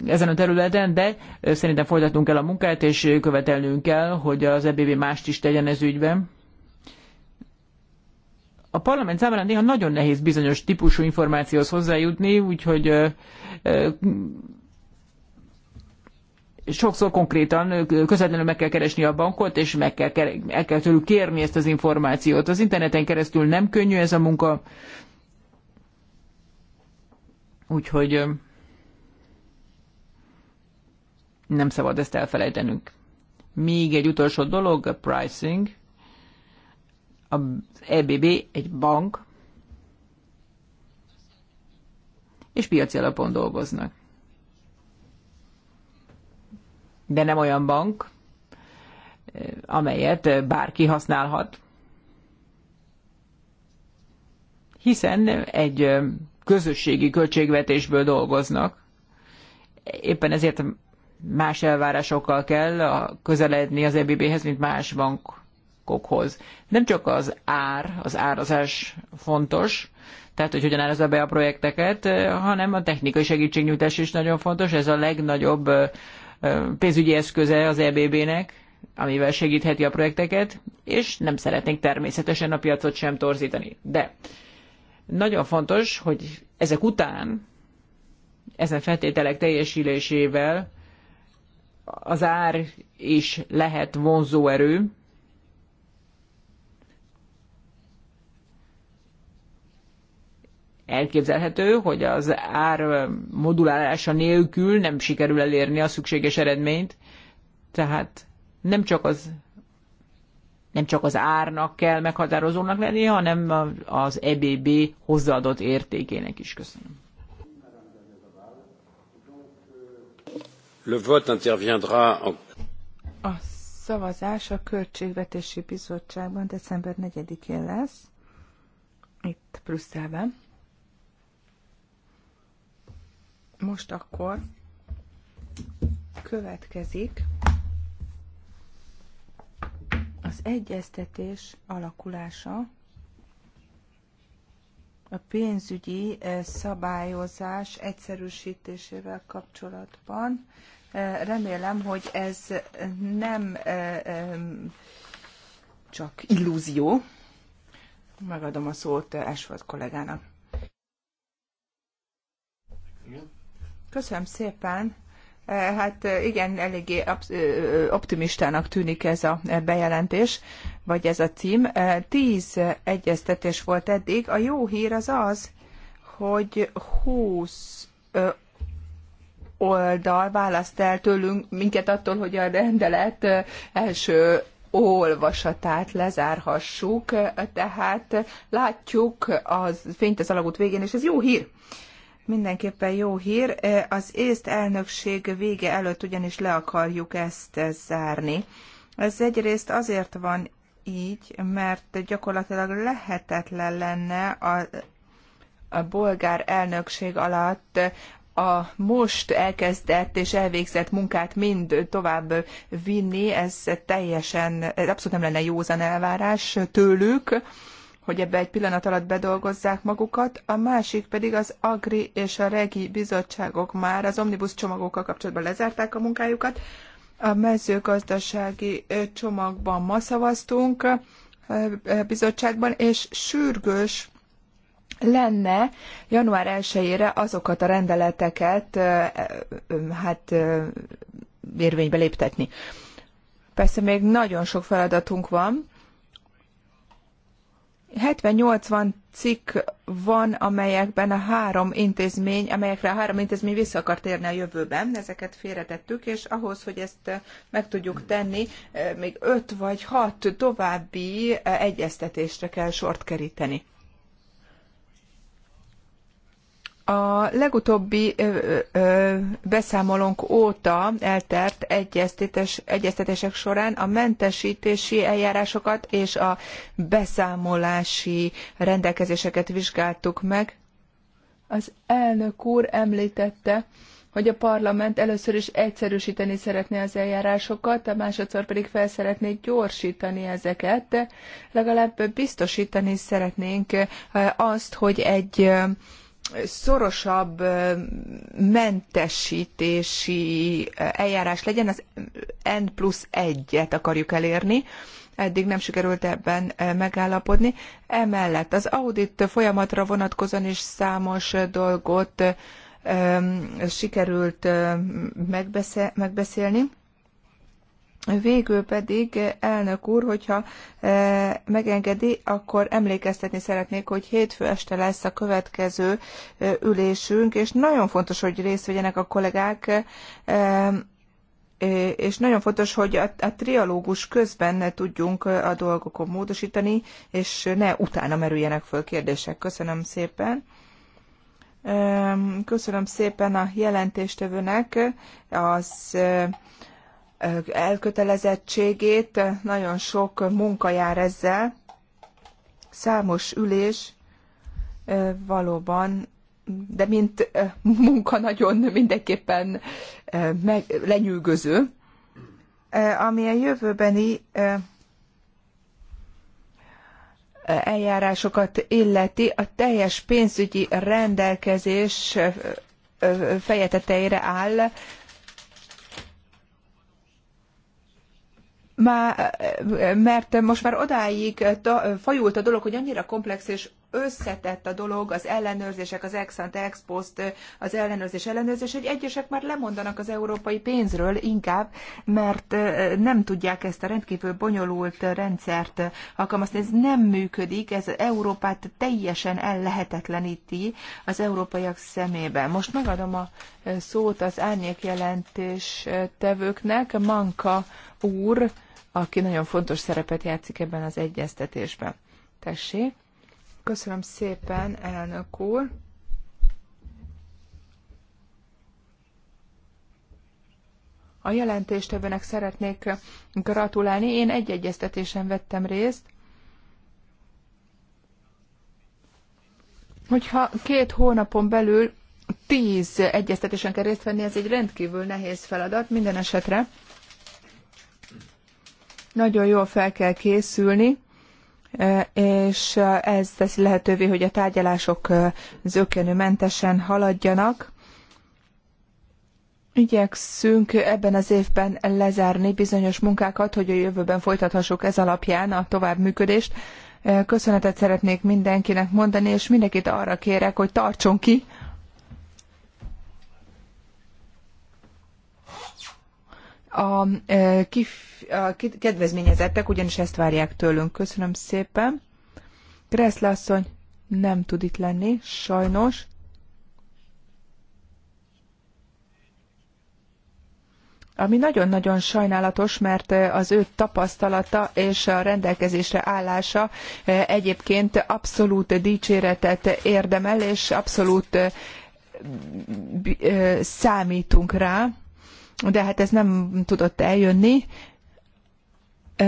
ezen a területen, de szerintem folytatnunk kell a munkát, és követelnünk kell, hogy az EBB mást is tegyen ez ügyben a parlament számára néha nagyon nehéz bizonyos típusú információhoz hozzájutni, úgyhogy ö, ö, sokszor konkrétan közvetlenül meg kell keresni a bankot, és meg kell, el kell tőlük kérni ezt az információt. Az interneten keresztül nem könnyű ez a munka, úgyhogy ö, nem szabad ezt elfelejtenünk. Még egy utolsó dolog, a pricing az EBB egy bank, és piaci alapon dolgoznak. De nem olyan bank, amelyet bárki használhat, hiszen egy közösségi költségvetésből dolgoznak. Éppen ezért más elvárásokkal kell közeledni az EBB-hez, mint más bank bankokhoz. Nem csak az ár, az árazás fontos, tehát hogy hogyan árazza be a projekteket, eh, hanem a technikai segítségnyújtás is nagyon fontos. Ez a legnagyobb eh, eh, pénzügyi eszköze az EBB-nek, amivel segítheti a projekteket, és nem szeretnénk természetesen a piacot sem torzítani. De nagyon fontos, hogy ezek után, ezen feltételek teljesülésével az ár is lehet vonzó erő, elképzelhető, hogy az ár modulálása nélkül nem sikerül elérni a szükséges eredményt. Tehát nem csak az nem csak az árnak kell meghatározónak lennie, hanem az EBB hozzáadott értékének is. Köszönöm. Le vote interviendra en... A szavazás a Költségvetési Bizottságban december 4-én lesz, itt Brüsszelben. Most akkor következik az egyeztetés alakulása a pénzügyi eh, szabályozás egyszerűsítésével kapcsolatban. Eh, remélem, hogy ez nem eh, csak illúzió. Megadom a szót Ashford kollégának. Igen. Köszönöm szépen. Eh, hát eh, igen, eléggé optimistának tűnik ez a eh, bejelentés, vagy ez a cím. Tíz egyeztetés volt eddig. A jó hír az az, hogy húsz oldal választ el tőlünk minket attól, hogy a rendelet első olvasatát lezárhassuk, tehát látjuk a fényt az alagút végén, és ez jó hír mindenképpen jó hír. Az észt elnökség vége előtt ugyanis le akarjuk ezt zárni. Ez egyrészt azért van így, mert gyakorlatilag lehetetlen lenne a, a bolgár elnökség alatt a most elkezdett és elvégzett munkát mind tovább vinni, ez teljesen, ez abszolút nem lenne józan elvárás tőlük hogy ebbe egy pillanat alatt bedolgozzák magukat, a másik pedig az Agri és a Regi bizottságok már az omnibus csomagokkal kapcsolatban lezárták a munkájukat. A mezőgazdasági csomagban ma szavaztunk bizottságban, és sürgős lenne január 1-ére azokat a rendeleteket hát érvénybe léptetni. Persze még nagyon sok feladatunk van, 70-80 cikk van, amelyekben a három intézmény, amelyekre a három intézmény vissza akar térni a jövőben, ezeket félretettük, és ahhoz, hogy ezt meg tudjuk tenni, eh, még öt vagy hat további eh, egyeztetésre kell sort keríteni. A legutóbbi ö, ö, beszámolónk óta eltert egyeztetés, egyeztetések során a mentesítési eljárásokat és a beszámolási rendelkezéseket vizsgáltuk meg. Az elnök úr említette, hogy a parlament először is egyszerűsíteni szeretné az eljárásokat, a másodszor pedig fel szeretné gyorsítani ezeket, legalább biztosítani szeretnénk azt, hogy egy szorosabb mentesítési eljárás legyen, az N plusz egyet akarjuk elérni, eddig nem sikerült ebben megállapodni. Emellett az audit folyamatra vonatkozóan is számos dolgot sikerült megbeszélni. Végül pedig, elnök úr, hogyha e, megengedi, akkor emlékeztetni szeretnék, hogy hétfő este lesz a következő e, ülésünk, és nagyon fontos, hogy részt vegyenek a kollégák, e, e és nagyon fontos, hogy a, a trialógus közben tudjunk e, a dolgokon módosítani, és ne utána merüljenek föl kérdések. Köszönöm szépen. E, köszönöm szépen a jelentéstevőnek az elkötelezettségét, nagyon sok munka jár ezzel. Számos ülés valóban, de mint munka nagyon mindenképpen meg, lenyűgöző, ami a jövőbeni eljárásokat illeti, a teljes pénzügyi rendelkezés feje tetejére áll, már, mert most már odáig fajult a dolog, hogy annyira komplex és összetett a dolog, az ellenőrzések, az ex ante ex post, az ellenőrzés, ellenőrzés, hogy egyesek már lemondanak az európai pénzről inkább, mert eh, nem tudják ezt a rendkívül bonyolult rendszert alkalmazni. Ez nem működik, ez Európát teljesen ellehetetleníti az európaiak szemében. Most megadom a eh, szót az árnyékjelentés eh, tevőknek, Manka úr, aki nagyon fontos szerepet játszik ebben az egyeztetésben. Tessé! Köszönöm szépen, elnök úr! A jelentéstevőnek szeretnék gratulálni. Én egy egyeztetésen vettem részt. Hogyha két hónapon belül tíz egyeztetésen kell részt venni, ez egy rendkívül nehéz feladat minden esetre nagyon jól fel kell készülni, eh, és eh, ez teszi lehetővé, hogy a tárgyalások eh, zökkenőmentesen haladjanak. Igyekszünk ebben az évben lezárni bizonyos munkákat, hogy a jövőben folytathassuk ez alapján a továbbműködést. Köszönetet szeretnék mindenkinek mondani, és mindenkit arra kérek, hogy tartson ki, A, e, kif, a kedvezményezettek ugyanis ezt várják tőlünk. Köszönöm szépen. Kreszle asszony nem tud itt lenni, sajnos. ami nagyon-nagyon sajnálatos, mert az ő tapasztalata és a rendelkezésre állása e, egyébként abszolút dicséretet érdemel, és abszolút e, számítunk rá de hát ez nem tudott eljönni.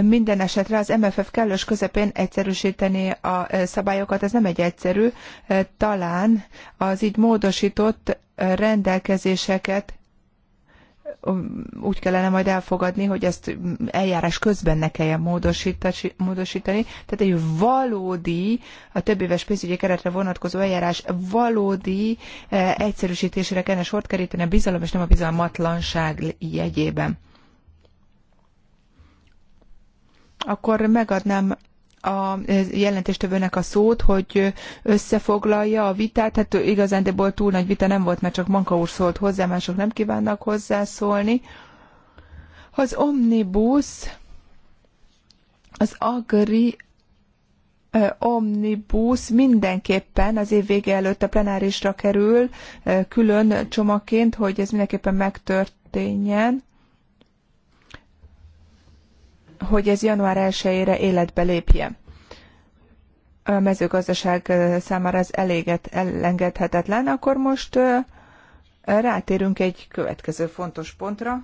Minden esetre az MFF kellős közepén egyszerűsíteni a szabályokat, ez nem egy egyszerű. Talán az így módosított rendelkezéseket úgy kellene majd elfogadni, hogy ezt eljárás közben ne kelljen módosítani. Tehát egy valódi, a több éves pénzügyi keretre vonatkozó eljárás valódi eh, egyszerűsítésére kellene sort keríteni a bizalom és nem a bizalmatlanság jegyében. Akkor megadnám a jelentéstevőnek a szót, hogy összefoglalja a vitát. Hát igazándiból túl nagy vita nem volt, mert csak Manka úr szólt hozzá, mások nem kívánnak hozzászólni. Az Omnibus, az Agri Omnibus mindenképpen az év vége előtt a plenárisra kerül külön csomagként, hogy ez mindenképpen megtörténjen hogy ez január 1-ére életbe lépjen. A mezőgazdaság számára ez eléget elengedhetetlen, akkor most rátérünk egy következő fontos pontra.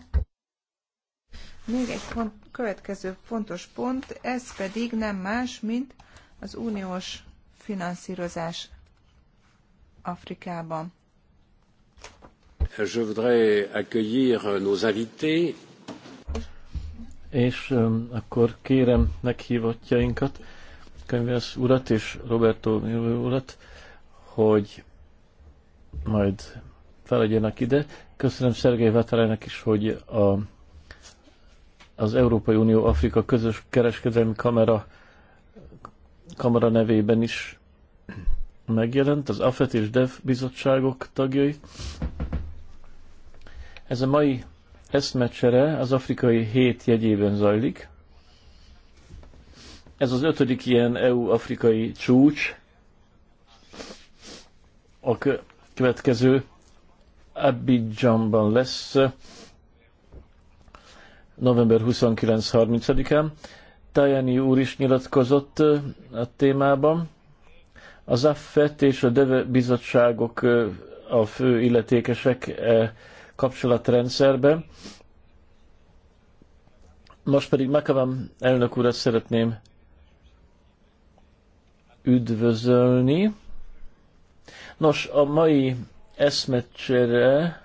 Még egy következő fontos pont, ez pedig nem más, mint az uniós finanszírozás Afrikában. Je voudrais accueillir nos invités és akkor kérem meghívottjainkat, Könyves urat és Roberto Milo urat, hogy majd felegyenek ide. Köszönöm Szergei Vatalának is, hogy a, az Európai Unió Afrika közös kereskedelmi kamera, kamera nevében is megjelent, az AFET és DEV bizottságok tagjai. Ez a mai eszmecsere az afrikai hét jegyében zajlik. Ez az ötödik ilyen EU-afrikai csúcs. A következő Abidjanban lesz november 29-30-án. Tajani úr is nyilatkozott a témában. Az AFET és a DEVE bizottságok a fő illetékesek e, kapcsolatrendszerbe. Most pedig Makavam elnök urat szeretném üdvözölni. Nos, a mai eszmecsere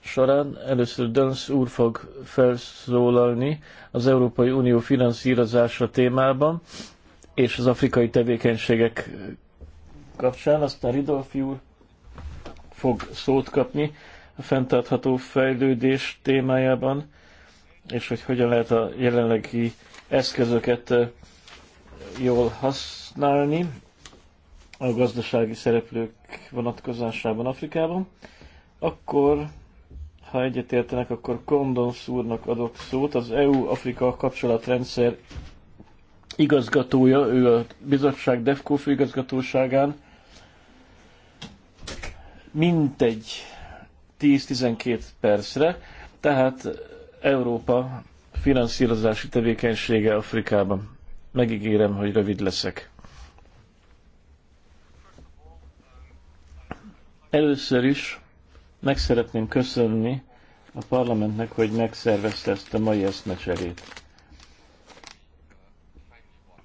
során először Döns úr fog felszólalni az Európai Unió finanszírozása témában és az afrikai tevékenységek kapcsán, aztán Ridolfi úr fog szót kapni a fenntartható fejlődés témájában, és hogy hogyan lehet a jelenlegi eszközöket jól használni a gazdasági szereplők vonatkozásában Afrikában. Akkor, ha egyetértenek, akkor Kondons úrnak adok szót, az EU-Afrika kapcsolatrendszer igazgatója, ő a bizottság DEFCO főigazgatóságán mintegy 10-12 percre, tehát Európa finanszírozási tevékenysége Afrikában. Megígérem, hogy rövid leszek. Először is meg szeretném köszönni a parlamentnek, hogy megszervezte ezt a mai eszmecserét.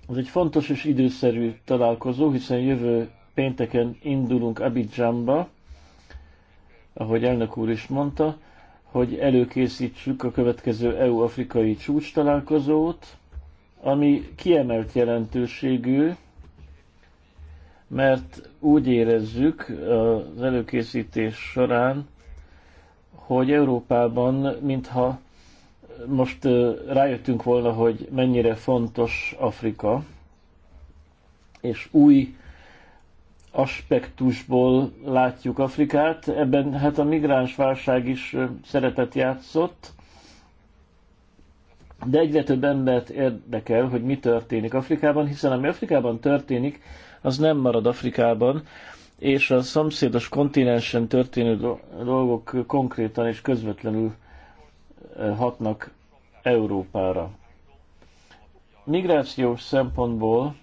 Ez egy fontos és időszerű találkozó, hiszen jövő pénteken indulunk Abidjanba, ahogy elnök úr is mondta, hogy előkészítsük a következő EU-afrikai csúcs találkozót, ami kiemelt jelentőségű, mert úgy érezzük az előkészítés során, hogy Európában, mintha most rájöttünk volna, hogy mennyire fontos Afrika, és új aspektusból látjuk Afrikát. Ebben hát a migráns válság is szerepet játszott, de egyre több embert érdekel, hogy mi történik Afrikában, hiszen ami Afrikában történik, az nem marad Afrikában, és a szomszédos kontinensen történő dolgok konkrétan és közvetlenül hatnak Európára. Migrációs szempontból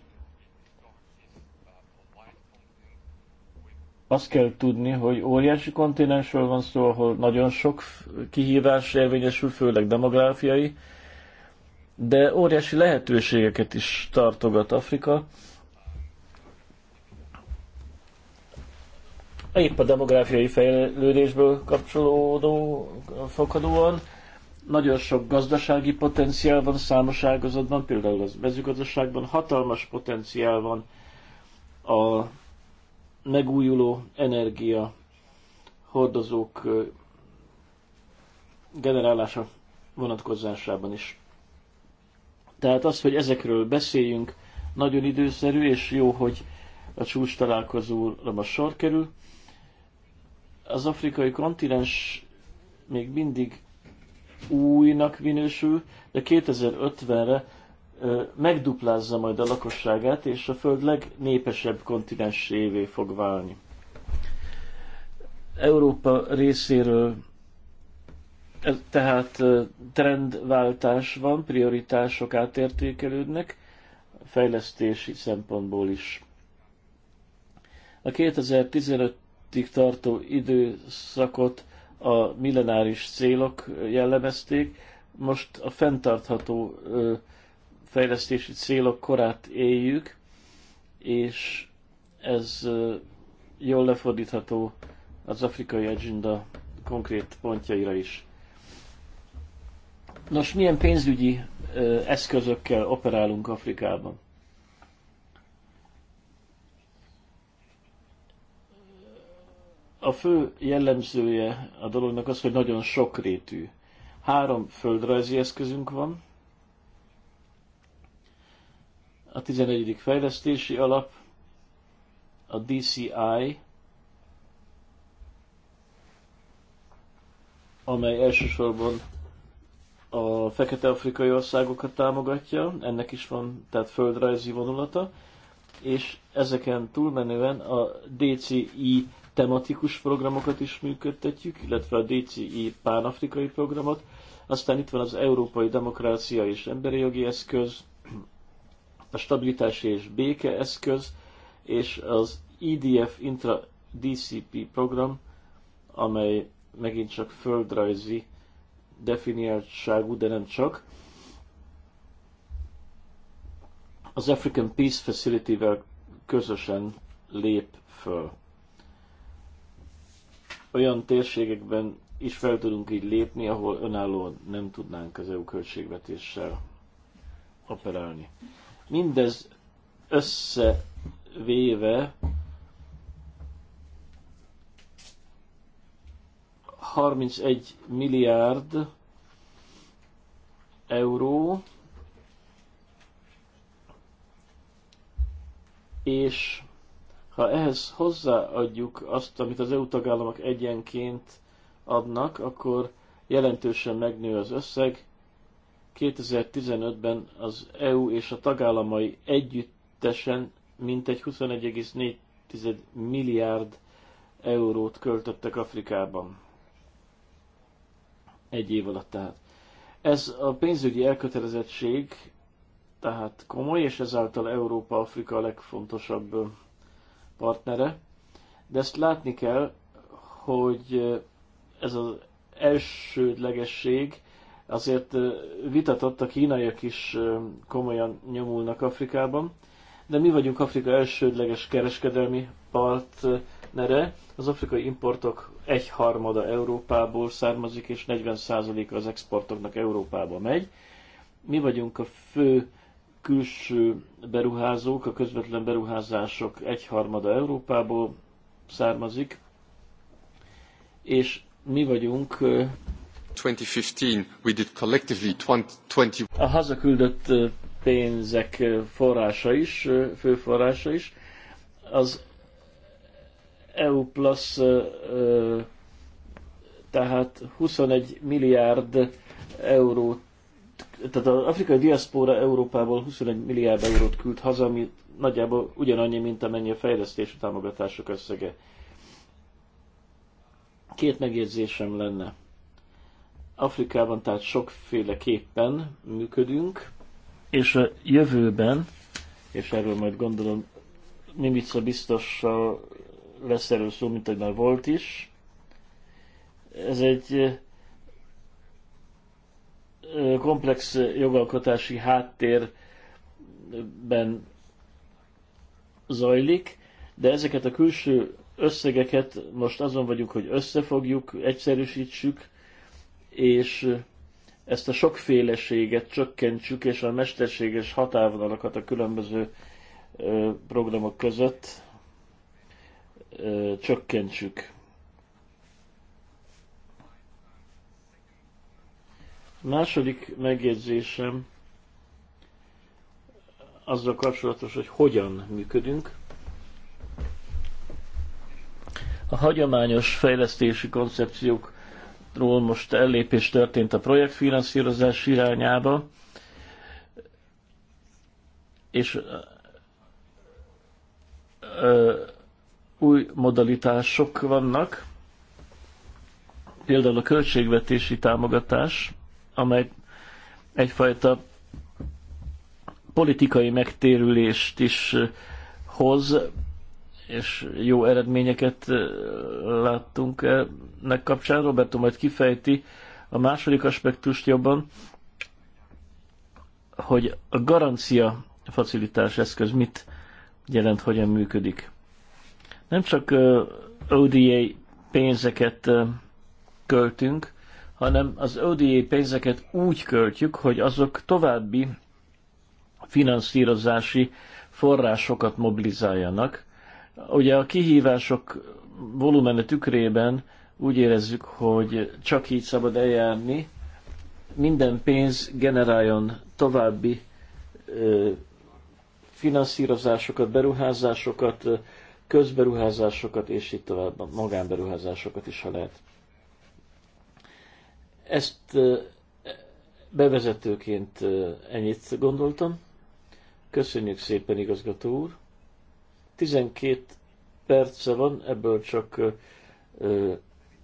azt kell tudni, hogy óriási kontinensről van szó, ahol nagyon sok kihívás érvényesül, főleg demográfiai, de óriási lehetőségeket is tartogat Afrika. Épp a demográfiai fejlődésből kapcsolódó fokadóan nagyon sok gazdasági potenciál van számos ágazatban, például az mezőgazdaságban hatalmas potenciál van a megújuló energia hordozók generálása vonatkozásában is. Tehát az, hogy ezekről beszéljünk, nagyon időszerű, és jó, hogy a csúcs találkozóra a sor kerül. Az afrikai kontinens még mindig újnak minősül, de 2050-re megduplázza majd a lakosságát, és a Föld legnépesebb kontinensévé fog válni. Európa részéről tehát trendváltás van, prioritások átértékelődnek, fejlesztési szempontból is. A 2015-ig tartó időszakot a millenáris célok jellemezték, most a fenntartható fejlesztési célok korát éljük, és ez jól lefordítható az afrikai agenda konkrét pontjaira is. Nos, milyen pénzügyi eszközökkel operálunk Afrikában? A fő jellemzője a dolognak az, hogy nagyon sokrétű. Három földrajzi eszközünk van, a 11. fejlesztési alap, a DCI, amely elsősorban a fekete-afrikai országokat támogatja, ennek is van tehát földrajzi vonulata, és ezeken túlmenően a DCI tematikus programokat is működtetjük, illetve a DCI pánafrikai programot, aztán itt van az Európai Demokrácia és Emberi Jogi Eszköz, a stabilitási és béke eszköz, és az EDF Intra DCP program, amely megint csak földrajzi definiáltságú, de nem csak. Az African Peace Facility-vel közösen lép föl. Olyan térségekben is fel tudunk így lépni, ahol önállóan nem tudnánk az EU költségvetéssel operálni. Mindez összevéve 31 milliárd euró, és ha ehhez hozzáadjuk azt, amit az EU tagállamok egyenként adnak, akkor jelentősen megnő az összeg, 2015-ben az EU és a tagállamai együttesen mintegy 21,4 milliárd eurót költöttek Afrikában. Egy év alatt tehát. Ez a pénzügyi elkötelezettség tehát komoly, és ezáltal Európa-Afrika a legfontosabb partnere. De ezt látni kell, hogy ez az elsődlegesség azért vitatott, a kínaiak is komolyan nyomulnak Afrikában, de mi vagyunk Afrika elsődleges kereskedelmi partnere, az afrikai importok egyharmada Európából származik, és 40%-a az exportoknak Európába megy. Mi vagyunk a fő külső beruházók, a közvetlen beruházások egyharmada Európából származik, és mi vagyunk 2015 we did collectively 20... A hazaküldött pénzek forrása is, főforrása is, az EU plusz tehát 21 milliárd eurót, tehát az afrikai diaszpóra Európából 21 milliárd eurót küld haza, ami nagyjából ugyanannyi, mint amennyi a fejlesztési támogatások összege. Két megjegyzésem lenne. Afrikában tehát sokféleképpen működünk, és a jövőben, és erről majd gondolom Mimica biztos lesz erről szó, mint hogy már volt is, ez egy komplex jogalkotási háttérben zajlik, de ezeket a külső összegeket most azon vagyunk, hogy összefogjuk, egyszerűsítsük, és ezt a sokféleséget csökkentsük, és a mesterséges határvonalakat a különböző programok között csökkentsük. Második megjegyzésem azzal kapcsolatos, hogy hogyan működünk. A hagyományos fejlesztési koncepciók ról most ellépés történt a projektfinanszírozás irányába, és ö, új modalitások vannak, például a költségvetési támogatás, amely egyfajta politikai megtérülést is hoz és jó eredményeket láttunk ennek kapcsán. Roberto majd kifejti a második aspektust jobban, hogy a garancia facilitás eszköz mit jelent, hogyan működik. Nem csak ODA pénzeket költünk, hanem az ODA pénzeket úgy költjük, hogy azok további finanszírozási forrásokat mobilizáljanak, Ugye a kihívások volumene tükrében úgy érezzük, hogy csak így szabad eljárni, minden pénz generáljon további ö, finanszírozásokat, beruházásokat, közberuházásokat, és így tovább magánberuházásokat is, ha lehet. Ezt bevezetőként ennyit gondoltam. Köszönjük szépen, igazgató úr! 12 perce van, ebből csak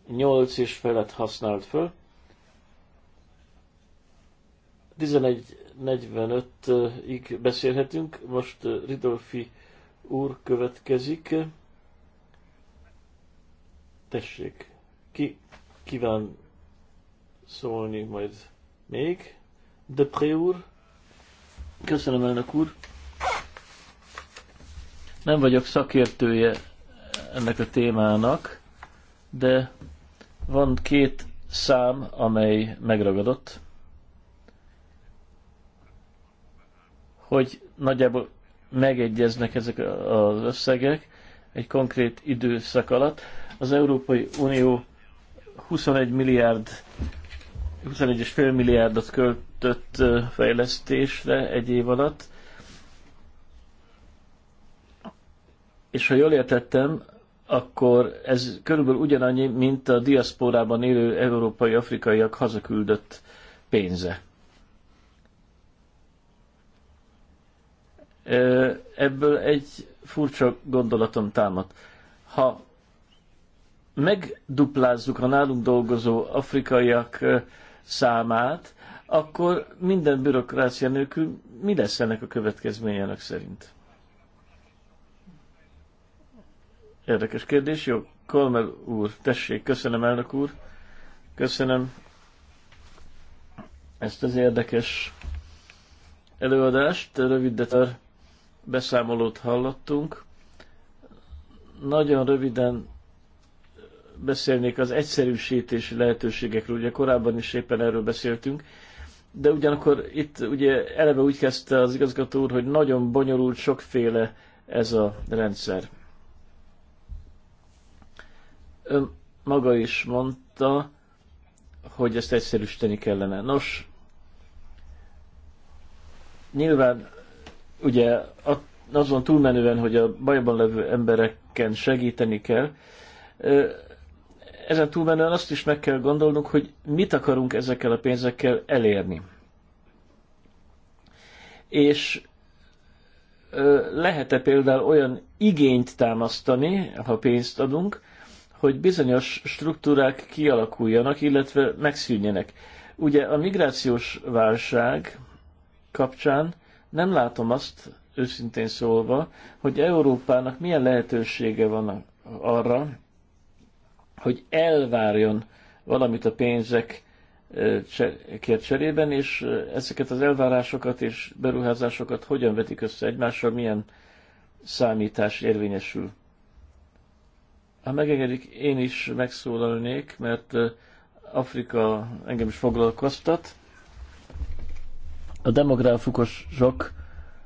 8 és felett használt föl. 11.45-ig beszélhetünk, most Ridolfi úr következik. Tessék, ki kíván szólni majd még? De Pré úr, köszönöm elnök úr. Nem vagyok szakértője ennek a témának, de van két szám, amely megragadott, hogy nagyjából megegyeznek ezek az összegek egy konkrét időszak alatt. Az Európai Unió 21 milliárd 21,5 milliárdot költött fejlesztésre egy év alatt, és ha jól értettem, akkor ez körülbelül ugyanannyi, mint a diaszporában élő európai afrikaiak hazaküldött pénze. Ebből egy furcsa gondolatom támad. Ha megduplázzuk a nálunk dolgozó afrikaiak számát, akkor minden bürokrácia nélkül mi lesz ennek a következményenek szerint? Érdekes kérdés, jó. Kolmel úr, tessék, köszönöm elnök úr. Köszönöm ezt az érdekes előadást, rövid de beszámolót hallottunk. Nagyon röviden beszélnék az egyszerűsítési lehetőségekről, ugye korábban is éppen erről beszéltünk, de ugyanakkor itt ugye eleve úgy kezdte az igazgató úr, hogy nagyon bonyolult, sokféle ez a rendszer. Ön maga is mondta, hogy ezt egyszerűsíteni kellene. Nos, nyilván ugye azon túlmenően, hogy a bajban levő embereken segíteni kell, ezen túlmenően azt is meg kell gondolnunk, hogy mit akarunk ezekkel a pénzekkel elérni. És lehet-e például olyan igényt támasztani, ha pénzt adunk, hogy bizonyos struktúrák kialakuljanak, illetve megszűnjenek. Ugye a migrációs válság kapcsán nem látom azt, őszintén szólva, hogy Európának milyen lehetősége van arra, hogy elvárjon valamit a pénzek kért cserében, és ezeket az elvárásokat és beruházásokat hogyan vetik össze egymással, milyen számítás érvényesül. Ha megengedik, én is megszólalnék, mert Afrika engem is foglalkoztat. A demográfikusok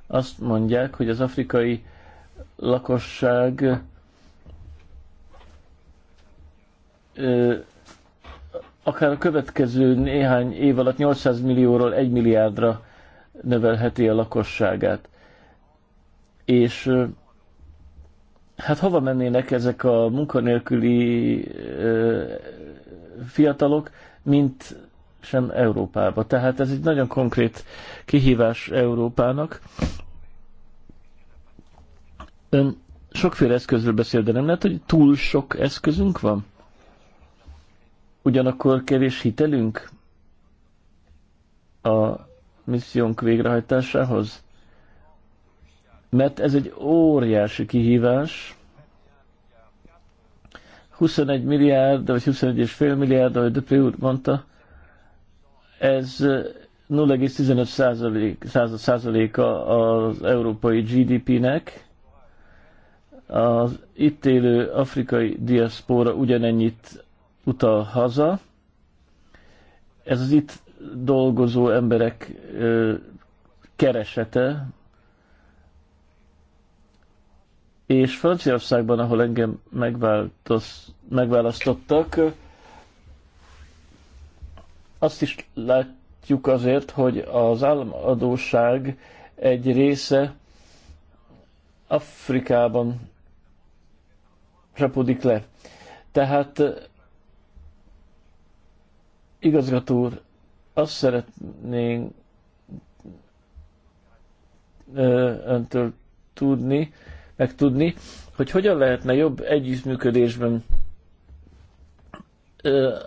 azt mondják, hogy az afrikai lakosság akár a következő néhány év alatt 800 millióról 1 milliárdra növelheti a lakosságát. És hát hova mennének ezek a munkanélküli ö, fiatalok, mint sem Európába. Tehát ez egy nagyon konkrét kihívás Európának. Ön sokféle eszközről beszél, de nem lehet, hogy túl sok eszközünk van? Ugyanakkor kevés hitelünk a missziónk végrehajtásához? mert ez egy óriási kihívás. 21 milliárd, vagy 21,5 milliárd, ahogy Döpré úr mondta, ez 0,15 százalék, százaléka az európai GDP-nek, az itt élő afrikai diaszpora ugyanennyit utal haza. Ez az itt dolgozó emberek keresete, és Franciaországban, ahol engem megválasztottak, azt is látjuk azért, hogy az államadóság egy része Afrikában csapódik le. Tehát igazgató úr, azt szeretnénk öntől tudni, megtudni, hogy hogyan lehetne jobb együttműködésben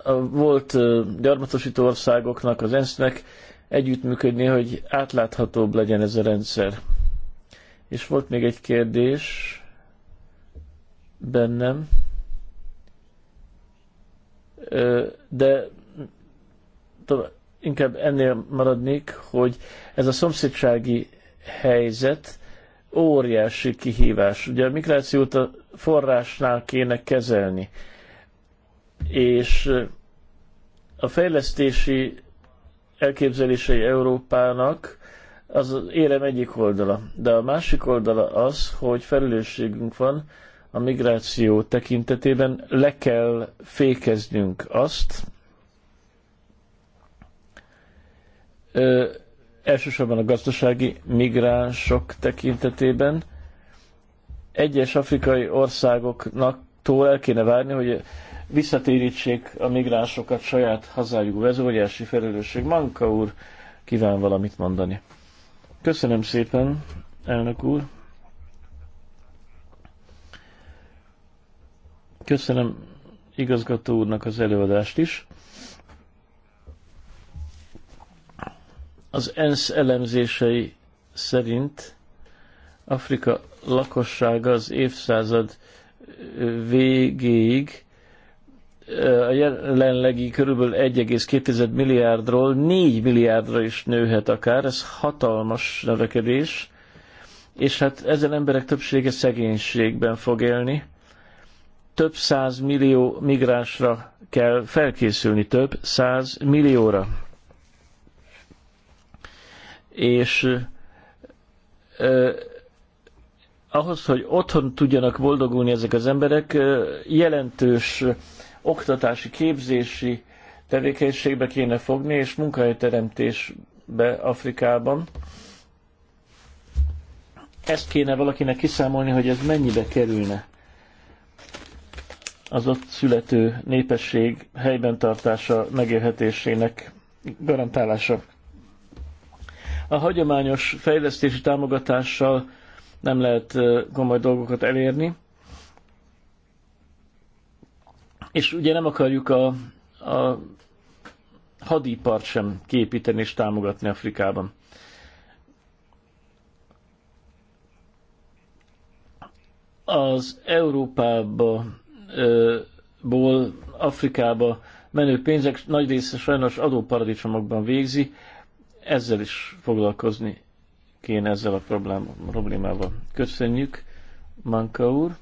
a volt gyarmatosító országoknak, az ENSZ-nek együttműködni, hogy átláthatóbb legyen ez a rendszer. És volt még egy kérdés bennem, de inkább ennél maradnék, hogy ez a szomszédsági helyzet, óriási kihívás. Ugye a migrációt a forrásnál kéne kezelni. És a fejlesztési elképzelései Európának az érem egyik oldala. De a másik oldala az, hogy felelősségünk van a migráció tekintetében, le kell fékeznünk azt, elsősorban a gazdasági migránsok tekintetében. Egyes afrikai országoknak tól el kéne várni, hogy visszatérítsék a migránsokat saját hazájuk vezóriási felelősség. Manka úr kíván valamit mondani. Köszönöm szépen, elnök úr. Köszönöm igazgató úrnak az előadást is. Az ENSZ elemzései szerint Afrika lakossága az évszázad végéig a jelenlegi körülbelül 1,2 milliárdról 4 milliárdra is nőhet akár, ez hatalmas növekedés, és hát ezen emberek többsége szegénységben fog élni. Több száz millió migránsra kell felkészülni, több száz millióra és eh, ahhoz, hogy otthon tudjanak boldogulni ezek az emberek, eh, jelentős oktatási, képzési tevékenységbe kéne fogni, és munkahelyteremtésbe Afrikában. Ezt kéne valakinek kiszámolni, hogy ez mennyibe kerülne az ott születő népesség helyben tartása, megélhetésének garantálása. A hagyományos fejlesztési támogatással nem lehet komoly dolgokat elérni. És ugye nem akarjuk a, a hadipart sem képíteni és támogatni Afrikában. Az Európába ból Afrikába menő pénzek nagy része sajnos adóparadicsomokban végzi ezzel is foglalkozni kéne ezzel a problémával. Köszönjük, Manka úr.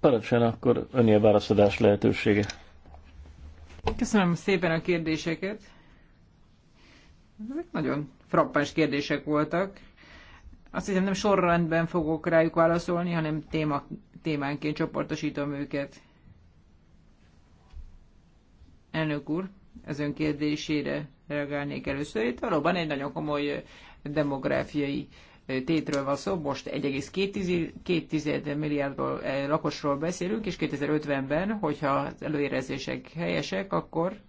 Parancsán akkor öné válaszadás lehetősége. Köszönöm szépen a kérdéseket. Ezek nagyon frappáns kérdések voltak. Azt hiszem nem sorrendben fogok rájuk válaszolni, hanem téma, témánként csoportosítom őket. Elnök úr, az önkérdésére reagálnék először. Itt valóban egy nagyon komoly demográfiai tétről van szó, most 1,2 milliárdról lakosról beszélünk, és 2050-ben, hogyha az előérezések helyesek, akkor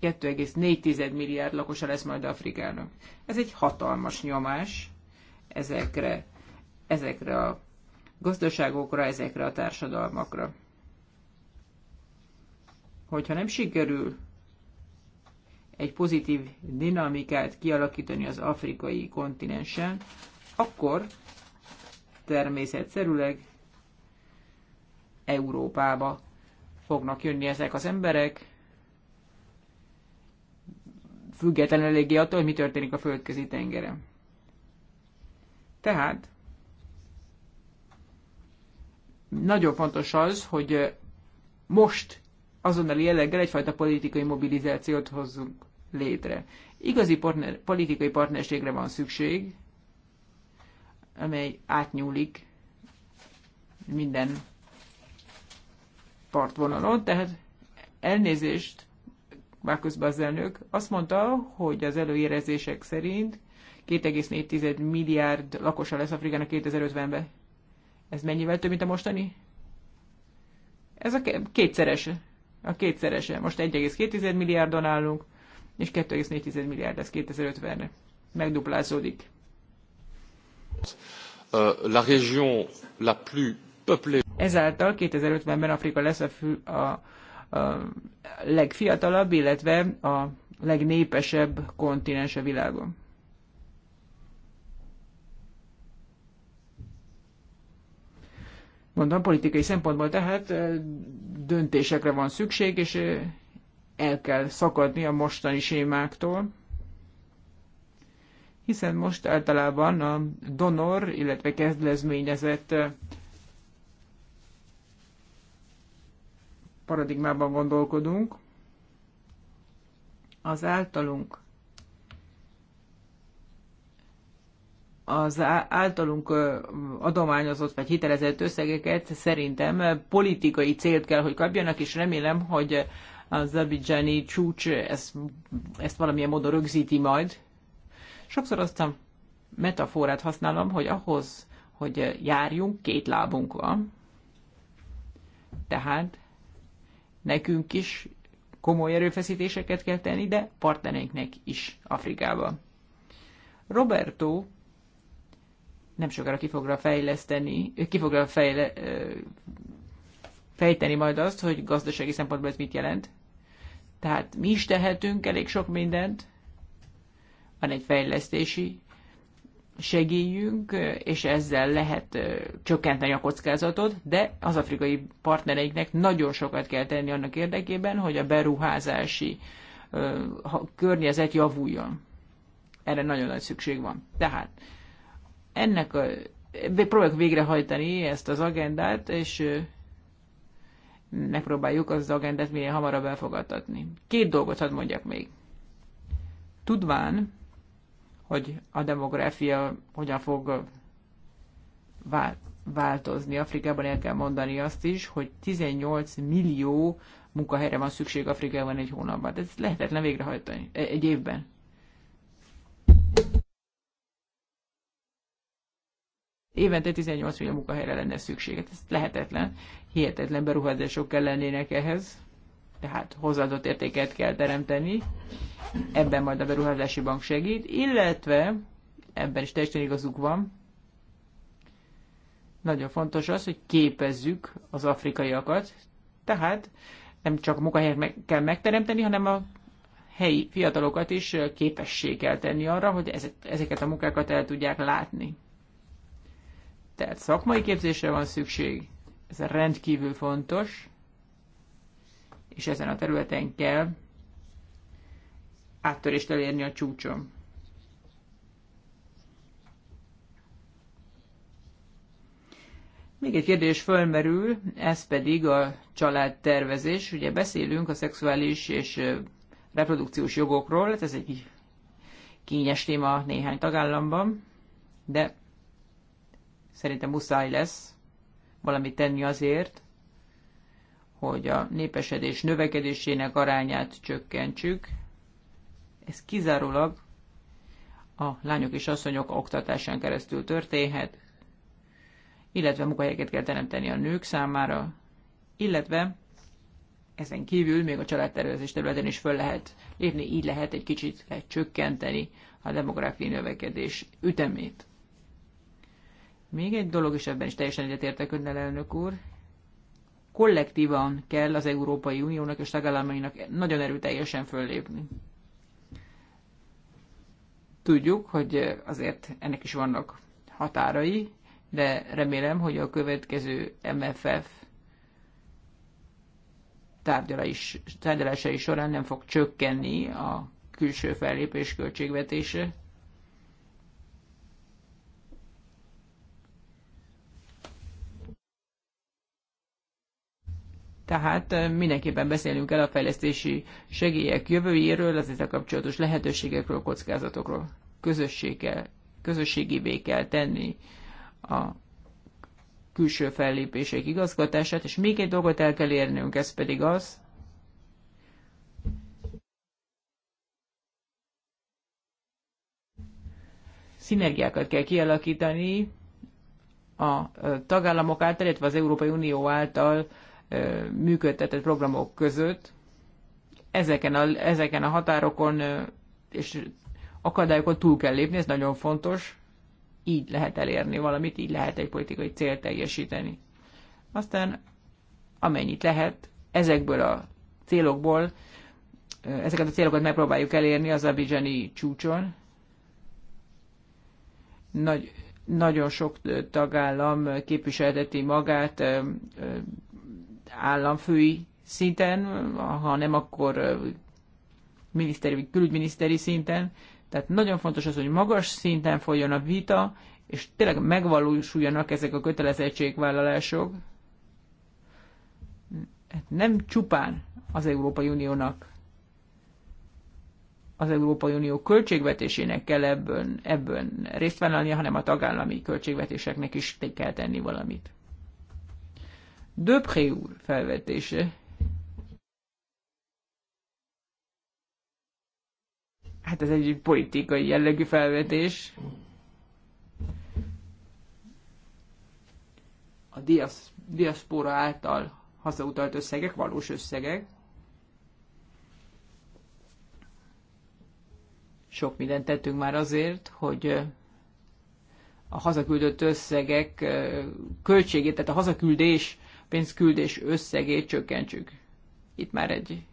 2,4 milliárd lakosa lesz majd Afrikának. Ez egy hatalmas nyomás ezekre, ezekre a gazdaságokra, ezekre a társadalmakra hogyha nem sikerül egy pozitív dinamikát kialakítani az afrikai kontinensen, akkor természetszerűleg Európába fognak jönni ezek az emberek, függetlenül eléggé attól, hogy mi történik a földközi tengeren. Tehát nagyon fontos az, hogy most azonnali jelleggel egyfajta politikai mobilizációt hozzunk létre. Igazi partner, politikai partnerségre van szükség, amely átnyúlik minden partvonalon, tehát elnézést Márkusz Bazelnök azt mondta, hogy az előérezések szerint 2,4 milliárd lakosa lesz Afrikának 2050-ben. Ez mennyivel több, mint a mostani? Ez a kétszeres a kétszerese. Most 1,2 milliárdon állunk, és 2,4 milliárd lesz 2050-re. Megduplázódik. La région la plus peuplée. Ezáltal 2050-ben Afrika lesz a, fü- a, a legfiatalabb, illetve a legnépesebb kontinens a világon. Mondom, politikai szempontból tehát döntésekre van szükség, és el kell szakadni a mostani sémáktól, hiszen most általában a donor, illetve kezdlezményezett paradigmában gondolkodunk, az általunk az általunk adományozott vagy hitelezett összegeket szerintem politikai célt kell, hogy kapjanak, és remélem, hogy az abidzsáni csúcs ezt, ezt valamilyen módon rögzíti majd. Sokszor azt a metaforát használom, hogy ahhoz, hogy járjunk, két lábunk van. Tehát nekünk is komoly erőfeszítéseket kell tenni, de partnereinknek is Afrikában. Roberto nem sokára ki fogra fejleszteni, ki fogra fejle, fejteni majd azt, hogy gazdasági szempontból ez mit jelent. Tehát mi is tehetünk elég sok mindent, van egy fejlesztési segélyünk, és ezzel lehet csökkenteni a kockázatot, de az afrikai partnereiknek nagyon sokat kell tenni annak érdekében, hogy a beruházási környezet javuljon. Erre nagyon nagy szükség van. Tehát ennek a, próbáljuk végrehajtani ezt az agendát, és megpróbáljuk az agendát minél hamarabb elfogadtatni. Két dolgot hadd mondjak még. Tudván, hogy a demográfia hogyan fog változni. Afrikában el kell mondani azt is, hogy 18 millió munkahelyre van szükség Afrikában egy hónapban. Ez lehetetlen végrehajtani e, egy évben. évente 18 millió munkahelyre lenne szükség. Hát ez lehetetlen. Hihetetlen beruházások kell lennének ehhez, tehát hozzáadott értéket kell teremteni. Ebben majd a beruházási bank segít, illetve ebben is teljesen igazuk van, nagyon fontos az, hogy képezzük az afrikaiakat, tehát nem csak munkahelyet meg kell megteremteni, hanem a helyi fiatalokat is képessé kell tenni arra, hogy ezeket a munkákat el tudják látni. Tehát szakmai képzésre van szükség, ez rendkívül fontos, és ezen a területen kell áttörést elérni a csúcson. Még egy kérdés fölmerül, ez pedig a családtervezés. Ugye beszélünk a szexuális és reprodukciós jogokról, hát ez egy kényes téma néhány tagállamban, de Szerintem muszáj lesz valamit tenni azért, hogy a népesedés növekedésének arányát csökkentsük. Ez kizárólag a lányok és asszonyok oktatásán keresztül történhet, illetve munkahelyeket kell teremteni a nők számára, illetve ezen kívül még a családtervezés területen is föl lehet lépni, így lehet egy kicsit lehet csökkenteni a demográfiai növekedés ütemét. Még egy dolog, és ebben is teljesen egyetértek önnel, elnök úr. Kollektívan kell az Európai Uniónak és tagállamainak nagyon erőteljesen föllépni. Tudjuk, hogy azért ennek is vannak határai, de remélem, hogy a következő MFF tárgyalásai során nem fog csökkenni a külső fellépés költségvetése. Tehát mindenképpen beszélünk el a fejlesztési segélyek jövőjéről, az ezzel kapcsolatos lehetőségekről, kockázatokról. Közösséggel, közösségévé kell tenni a külső fellépések igazgatását, és még egy dolgot el kell érnünk, ez pedig az, szinergiákat kell kialakítani a tagállamok által, illetve az Európai Unió által működtetett programok között. Ezeken a, ezeken a határokon és akadályokon túl kell lépni, ez nagyon fontos. Így lehet elérni valamit, így lehet egy politikai célt teljesíteni. Aztán amennyit lehet, ezekből a célokból, ezeket a célokat megpróbáljuk elérni az abidzsani csúcson. Nagy, nagyon sok tagállam képviselteti magát államfői szinten, ha nem, akkor miniszteri, külügyminiszteri szinten. Tehát nagyon fontos az, hogy magas szinten folyjon a vita, és tényleg megvalósuljanak ezek a kötelezettségvállalások. Hát nem csupán az Európai Uniónak, az Európai Unió költségvetésének kell ebből, ebből részt vállalnia, hanem a tagállami költségvetéseknek is kell tenni valamit. Döpré úr felvetése. Hát ez egy politikai jellegű felvetés. A diasz, diaszpora által hazautalt összegek, valós összegek. Sok mindent tettünk már azért, hogy a hazaküldött összegek költségét, tehát a hazaküldés pénzküldés összegét csökkentsük. Itt már egy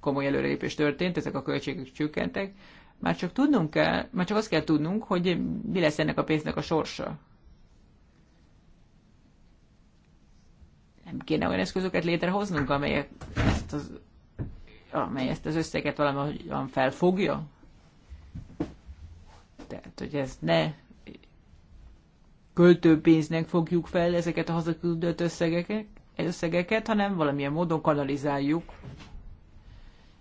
komoly előrelépés történt, ezek a költségek csökkentek. Már csak tudnunk kell, már csak azt kell tudnunk, hogy mi lesz ennek a pénznek a sorsa. Nem kéne olyan eszközöket létrehoznunk, amelyek ezt az, amely ezt az összeget valamilyen felfogja? Tehát, hogy ez ne költőpénznek fogjuk fel ezeket a hazaküldött összegeket, összegeket, hanem valamilyen módon kanalizáljuk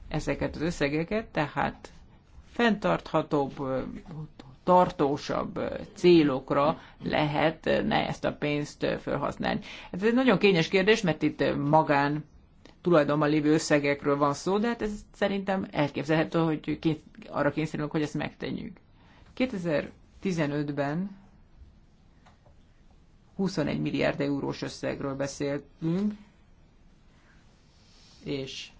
ezeket az összegeket, tehát fenntarthatóbb, tartósabb célokra lehet ne ezt a pénzt felhasználni. Hát ez egy nagyon kényes kérdés, mert itt magán tulajdonban lévő összegekről van szó, de hát ez szerintem elképzelhető, hogy arra kényszerülünk, hogy ezt megtenjük. 2015-ben 21 milliárd eurós összegről beszéltünk, és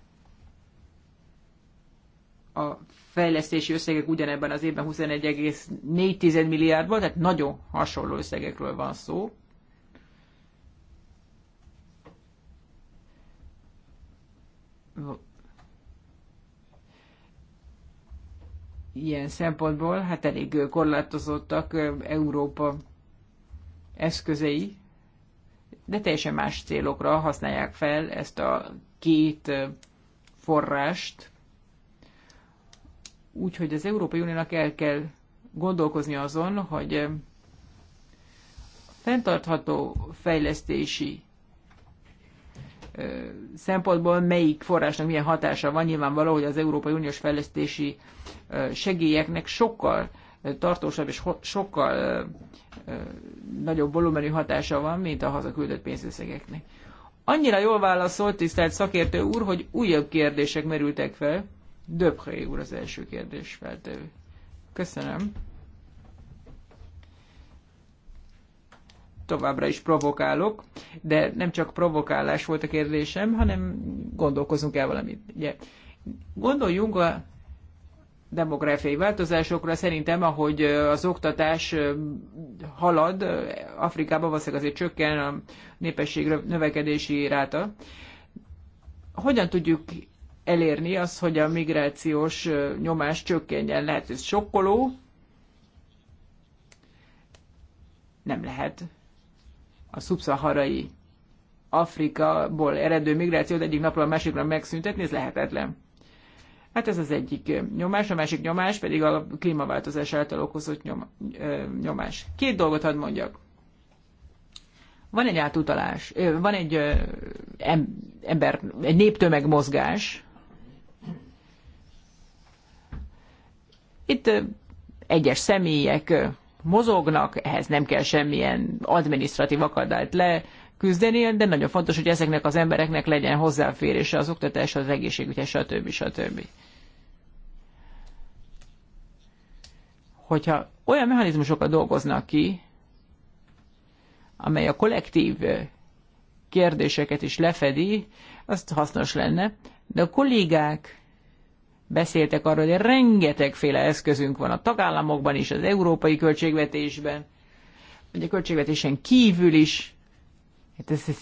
a fejlesztési összegek ugyanebben az évben 21,4 milliárd volt, tehát nagyon hasonló összegekről van szó. Ilyen szempontból hát elég korlátozottak Európa eszközei, de teljesen más célokra használják fel ezt a két forrást. Úgyhogy az Európai Uniónak el kell gondolkozni azon, hogy fenntartható fejlesztési szempontból melyik forrásnak milyen hatása van. Nyilvánvaló, hogy az Európai Uniós fejlesztési segélyeknek sokkal tartósabb és sokkal nagyobb volumenű hatása van, mint a hazaküldött pénzösszegeknek. Annyira jól válaszolt, tisztelt szakértő úr, hogy újabb kérdések merültek fel. Döbhely úr az első kérdés feltevő. Köszönöm. Továbbra is provokálok, de nem csak provokálás volt a kérdésem, hanem gondolkozunk el valamit. Ugye, gondoljunk a demográfiai változásokra. Szerintem, ahogy az oktatás halad, Afrikában valószínűleg azért csökken a népesség növekedési ráta. Hogyan tudjuk elérni azt, hogy a migrációs nyomás csökkenjen? Lehet, ez sokkoló, nem lehet a szubszaharai Afrikaból eredő migrációt egyik napról a másikra megszüntetni, ez lehetetlen. Hát ez az egyik nyomás, a másik nyomás pedig a klímaváltozás által okozott nyomás. Két dolgot hadd mondjak. Van egy átutalás, van egy ember, egy néptömegmozgás. Itt egyes személyek mozognak, ehhez nem kell semmilyen administratív akadályt le küzdeni, de nagyon fontos, hogy ezeknek az embereknek legyen hozzáférése az oktatásra, az egészségügyhez, stb. stb. Hogyha olyan mechanizmusokat dolgoznak ki, amely a kollektív kérdéseket is lefedi, az hasznos lenne. De a kollégák beszéltek arról, hogy rengetegféle eszközünk van a tagállamokban is, az európai költségvetésben, vagy a költségvetésen kívül is. Hát ez, ez,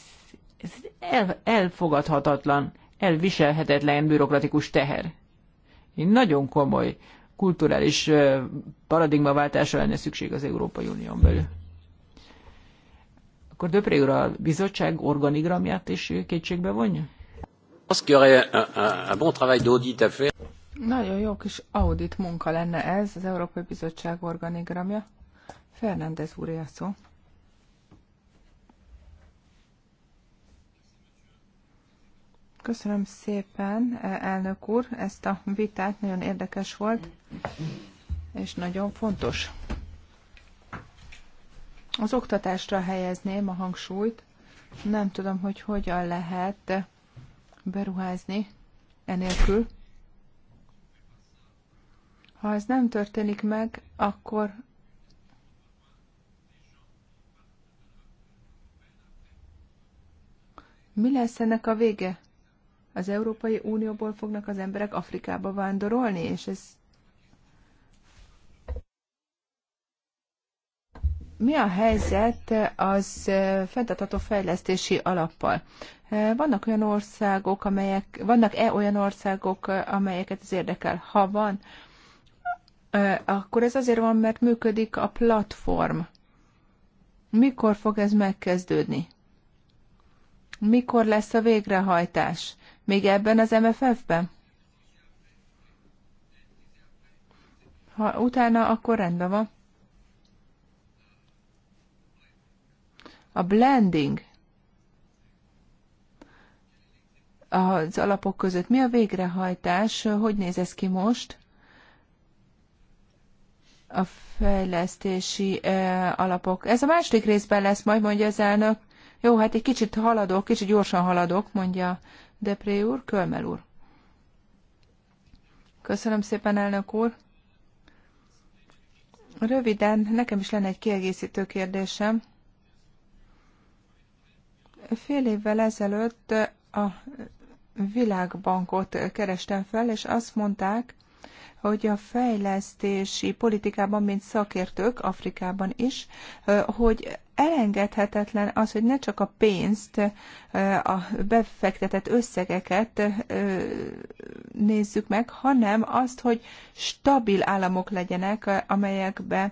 ez el, elfogadhatatlan, elviselhetetlen bürokratikus teher. Én nagyon komoly kulturális paradigmaváltásra lenne szükség az Európai Unión belül. Akkor Döpré úr a bizottság organigramját is kétségbe vonja? Nagyon jó kis audit munka lenne ez, az Európai Bizottság organigramja. Fernández úr a szó. Köszönöm szépen, elnök úr, ezt a vitát nagyon érdekes volt, és nagyon fontos. Az oktatásra helyezném a hangsúlyt. Nem tudom, hogy hogyan lehet beruházni enélkül. Ha ez nem történik meg, akkor mi lesz ennek a vége? Az Európai Unióból fognak az emberek Afrikába vándorolni, és ez mi a helyzet az fenntartható fejlesztési alappal? Vannak olyan országok, amelyek, vannak-e olyan országok, amelyeket ez érdekel? Ha van, akkor ez azért van, mert működik a platform. Mikor fog ez megkezdődni? Mikor lesz a végrehajtás? még ebben az MFF-ben? Ha utána, akkor rendben van. A blending az alapok között. Mi a végrehajtás? Hogy néz ez ki most? A fejlesztési e, alapok. Ez a második részben lesz, majd mondja az elnök. Jó, hát egy kicsit haladok, kicsit gyorsan haladok, mondja Depré úr, Kölmel úr. Köszönöm szépen, elnök úr. Röviden, nekem is lenne egy kiegészítő kérdésem. Fél évvel ezelőtt a Világbankot kerestem fel, és azt mondták, hogy a fejlesztési politikában, mint szakértők, Afrikában is, hogy elengedhetetlen az, hogy ne csak a pénzt, a befektetett összegeket nézzük meg, hanem azt, hogy stabil államok legyenek, amelyekbe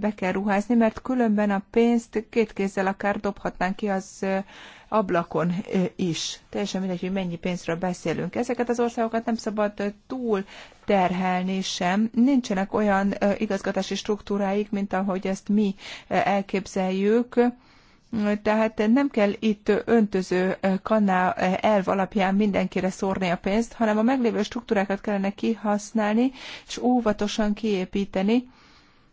be kell ruházni, mert különben a pénzt két kézzel akár dobhatnánk ki az ablakon is. Teljesen mindegy, hogy mennyi pénzről beszélünk. Ezeket az országokat nem szabad túl terhelni sem. Nincsenek olyan igazgatási struktúráik, mint ahogy ezt mi elképzeljük. Tehát nem kell itt öntöző kanál elv alapján mindenkire szórni a pénzt, hanem a meglévő struktúrákat kellene kihasználni és óvatosan kiépíteni.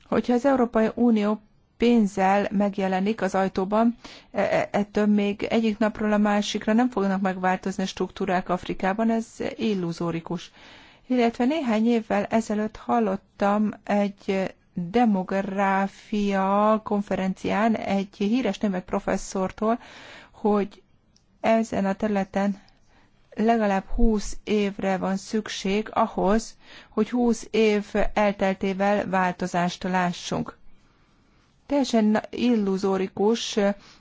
Hogyha az Európai Unió pénzzel megjelenik az ajtóban, e, e, ettől még egyik napról a másikra nem fognak megváltozni a struktúrák Afrikában, ez illuzórikus. Illetve néhány évvel ezelőtt hallottam egy demográfia konferencián egy híres német professzortól, hogy ezen a területen legalább 20 évre van szükség ahhoz, hogy 20 év elteltével változást lássunk. Teljesen illuzórikus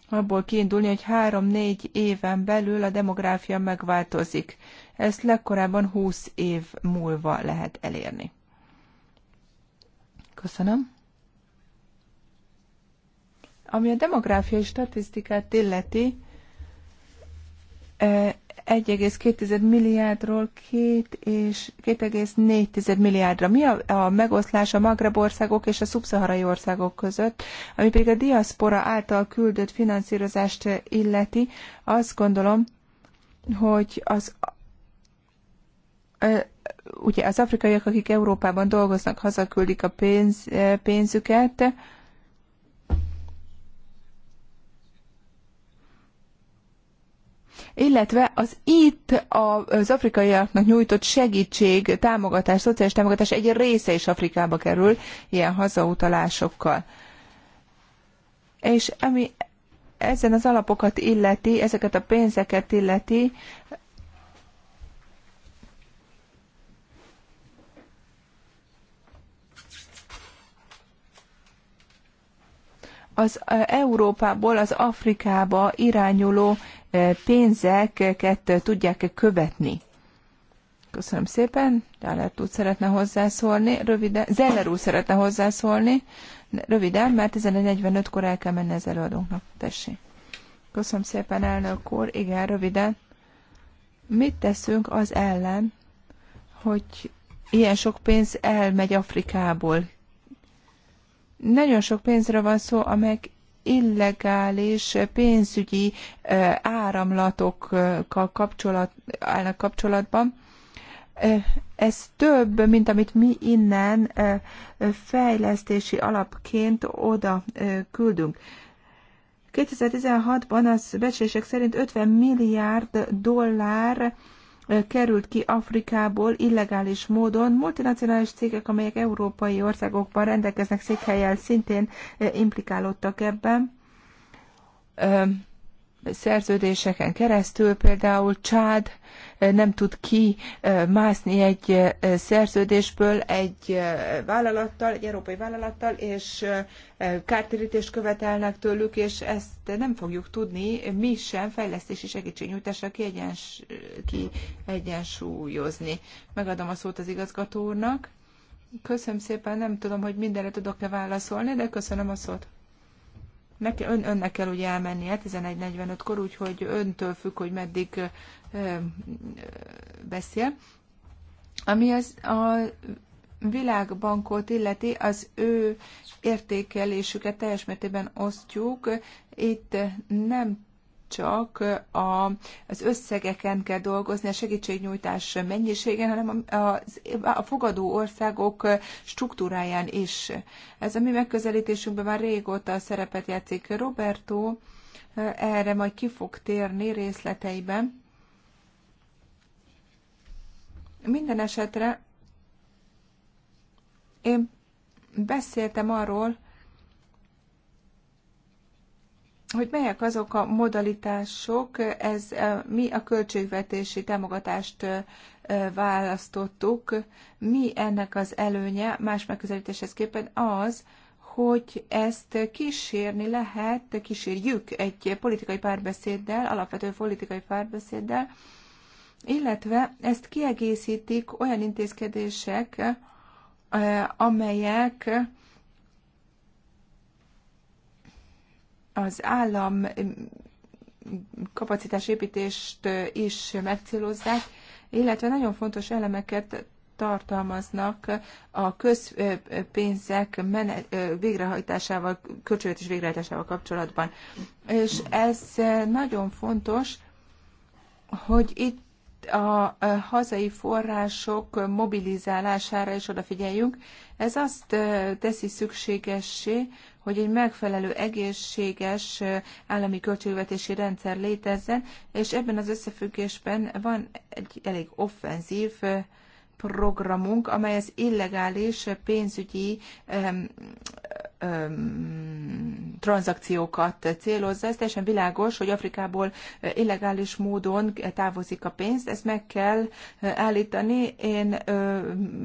abból kiindulni, hogy három-négy éven belül a demográfia megváltozik. Ezt legkorábban 20 év múlva lehet elérni. Köszönöm. Ami a demográfiai statisztikát illeti, eh, 1,2 milliárdról 2,4 milliárdra. Mi a, a megoszlás a Magreb országok és a szubszaharai országok között, ami pedig a diaszpora által küldött finanszírozást illeti, azt gondolom, hogy az ugye az afrikaiak, akik Európában dolgoznak, hazaküldik a pénz, pénzüket, illetve az itt az afrikaiaknak nyújtott segítség, támogatás, szociális támogatás egy része is Afrikába kerül ilyen hazautalásokkal. És ami ezen az alapokat illeti, ezeket a pénzeket illeti, az Európából az Afrikába irányuló pénzeket tudják követni. Köszönöm szépen. Zeller úr szeretne hozzászólni. Röviden. Zeller úr szeretne hozzászólni. Röviden, mert 11.45-kor el kell menni az előadónknak. Tessék. Köszönöm szépen, elnök úr. Igen, röviden. Mit teszünk az ellen, hogy ilyen sok pénz elmegy Afrikából? Nagyon sok pénzről van szó, amelyek illegális pénzügyi áramlatokkal kapcsolat, állnak kapcsolatban. Ez több, mint amit mi innen fejlesztési alapként oda küldünk. 2016-ban az becslések szerint 50 milliárd dollár került ki Afrikából illegális módon. Multinacionális cégek, amelyek európai országokban rendelkeznek székhelyel, szintén implikálódtak ebben szerződéseken keresztül, például Csád nem tud ki mászni egy szerződésből egy vállalattal, egy európai vállalattal, és kártérítést követelnek tőlük, és ezt nem fogjuk tudni mi sem fejlesztési segítségnyújtásra kiegyensúlyozni. Megadom a szót az igazgató úrnak. Köszönöm szépen, nem tudom, hogy mindenre tudok-e válaszolni, de köszönöm a szót. Neki, ön, önnek kell ugye elmennie 11.45-kor, úgyhogy öntől függ, hogy meddig beszél. Ami az a világbankot illeti, az ő értékelésüket teljes mértékben osztjuk. Itt nem csak a, az összegeken kell dolgozni, a segítségnyújtás mennyiségen, hanem a, a, a fogadó országok struktúráján is. Ez a mi megközelítésünkben már régóta szerepet játszik Roberto, erre majd ki fog térni részleteiben. Minden esetre én beszéltem arról, hogy melyek azok a modalitások, ez e, mi a költségvetési támogatást e, e, választottuk, mi ennek az előnye más megközelítéshez képen az, hogy ezt kísérni lehet, kísérjük egy politikai párbeszéddel, alapvető politikai párbeszéddel, illetve ezt kiegészítik olyan intézkedések, eh, amelyek az állam eh, kapacitásépítést eh, is megcélozzák, illetve nagyon fontos elemeket tartalmaznak a közpénzek végrehajtásával, költségvetés végrehajtásával kapcsolatban. És ez nagyon fontos, hogy itt a hazai források mobilizálására is odafigyeljünk. Ez azt teszi szükségessé, hogy egy megfelelő egészséges állami költségvetési rendszer létezzen, és ebben az összefüggésben van egy elég offenzív programunk, amely az illegális pénzügyi tranzakciókat célozza. Ez teljesen világos, hogy Afrikából illegális módon távozik a pénzt, ezt meg kell állítani. Én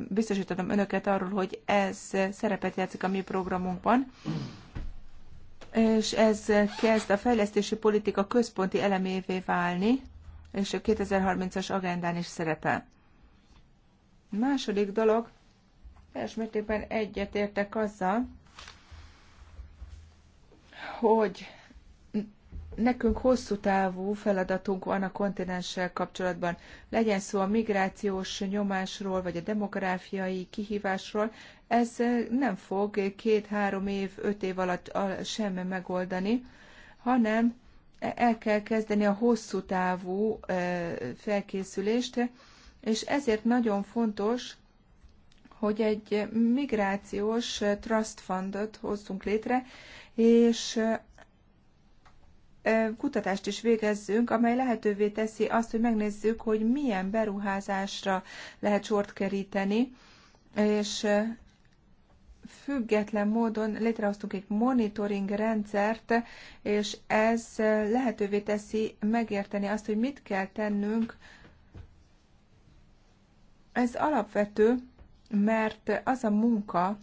biztosítatom önöket arról, hogy ez szerepet játszik a mi programunkban és ez kezd a fejlesztési politika központi elemévé válni, és a 2030-as agendán is szerepel. második dolog, teljes mértékben egyetértek azzal, hogy nekünk hosszú távú feladatunk van a kontinenssel kapcsolatban. Legyen szó a migrációs nyomásról, vagy a demográfiai kihívásról, ez nem fog két-három év, öt év alatt semmi megoldani, hanem el kell kezdeni a hosszú távú felkészülést, és ezért nagyon fontos, hogy egy migrációs trust fundot hozzunk létre, és kutatást is végezzünk, amely lehetővé teszi azt, hogy megnézzük, hogy milyen beruházásra lehet sort keríteni, és független módon létrehoztunk egy monitoring rendszert, és ez lehetővé teszi megérteni azt, hogy mit kell tennünk. Ez alapvető, mert az a munka,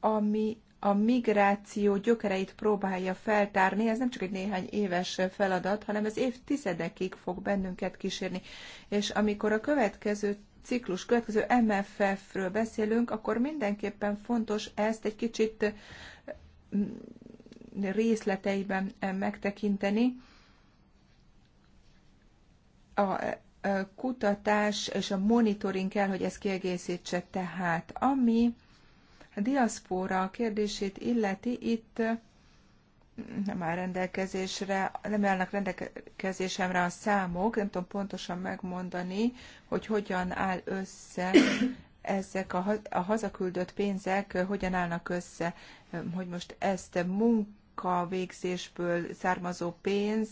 ami a migráció gyökereit próbálja feltárni, ez nem csak egy néhány éves feladat, hanem ez évtizedekig fog bennünket kísérni. És amikor a következő ciklus, következő MFF-ről beszélünk, akkor mindenképpen fontos ezt egy kicsit mm, részleteiben megtekinteni. A kutatás és a monitoring kell, hogy ezt kiegészítse. Tehát ami a diaszpóra kérdését illeti, itt nem áll rendelkezésre, nem állnak rendelkezésemre a számok, nem tudom pontosan megmondani, hogy hogyan áll össze <clears throat> ezek a, a hazaküldött pénzek, hogyan állnak össze, hogy most ezt munk, munkavégzésből származó pénz,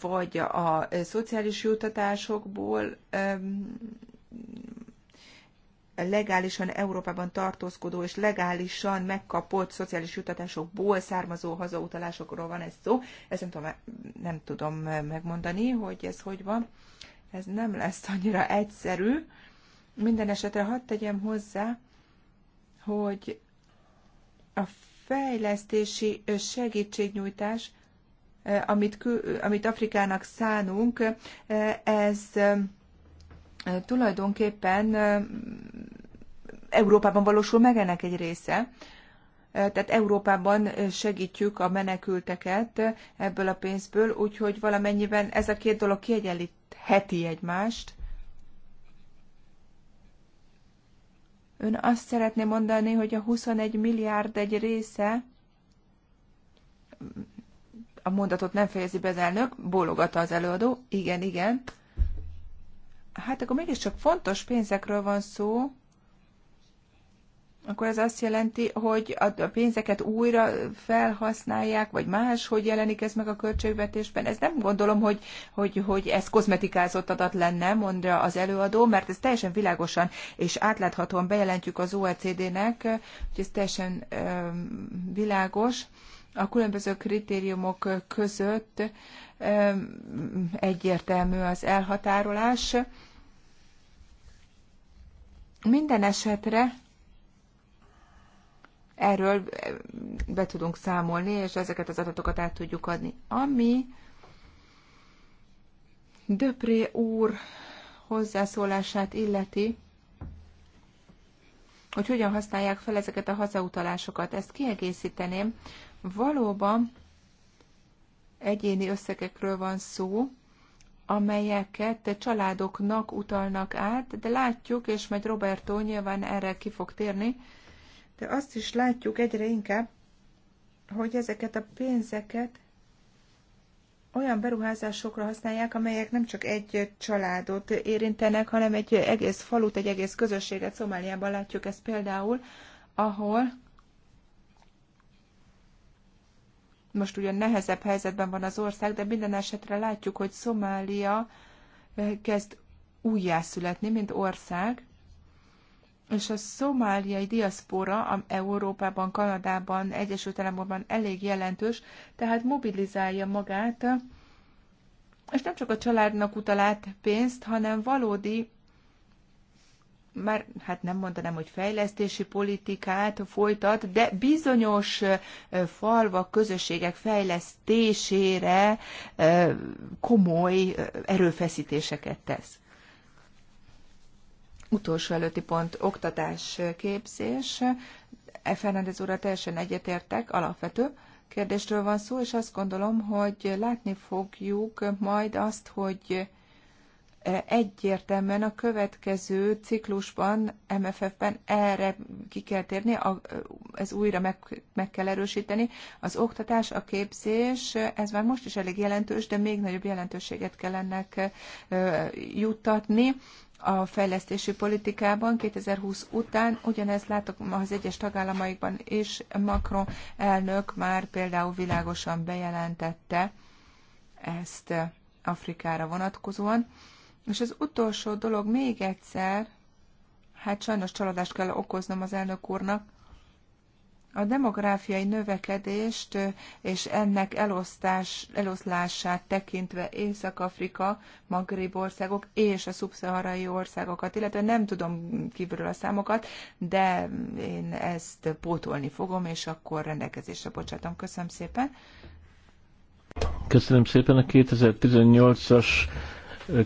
vagy a szociális juttatásokból legálisan Európában tartózkodó és legálisan megkapott szociális juttatásokból származó hazautalásokról van ez szó. Ezt nem tudom, nem tudom megmondani, hogy ez hogy van. Ez nem lesz annyira egyszerű. Minden esetre hadd tegyem hozzá, hogy a fejlesztési segítségnyújtás, amit, amit Afrikának szánunk, ez tulajdonképpen Európában valósul meg ennek egy része. Tehát Európában segítjük a menekülteket ebből a pénzből, úgyhogy valamennyiben ez a két dolog kiegyenlítheti egymást. Ön azt szeretné mondani, hogy a 21 milliárd egy része, a mondatot nem fejezi be az elnök, bólogatta az előadó, igen, igen. Hát akkor mégiscsak fontos pénzekről van szó, akkor ez azt jelenti, hogy a pénzeket újra felhasználják, vagy más, hogy jelenik ez meg a költségvetésben. Ez nem gondolom, hogy, hogy, hogy ez kozmetikázott adat lenne, mondja az előadó, mert ez teljesen világosan és átláthatóan bejelentjük az OECD-nek, hogy ez teljesen világos a különböző kritériumok között egyértelmű az elhatárolás. Minden esetre erről be tudunk számolni, és ezeket az adatokat át tudjuk adni. Ami Döpré úr hozzászólását illeti, hogy hogyan használják fel ezeket a hazautalásokat. Ezt kiegészíteném. Valóban egyéni összegekről van szó, amelyeket családoknak utalnak át, de látjuk, és majd Roberto nyilván erre ki fog térni, de azt is látjuk egyre inkább, hogy ezeket a pénzeket olyan beruházásokra használják, amelyek nem csak egy családot érintenek, hanem egy egész falut, egy egész közösséget. Szomáliában látjuk ezt például, ahol most ugyan nehezebb helyzetben van az ország, de minden esetre látjuk, hogy Szomália kezd újjászületni, mint ország, és a szomáliai diaszpora a Európában, Kanadában, Egyesült Államokban elég jelentős, tehát mobilizálja magát, és nem csak a családnak utal át pénzt, hanem valódi, már hát nem mondanám, hogy fejlesztési politikát folytat, de bizonyos falvak, közösségek fejlesztésére komoly erőfeszítéseket tesz utolsó előtti pont oktatás képzés. E Fernández úrral teljesen egyetértek, alapvető kérdésről van szó, és azt gondolom, hogy látni fogjuk majd azt, hogy e, egyértelműen a következő ciklusban, MFF-ben erre ki kell térni, a, ez újra meg, meg kell erősíteni. Az oktatás, a képzés, ez már most is elég jelentős, de még nagyobb jelentőséget kell ennek e, juttatni a fejlesztési politikában 2020 után. Ugyanezt látok az egyes tagállamaikban is. Macron elnök már például világosan bejelentette ezt Afrikára vonatkozóan. És az utolsó dolog még egyszer, hát sajnos csalódást kell okoznom az elnök úrnak, a demográfiai növekedést és ennek elosztás, eloszlását tekintve Észak-Afrika, Magrib országok és a szubszaharai országokat, illetve nem tudom kívülről a számokat, de én ezt pótolni fogom, és akkor rendelkezésre bocsátom. Köszönöm szépen. Köszönöm szépen a 2018-as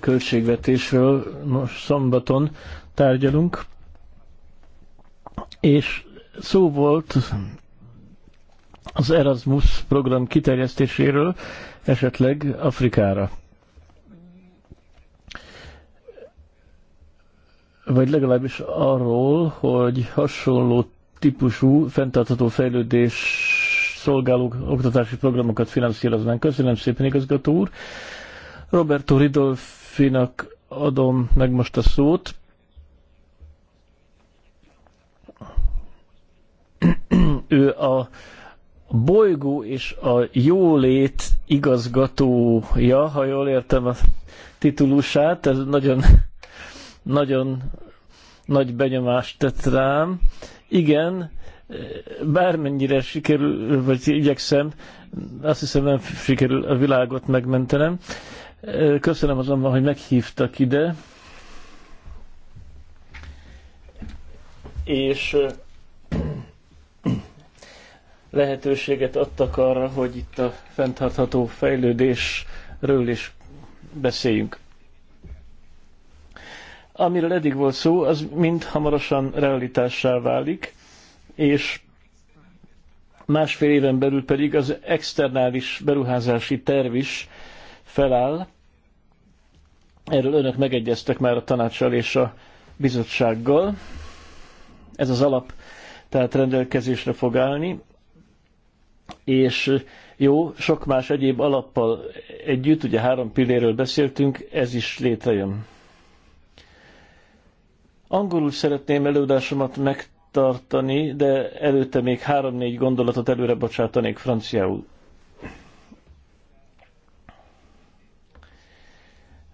költségvetésről most szombaton tárgyalunk, és Szó volt az Erasmus program kiterjesztéséről, esetleg Afrikára. Vagy legalábbis arról, hogy hasonló típusú fenntartható fejlődés szolgáló oktatási programokat finanszíroznánk. Köszönöm szépen, igazgató úr. Roberto Ridolfinak adom meg most a szót, ő a bolygó és a jólét igazgatója, ha jól értem a titulusát, ez nagyon, nagyon nagy benyomást tett rám. Igen, bármennyire sikerül, vagy igyekszem, azt hiszem nem sikerül a világot megmentenem. Köszönöm azonban, hogy meghívtak ide. És lehetőséget adtak arra, hogy itt a fenntartható fejlődésről is beszéljünk. Amiről eddig volt szó, az mind hamarosan realitássá válik, és másfél éven belül pedig az externális beruházási terv is feláll. Erről önök megegyeztek már a tanácssal és a bizottsággal. Ez az alap tehát rendelkezésre fog állni, és jó, sok más egyéb alappal együtt, ugye három pilléről beszéltünk, ez is létrejön. Angolul szeretném előadásomat megtartani, de előtte még három-négy gondolatot előre bocsátanék franciául.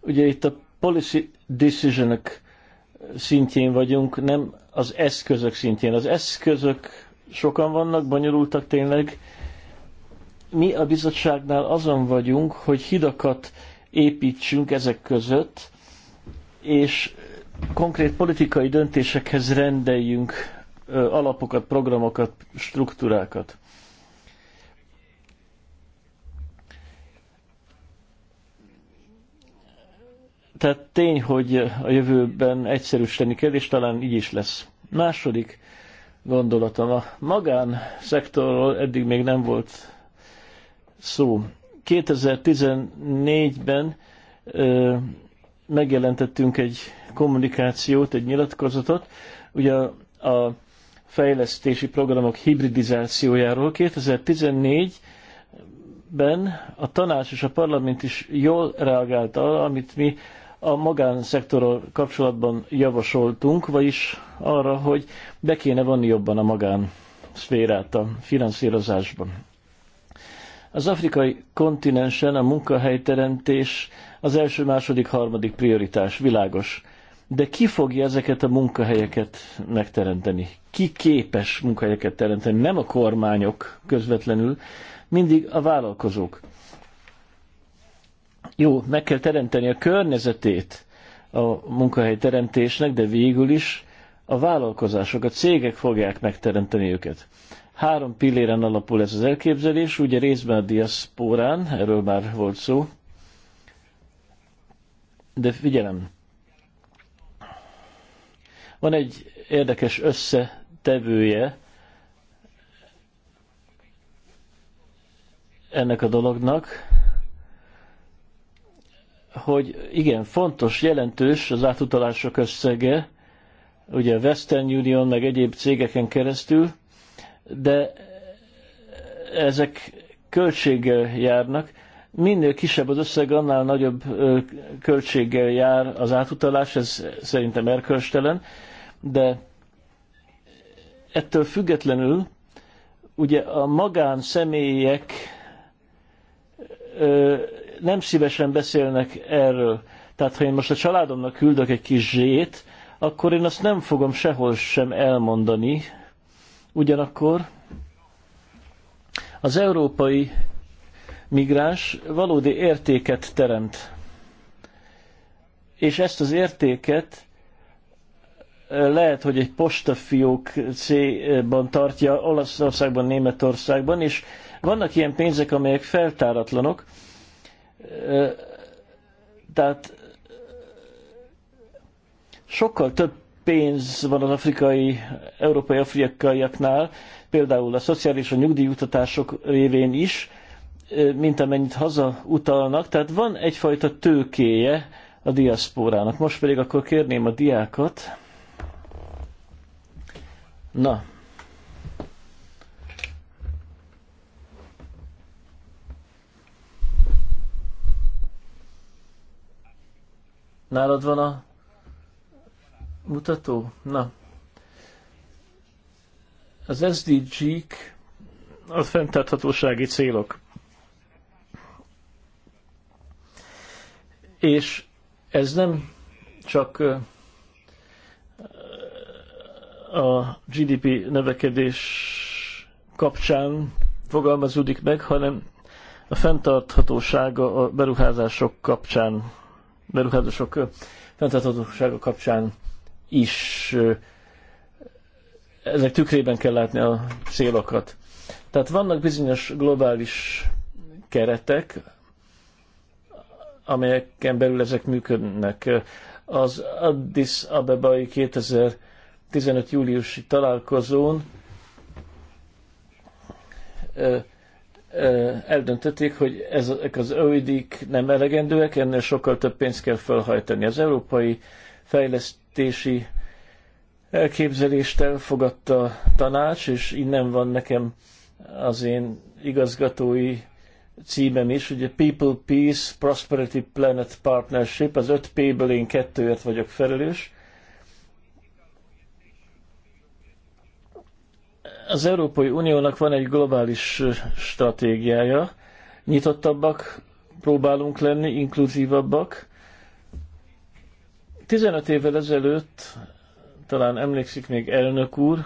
Ugye itt a policy decision szintjén vagyunk, nem az eszközök szintjén. Az eszközök sokan vannak, bonyolultak tényleg, mi a bizottságnál azon vagyunk, hogy hidakat építsünk ezek között, és konkrét politikai döntésekhez rendeljünk alapokat, programokat, struktúrákat. Tehát tény, hogy a jövőben egyszerűsíteni kell, és talán így is lesz. Második gondolatom, a magánszektorról eddig még nem volt szó. 2014-ben ö, megjelentettünk egy kommunikációt, egy nyilatkozatot, ugye a fejlesztési programok hibridizációjáról. 2014-ben a tanács és a parlament is jól reagált arra, amit mi a magánszektorral kapcsolatban javasoltunk, vagyis arra, hogy be kéne vonni jobban a magánszférát a finanszírozásban. Az afrikai kontinensen a munkahelyteremtés az első, második, harmadik prioritás, világos. De ki fogja ezeket a munkahelyeket megteremteni? Ki képes munkahelyeket teremteni? Nem a kormányok közvetlenül, mindig a vállalkozók. Jó, meg kell teremteni a környezetét a munkahelyteremtésnek, de végül is a vállalkozások, a cégek fogják megteremteni őket. Három pilléren alapul ez az elképzelés, ugye részben a diaszpórán, erről már volt szó, de figyelem, van egy érdekes összetevője ennek a dolognak, hogy igen, fontos, jelentős az átutalások összege, ugye a Western Union meg egyéb cégeken keresztül, de ezek költséggel járnak. Minél kisebb az összeg, annál nagyobb költséggel jár az átutalás, ez szerintem erkölstelen, de ettől függetlenül ugye a magánszemélyek nem szívesen beszélnek erről. Tehát ha én most a családomnak küldök egy kis zsét, akkor én azt nem fogom sehol sem elmondani, Ugyanakkor az európai migráns valódi értéket teremt. És ezt az értéket lehet, hogy egy postafiók C-ban tartja Olaszországban, Németországban, és vannak ilyen pénzek, amelyek feltáratlanok, tehát sokkal több pénz van az afrikai, európai afrikaiaknál, például a szociális a nyugdíjutatások révén is, mint amennyit haza utalnak, tehát van egyfajta tőkéje a diaszpórának. Most pedig akkor kérném a diákat. Na. Nálad van a mutató? Na, az SDG-k a fenntarthatósági célok. És ez nem csak a GDP növekedés kapcsán fogalmazódik meg, hanem a fenntarthatósága a beruházások kapcsán, beruházások fenntarthatósága kapcsán is ezek tükrében kell látni a célokat. Tehát vannak bizonyos globális keretek, amelyeken belül ezek működnek. Az Addis Abebai 2015. júliusi találkozón eldöntötték, hogy ezek az oed nem elegendőek, ennél sokkal több pénzt kell felhajtani. Az Európai Fejlesztés költségvetési elképzelést elfogadta a tanács, és innen van nekem az én igazgatói címem is, ugye People, Peace, Prosperity, Planet Partnership, az 5P-ből én kettőért vagyok felelős. Az Európai Uniónak van egy globális stratégiája, nyitottabbak próbálunk lenni, inkluzívabbak, 15 évvel ezelőtt, talán emlékszik még elnök úr,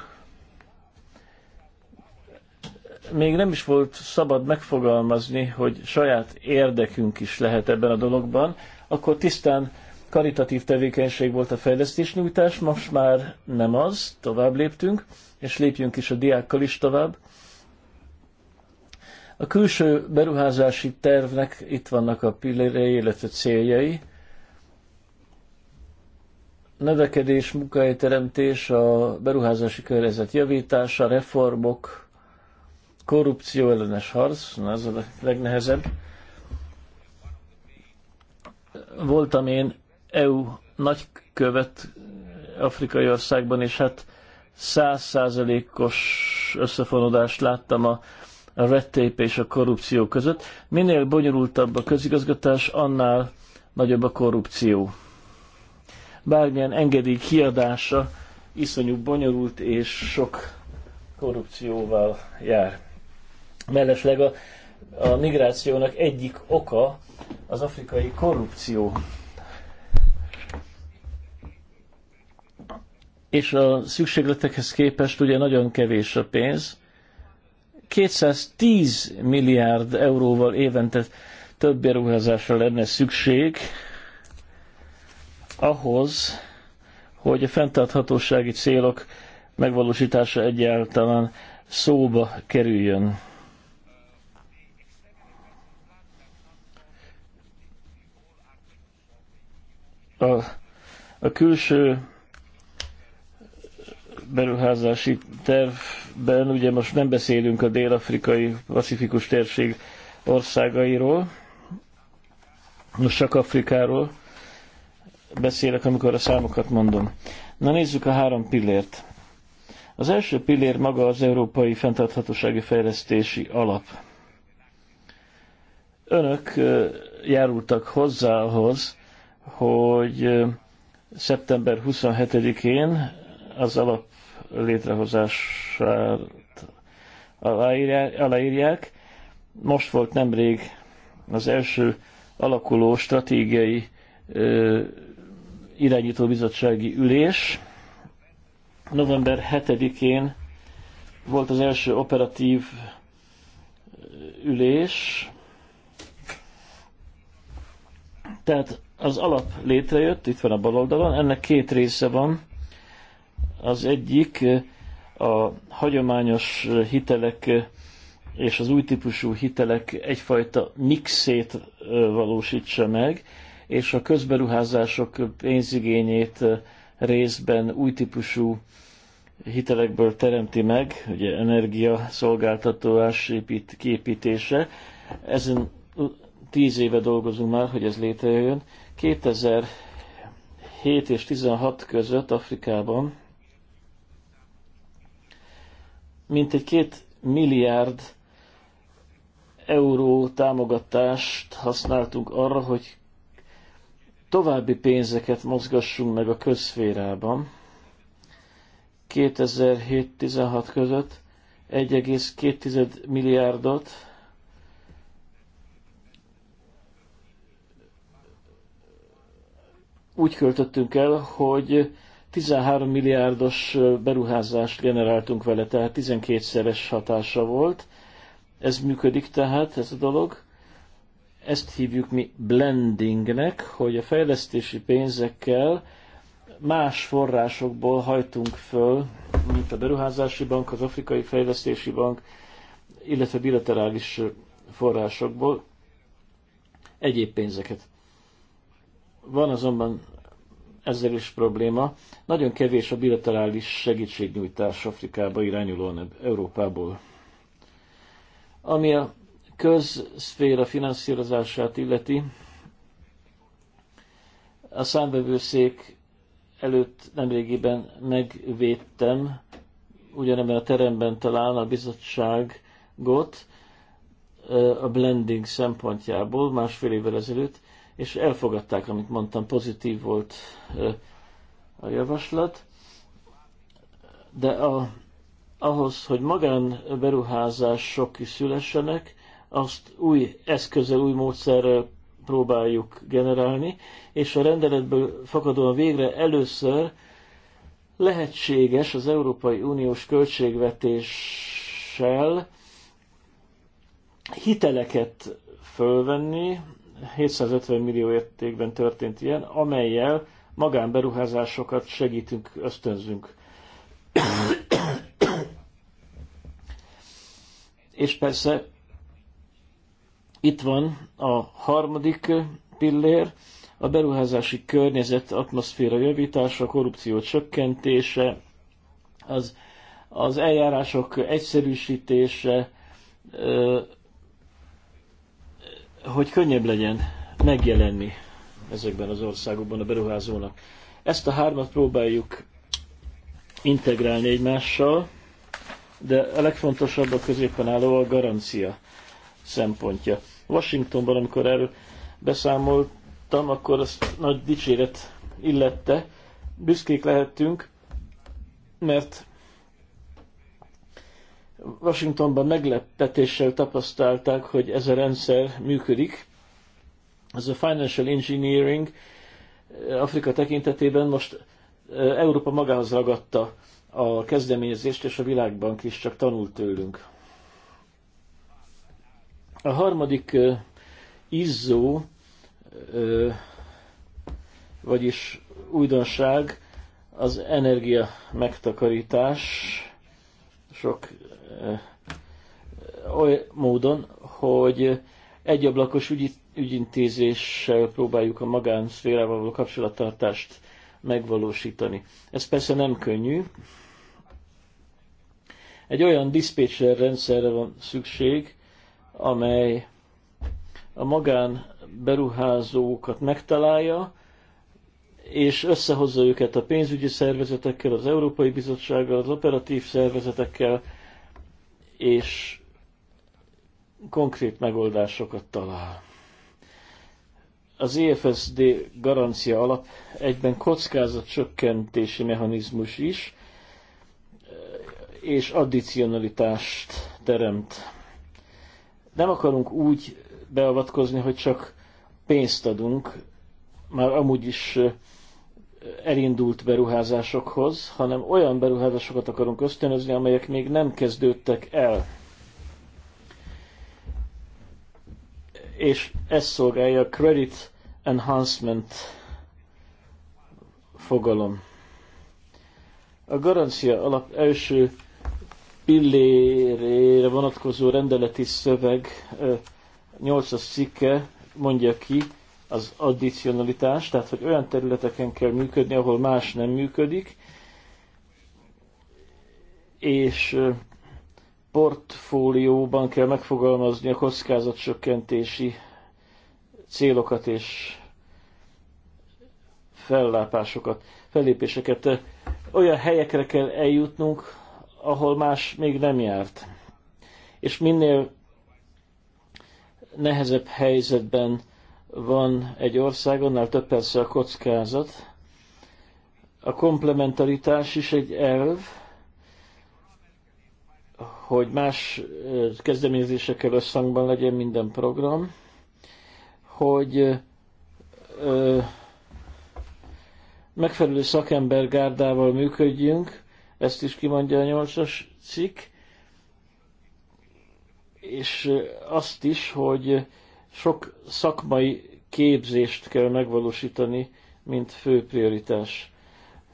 még nem is volt szabad megfogalmazni, hogy saját érdekünk is lehet ebben a dologban, akkor tisztán karitatív tevékenység volt a fejlesztésnyújtás, most már nem az, tovább léptünk, és lépjünk is a diákkal is tovább. A külső beruházási tervnek itt vannak a pillérei, illetve céljai növekedés, munkahelyteremtés, a beruházási környezet javítása, reformok, korrupció ellenes harc, na ez a legnehezebb. Voltam én EU nagykövet afrikai országban, és hát százszázalékos összefonódást láttam a, a red tape és a korrupció között. Minél bonyolultabb a közigazgatás, annál nagyobb a korrupció bármilyen engedély kiadása iszonyú bonyolult és sok korrupcióval jár. Mellesleg a, a migrációnak egyik oka az afrikai korrupció. És a szükségletekhez képest ugye nagyon kevés a pénz. 210 milliárd euróval évente több beruházásra lenne szükség ahhoz, hogy a fenntarthatósági célok megvalósítása egyáltalán szóba kerüljön. A, a külső beruházási tervben ugye most nem beszélünk a dél-afrikai pacifikus térség országairól, most csak Afrikáról, beszélek, amikor a számokat mondom. Na nézzük a három pillért. Az első pillér maga az Európai Fentarthatósági Fejlesztési Alap. Önök járultak hozzá ahhoz, hogy szeptember 27-én az alap létrehozását aláírják. Most volt nemrég az első alakuló stratégiai irányító bizottsági ülés. November 7-én volt az első operatív ülés, tehát az alap létrejött, itt van a bal oldalon, ennek két része van. Az egyik a hagyományos hitelek és az új típusú hitelek egyfajta mixét valósítsa meg, és a közberuházások pénzigényét részben új típusú hitelekből teremti meg, ugye energia szolgáltatás épít, kiépítése. Ezen tíz éve dolgozunk már, hogy ez létrejön. 2007 és 16 között Afrikában mintegy két milliárd euró támogatást használtunk arra, hogy további pénzeket mozgassunk meg a közférában. 2007-16 között 1,2 milliárdot úgy költöttünk el, hogy 13 milliárdos beruházást generáltunk vele, tehát 12-szeres hatása volt. Ez működik tehát, ez a dolog. Ezt hívjuk mi blendingnek, hogy a fejlesztési pénzekkel más forrásokból hajtunk föl, mint a Beruházási Bank, az Afrikai Fejlesztési Bank, illetve bilaterális forrásokból egyéb pénzeket. Van azonban ezzel is probléma. Nagyon kevés a bilaterális segítségnyújtás Afrikába irányulóan Európából. Ami a közszféra finanszírozását illeti, a számbevőszék előtt nemrégiben megvédtem, ugyanebben a teremben talán a bizottságot a blending szempontjából másfél évvel ezelőtt, és elfogadták, amit mondtam, pozitív volt a javaslat, de a, ahhoz, hogy magán is szülessenek, azt új eszközzel, új módszerrel próbáljuk generálni, és a rendeletből fakadóan végre először lehetséges az Európai Uniós költségvetéssel hiteleket fölvenni, 750 millió értékben történt ilyen, amelyel magánberuházásokat segítünk, ösztönzünk. <coughs> és persze itt van a harmadik pillér, a beruházási környezet, atmoszféra javítása, korrupció csökkentése, az, az eljárások egyszerűsítése, hogy könnyebb legyen megjelenni ezekben az országokban a beruházónak. Ezt a hármat próbáljuk integrálni egymással, de a legfontosabb a középen álló a garancia szempontja. Washingtonban, amikor erről beszámoltam, akkor azt nagy dicséret illette. Büszkék lehettünk, mert Washingtonban meglepetéssel tapasztalták, hogy ez a rendszer működik. Ez a financial engineering eh, Afrika tekintetében most eh, Európa magához ragadta a kezdeményezést, és a világbank is csak tanult tőlünk. A harmadik izzó, vagyis újdonság az energia megtakarítás sok oly módon, hogy egyablakos ügy, ügyintézéssel próbáljuk a magánszférával való kapcsolattartást megvalósítani. Ez persze nem könnyű. Egy olyan dispatcher rendszerre van szükség, amely a magán beruházókat megtalálja, és összehozza őket a pénzügyi szervezetekkel, az Európai Bizottsággal, az operatív szervezetekkel, és konkrét megoldásokat talál. Az EFSD garancia alap egyben kockázatcsökkentési mechanizmus is, és addicionalitást teremt nem akarunk úgy beavatkozni, hogy csak pénzt adunk, már amúgy is elindult beruházásokhoz, hanem olyan beruházásokat akarunk ösztönözni, amelyek még nem kezdődtek el. És ez szolgálja a credit enhancement fogalom. A garancia alap első pillérére vonatkozó rendeleti szöveg 8-as cikke mondja ki az addicionalitás, tehát hogy olyan területeken kell működni, ahol más nem működik, és portfólióban kell megfogalmazni a kockázatcsökkentési célokat és fellápásokat, fellépéseket. Olyan helyekre kell eljutnunk, ahol más még nem járt. És minél nehezebb helyzetben van egy ország, annál több persze a kockázat. A komplementaritás is egy elv, hogy más kezdeményezésekkel összhangban legyen minden program, hogy ö, megfelelő szakembergárdával működjünk, ezt is kimondja a nyolcas cikk, és azt is, hogy sok szakmai képzést kell megvalósítani, mint fő prioritás.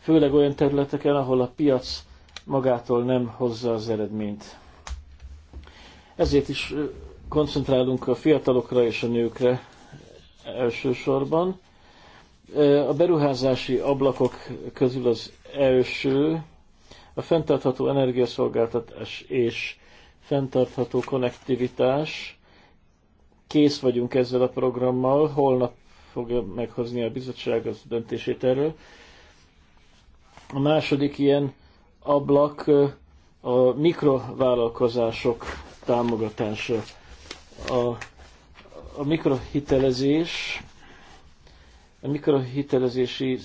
Főleg olyan területeken, ahol a piac magától nem hozza az eredményt. Ezért is koncentrálunk a fiatalokra és a nőkre elsősorban. A beruházási ablakok közül az első a fenntartható energiaszolgáltatás és fenntartható konnektivitás. Kész vagyunk ezzel a programmal, holnap fogja meghozni a bizottság az döntését erről. A második ilyen ablak a mikrovállalkozások támogatása. A, a mikrohitelezés, a mikrohitelezési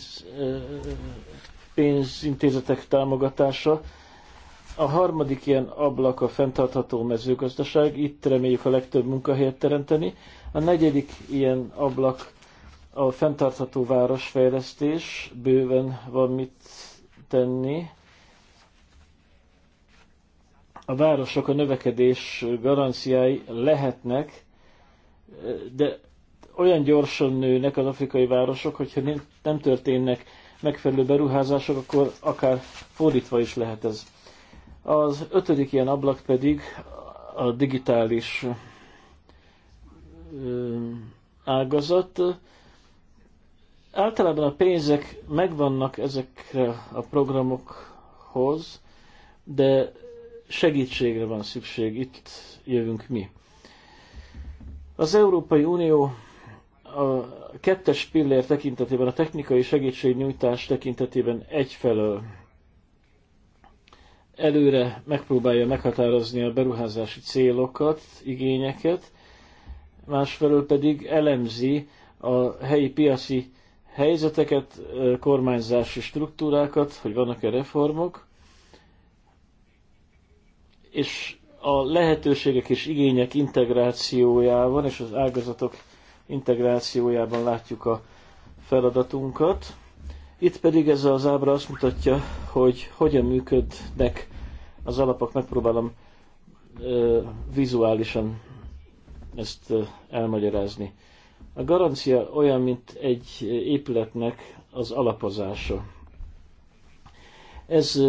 pénzintézetek támogatása. A harmadik ilyen ablak a fenntartható mezőgazdaság, itt reméljük a legtöbb munkahelyet teremteni. A negyedik ilyen ablak a fenntartható városfejlesztés, bőven van mit tenni. A városok a növekedés garanciái lehetnek, de olyan gyorsan nőnek az afrikai városok, hogyha nem történnek megfelelő beruházások, akkor akár fordítva is lehet ez. Az ötödik ilyen ablak pedig a digitális ágazat. Általában a pénzek megvannak ezekre a programokhoz, de segítségre van szükség, itt jövünk mi. Az Európai Unió a kettes pillér tekintetében, a technikai segítségnyújtás tekintetében egyfelől előre megpróbálja meghatározni a beruházási célokat, igényeket, másfelől pedig elemzi a helyi piaci helyzeteket, kormányzási struktúrákat, hogy vannak-e reformok, és a lehetőségek és igények integrációjában és az ágazatok integrációjában látjuk a feladatunkat. Itt pedig ez az ábra azt mutatja, hogy hogyan működnek az alapok. Megpróbálom ö, vizuálisan ezt ö, elmagyarázni. A garancia olyan, mint egy épületnek az alapozása. Ez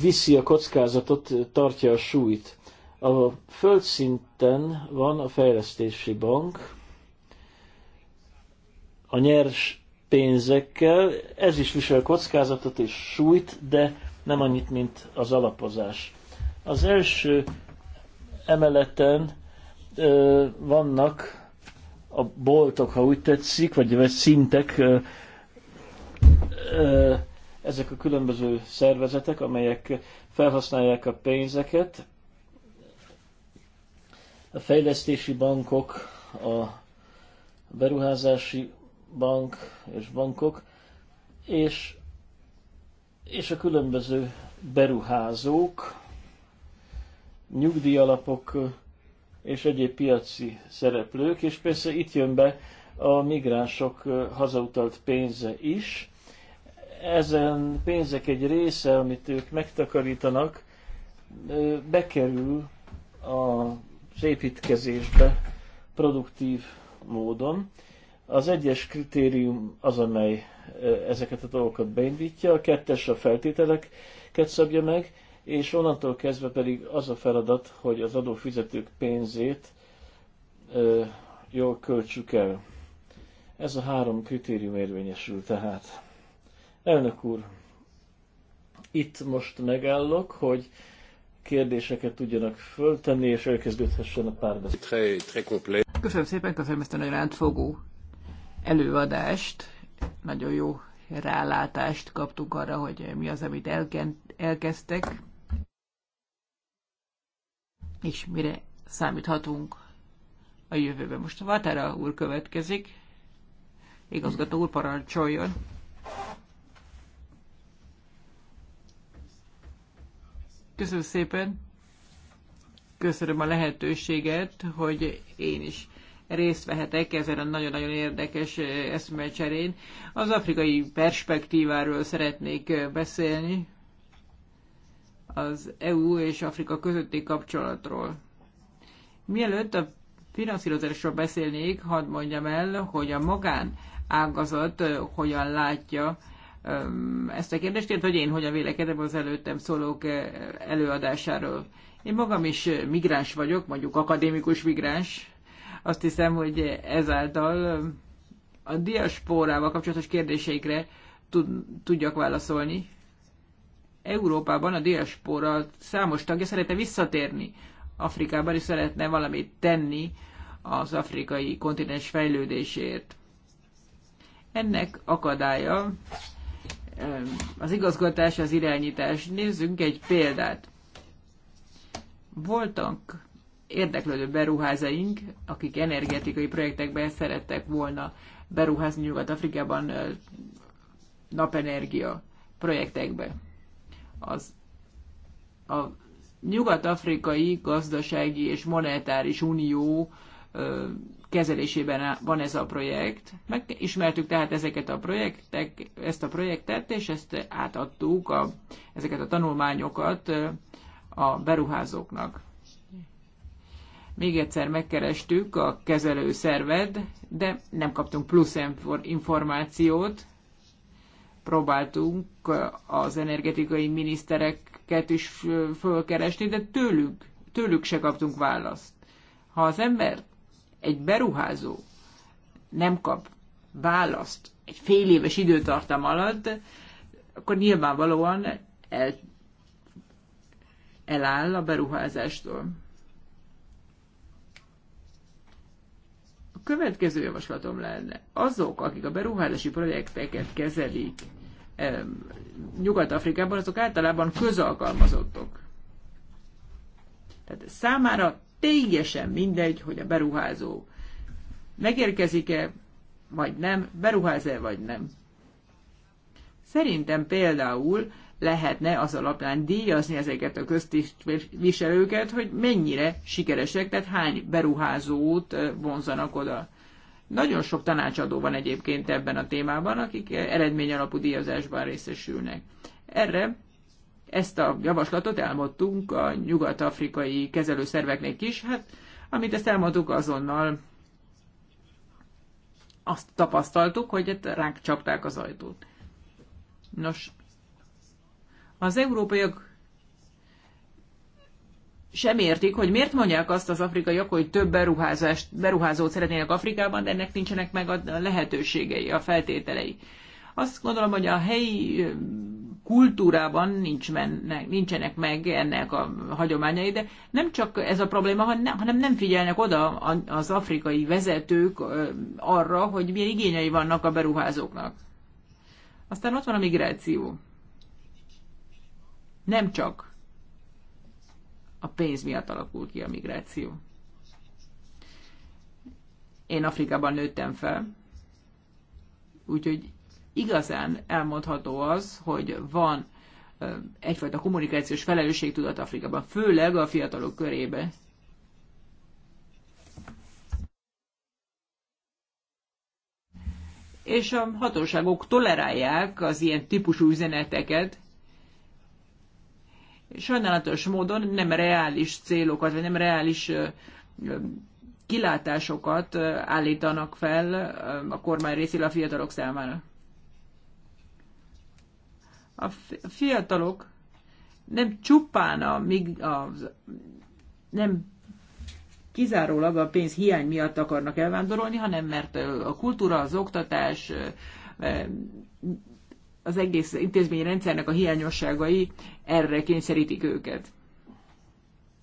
viszi a kockázatot, tartja a súlyt. A földszinten van a fejlesztési bank, a nyers pénzekkel. Ez is visel kockázatot és súlyt, de nem annyit, mint az alapozás. Az első emeleten ö, vannak a boltok, ha úgy tetszik, vagy, vagy szintek, ö, ö, ezek a különböző szervezetek, amelyek felhasználják a pénzeket. A fejlesztési bankok, a beruházási bank és bankok, és, és a különböző beruházók, nyugdíjalapok és egyéb piaci szereplők, és persze itt jön be a migránsok hazautalt pénze is. Ezen pénzek egy része, amit ők megtakarítanak, bekerül az építkezésbe produktív módon, az egyes kritérium az, amely ezeket a dolgokat beindítja, a kettes a feltételeket szabja meg, és onnantól kezdve pedig az a feladat, hogy az adófizetők pénzét ö, jól költsük el. Ez a három kritérium érvényesül tehát. Elnök úr, itt most megállok, hogy kérdéseket tudjanak föltenni, és elkezdődhessen a párbeszéd. Köszönöm szépen, köszönöm ezt a nagyon rendfogó előadást, nagyon jó rálátást kaptunk arra, hogy mi az, amit elkent, elkezdtek, és mire számíthatunk a jövőben. Most a Vatára úr következik, igazgató úr parancsoljon. Köszönöm szépen, köszönöm a lehetőséget, hogy én is részt vehetek ezen a nagyon-nagyon érdekes eszmecserén. Az afrikai perspektíváról szeretnék beszélni, az EU és Afrika közötti kapcsolatról. Mielőtt a finanszírozásról beszélnék, hadd mondjam el, hogy a magán ágazat hogyan látja ezt a kérdést, illetve hogy én hogyan vélekedem az előttem szólók előadásáról. Én magam is migráns vagyok, mondjuk akadémikus migráns, azt hiszem, hogy ezáltal a diasporával kapcsolatos kérdéseikre tud, tudjak válaszolni. Európában a diaspora számos tagja szeretne visszatérni Afrikában, és szeretne valamit tenni az afrikai kontinens fejlődésért. Ennek akadálya az igazgatás, az irányítás. Nézzünk egy példát. Voltak érdeklődő beruházaink, akik energetikai projektekben szerettek volna beruházni Nyugat-Afrikában napenergia projektekbe. Az, a nyugat-afrikai gazdasági és monetáris unió kezelésében van ez a projekt. Megismertük tehát ezeket a projektek, ezt a projektet, és ezt átadtuk, a, ezeket a tanulmányokat a beruházóknak. Még egyszer megkerestük a szerved, de nem kaptunk plusz információt. Próbáltunk az energetikai minisztereket is fölkeresni, de tőlük, tőlük se kaptunk választ. Ha az ember, egy beruházó nem kap választ egy fél éves időtartam alatt, akkor nyilvánvalóan el, eláll a beruházástól. következő javaslatom lenne, azok, akik a beruházási projekteket kezelik Nyugat-Afrikában, azok általában közalkalmazottok. Tehát számára teljesen mindegy, hogy a beruházó megérkezik-e, vagy nem, beruház-e, vagy nem. Szerintem például lehetne az alapján díjazni ezeket a köztisztviselőket, hogy mennyire sikeresek, tehát hány beruházót vonzanak oda. Nagyon sok tanácsadó van egyébként ebben a témában, akik eredmény alapú díjazásban részesülnek. Erre ezt a javaslatot elmondtunk a nyugat-afrikai kezelőszerveknek is, hát amit ezt elmondtuk azonnal, azt tapasztaltuk, hogy hát ránk csapták az ajtót. Nos, az európaiak sem értik, hogy miért mondják azt az afrikaiak, hogy több beruházást, beruházót szeretnének Afrikában, de ennek nincsenek meg a lehetőségei, a feltételei. Azt gondolom, hogy a helyi kultúrában nincs mennek, nincsenek meg ennek a hagyományai, de nem csak ez a probléma, hanem nem figyelnek oda az afrikai vezetők arra, hogy milyen igényei vannak a beruházóknak. Aztán ott van a migráció nem csak a pénz miatt alakul ki a migráció. Én Afrikában nőttem fel, úgyhogy igazán elmondható az, hogy van egyfajta kommunikációs felelősségtudat Afrikában, főleg a fiatalok körébe. És a hatóságok tolerálják az ilyen típusú üzeneteket, sajnálatos módon nem reális célokat, vagy nem reális kilátásokat állítanak fel a kormány részéről a fiatalok számára. A fiatalok nem csupán a, a nem kizárólag a pénz hiány miatt akarnak elvándorolni, hanem mert a kultúra, az oktatás az egész intézményrendszernek a hiányosságai erre kényszerítik őket.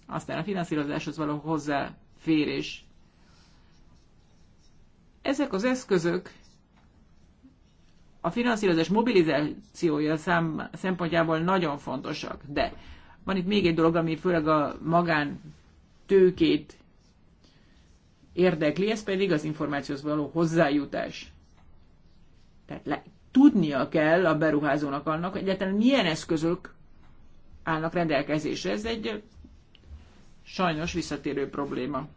Aztán a finanszírozáshoz való hozzáférés. Ezek az eszközök a finanszírozás mobilizációja szám, szempontjából nagyon fontosak, de van itt még egy dolog, ami főleg a magán tőkét érdekli, ez pedig az információhoz való hozzájutás. Tehát le, tudnia kell a beruházónak annak, hogy egyáltalán milyen eszközök állnak rendelkezésre. Ez egy sajnos visszatérő probléma.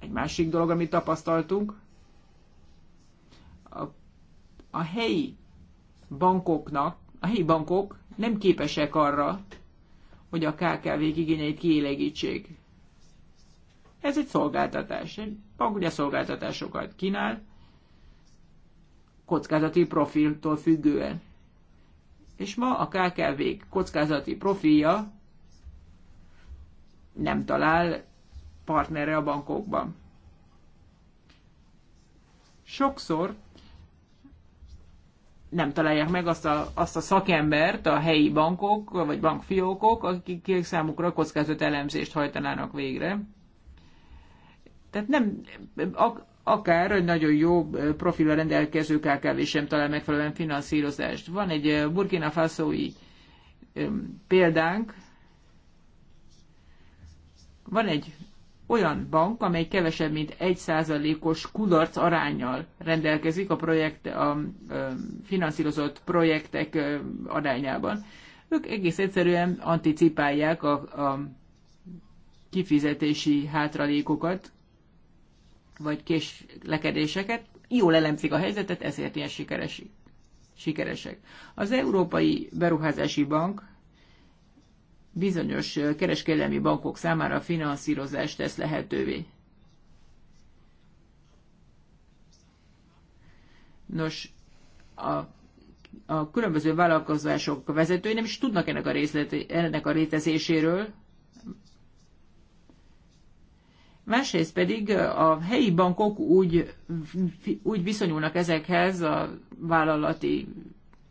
Egy másik dolog, amit tapasztaltunk, a, a helyi bankoknak, a helyi bankok nem képesek arra, hogy a KKV igényeit kielégítsék. Ez egy szolgáltatás. Egy bank ugye szolgáltatásokat kínál, kockázati profiltól függően. És ma a kkv kockázati profilja nem talál partnere a bankokban. Sokszor nem találják meg azt a, azt a szakembert a helyi bankok vagy bankfiókok, akik számukra kockázat elemzést hajtanának végre. Tehát nem, akár egy nagyon jó profilra rendelkező KKV sem talál megfelelően finanszírozást. Van egy Burkina Faso-i példánk, van egy olyan bank, amely kevesebb, mint 1%-os kudarc arányjal rendelkezik a, projekt, a, a finanszírozott projektek arányában. Ők egész egyszerűen anticipálják a, a kifizetési hátralékokat, vagy késlekedéseket, jól elemzik a helyzetet, ezért ilyen sikeresik. sikeresek. Az Európai Beruházási Bank bizonyos kereskedelmi bankok számára finanszírozást tesz lehetővé. Nos, a, a különböző vállalkozások vezetői nem is tudnak ennek a, részlet, ennek a rétezéséről, Másrészt pedig a helyi bankok úgy, úgy viszonyulnak ezekhez a vállalati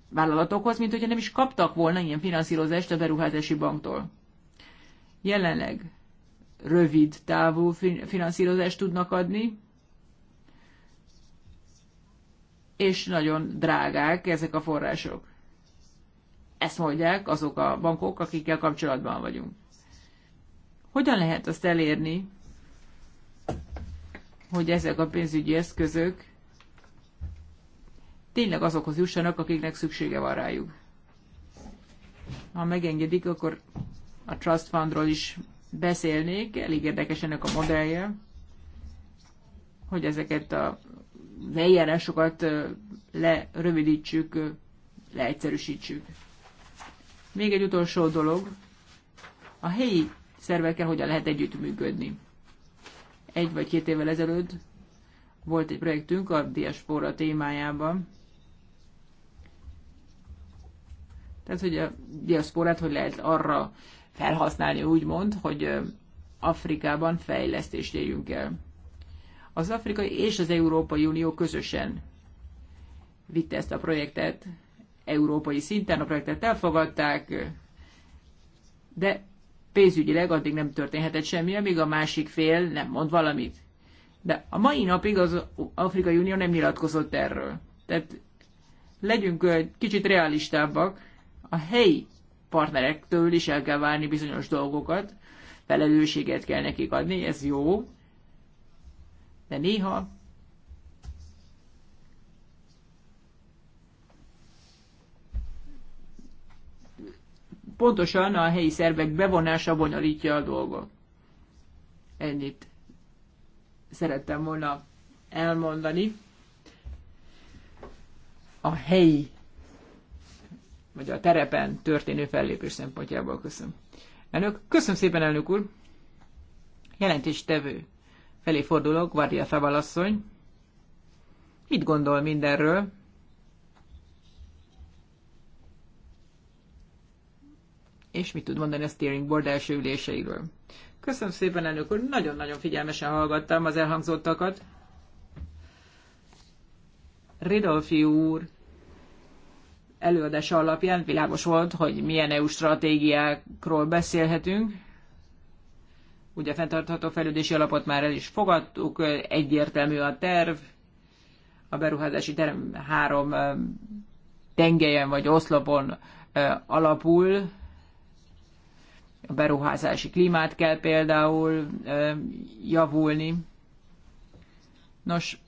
vállalatokhoz, mint hogyha nem is kaptak volna ilyen finanszírozást a beruházási banktól. Jelenleg rövid távú finanszírozást tudnak adni, és nagyon drágák ezek a források. Ezt mondják azok a bankok, akikkel kapcsolatban vagyunk. Hogyan lehet azt elérni, hogy ezek a pénzügyi eszközök tényleg azokhoz jussanak, akiknek szüksége van rájuk. Ha megengedik, akkor a Trust Fundról is beszélnék, elég érdekes ennek a modellje, hogy ezeket a eljárásokat lerövidítsük, leegyszerűsítsük. Még egy utolsó dolog, a helyi szervekkel hogyan lehet együttműködni. Egy vagy két évvel ezelőtt volt egy projektünk a diaspora témájában. Tehát, hogy a diaszporát hogy lehet arra felhasználni, úgymond, hogy Afrikában fejlesztést érjünk el. Az Afrikai és az Európai Unió közösen vitte ezt a projektet európai szinten, a projektet elfogadták, de pénzügyileg addig nem történhetett semmi, amíg a másik fél nem mond valamit. De a mai napig az Afrikai Unió nem nyilatkozott erről. Tehát legyünk kicsit realistábbak, a helyi partnerektől is el kell várni bizonyos dolgokat, felelősséget kell nekik adni, ez jó, de néha pontosan a helyi szervek bevonása bonyolítja a dolgot. Ennyit szerettem volna elmondani. A helyi, vagy a terepen történő fellépés szempontjából köszönöm. Elnök, köszönöm szépen, elnök úr! Jelentéstevő felé fordulok, Vardia Favalasszony. Mit gondol mindenről? és mit tud mondani a steering board első üléseiről. Köszönöm szépen, elnök úr, nagyon-nagyon figyelmesen hallgattam az elhangzottakat. Ridolfi úr előadása alapján világos volt, hogy milyen EU stratégiákról beszélhetünk. Ugye a fenntartható fejlődési alapot már el is fogadtuk, egyértelmű a terv, a beruházási terv három tengelyen vagy oszlopon alapul, a beruházási klímát kell például javulni. Nos,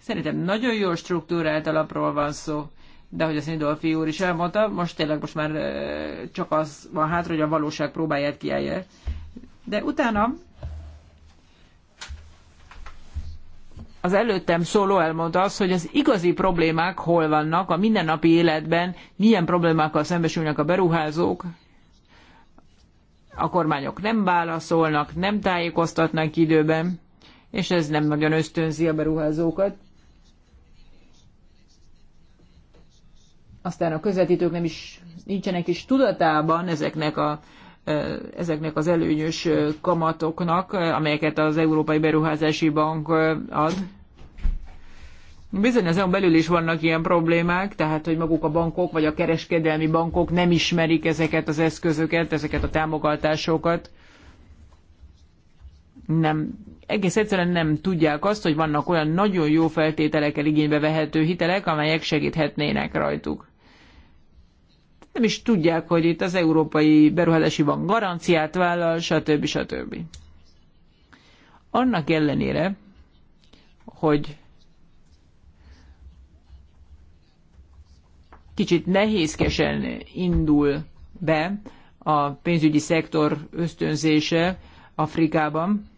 szerintem nagyon jó struktúrált alapról van szó, de hogy az Indolfi úr is elmondta, most tényleg most már csak az van hátra, hogy a valóság próbáját kiállja. De utána az előttem szóló elmondta az, hogy az igazi problémák hol vannak a mindennapi életben, milyen problémákkal szembesülnek a beruházók, a kormányok nem válaszolnak, nem tájékoztatnak időben, és ez nem nagyon ösztönzi a beruházókat. Aztán a közvetítők nem is nincsenek is tudatában ezeknek a ezeknek az előnyös kamatoknak, amelyeket az Európai Beruházási Bank ad. Bizony azon belül is vannak ilyen problémák, tehát hogy maguk a bankok vagy a kereskedelmi bankok nem ismerik ezeket az eszközöket, ezeket a támogatásokat. Nem, egész egyszerűen nem tudják azt, hogy vannak olyan nagyon jó feltételekkel igénybe vehető hitelek, amelyek segíthetnének rajtuk. Nem is tudják, hogy itt az Európai Beruházási Bank garanciát vállal, stb. stb. Annak ellenére, hogy kicsit nehézkesen indul be a pénzügyi szektor ösztönzése Afrikában,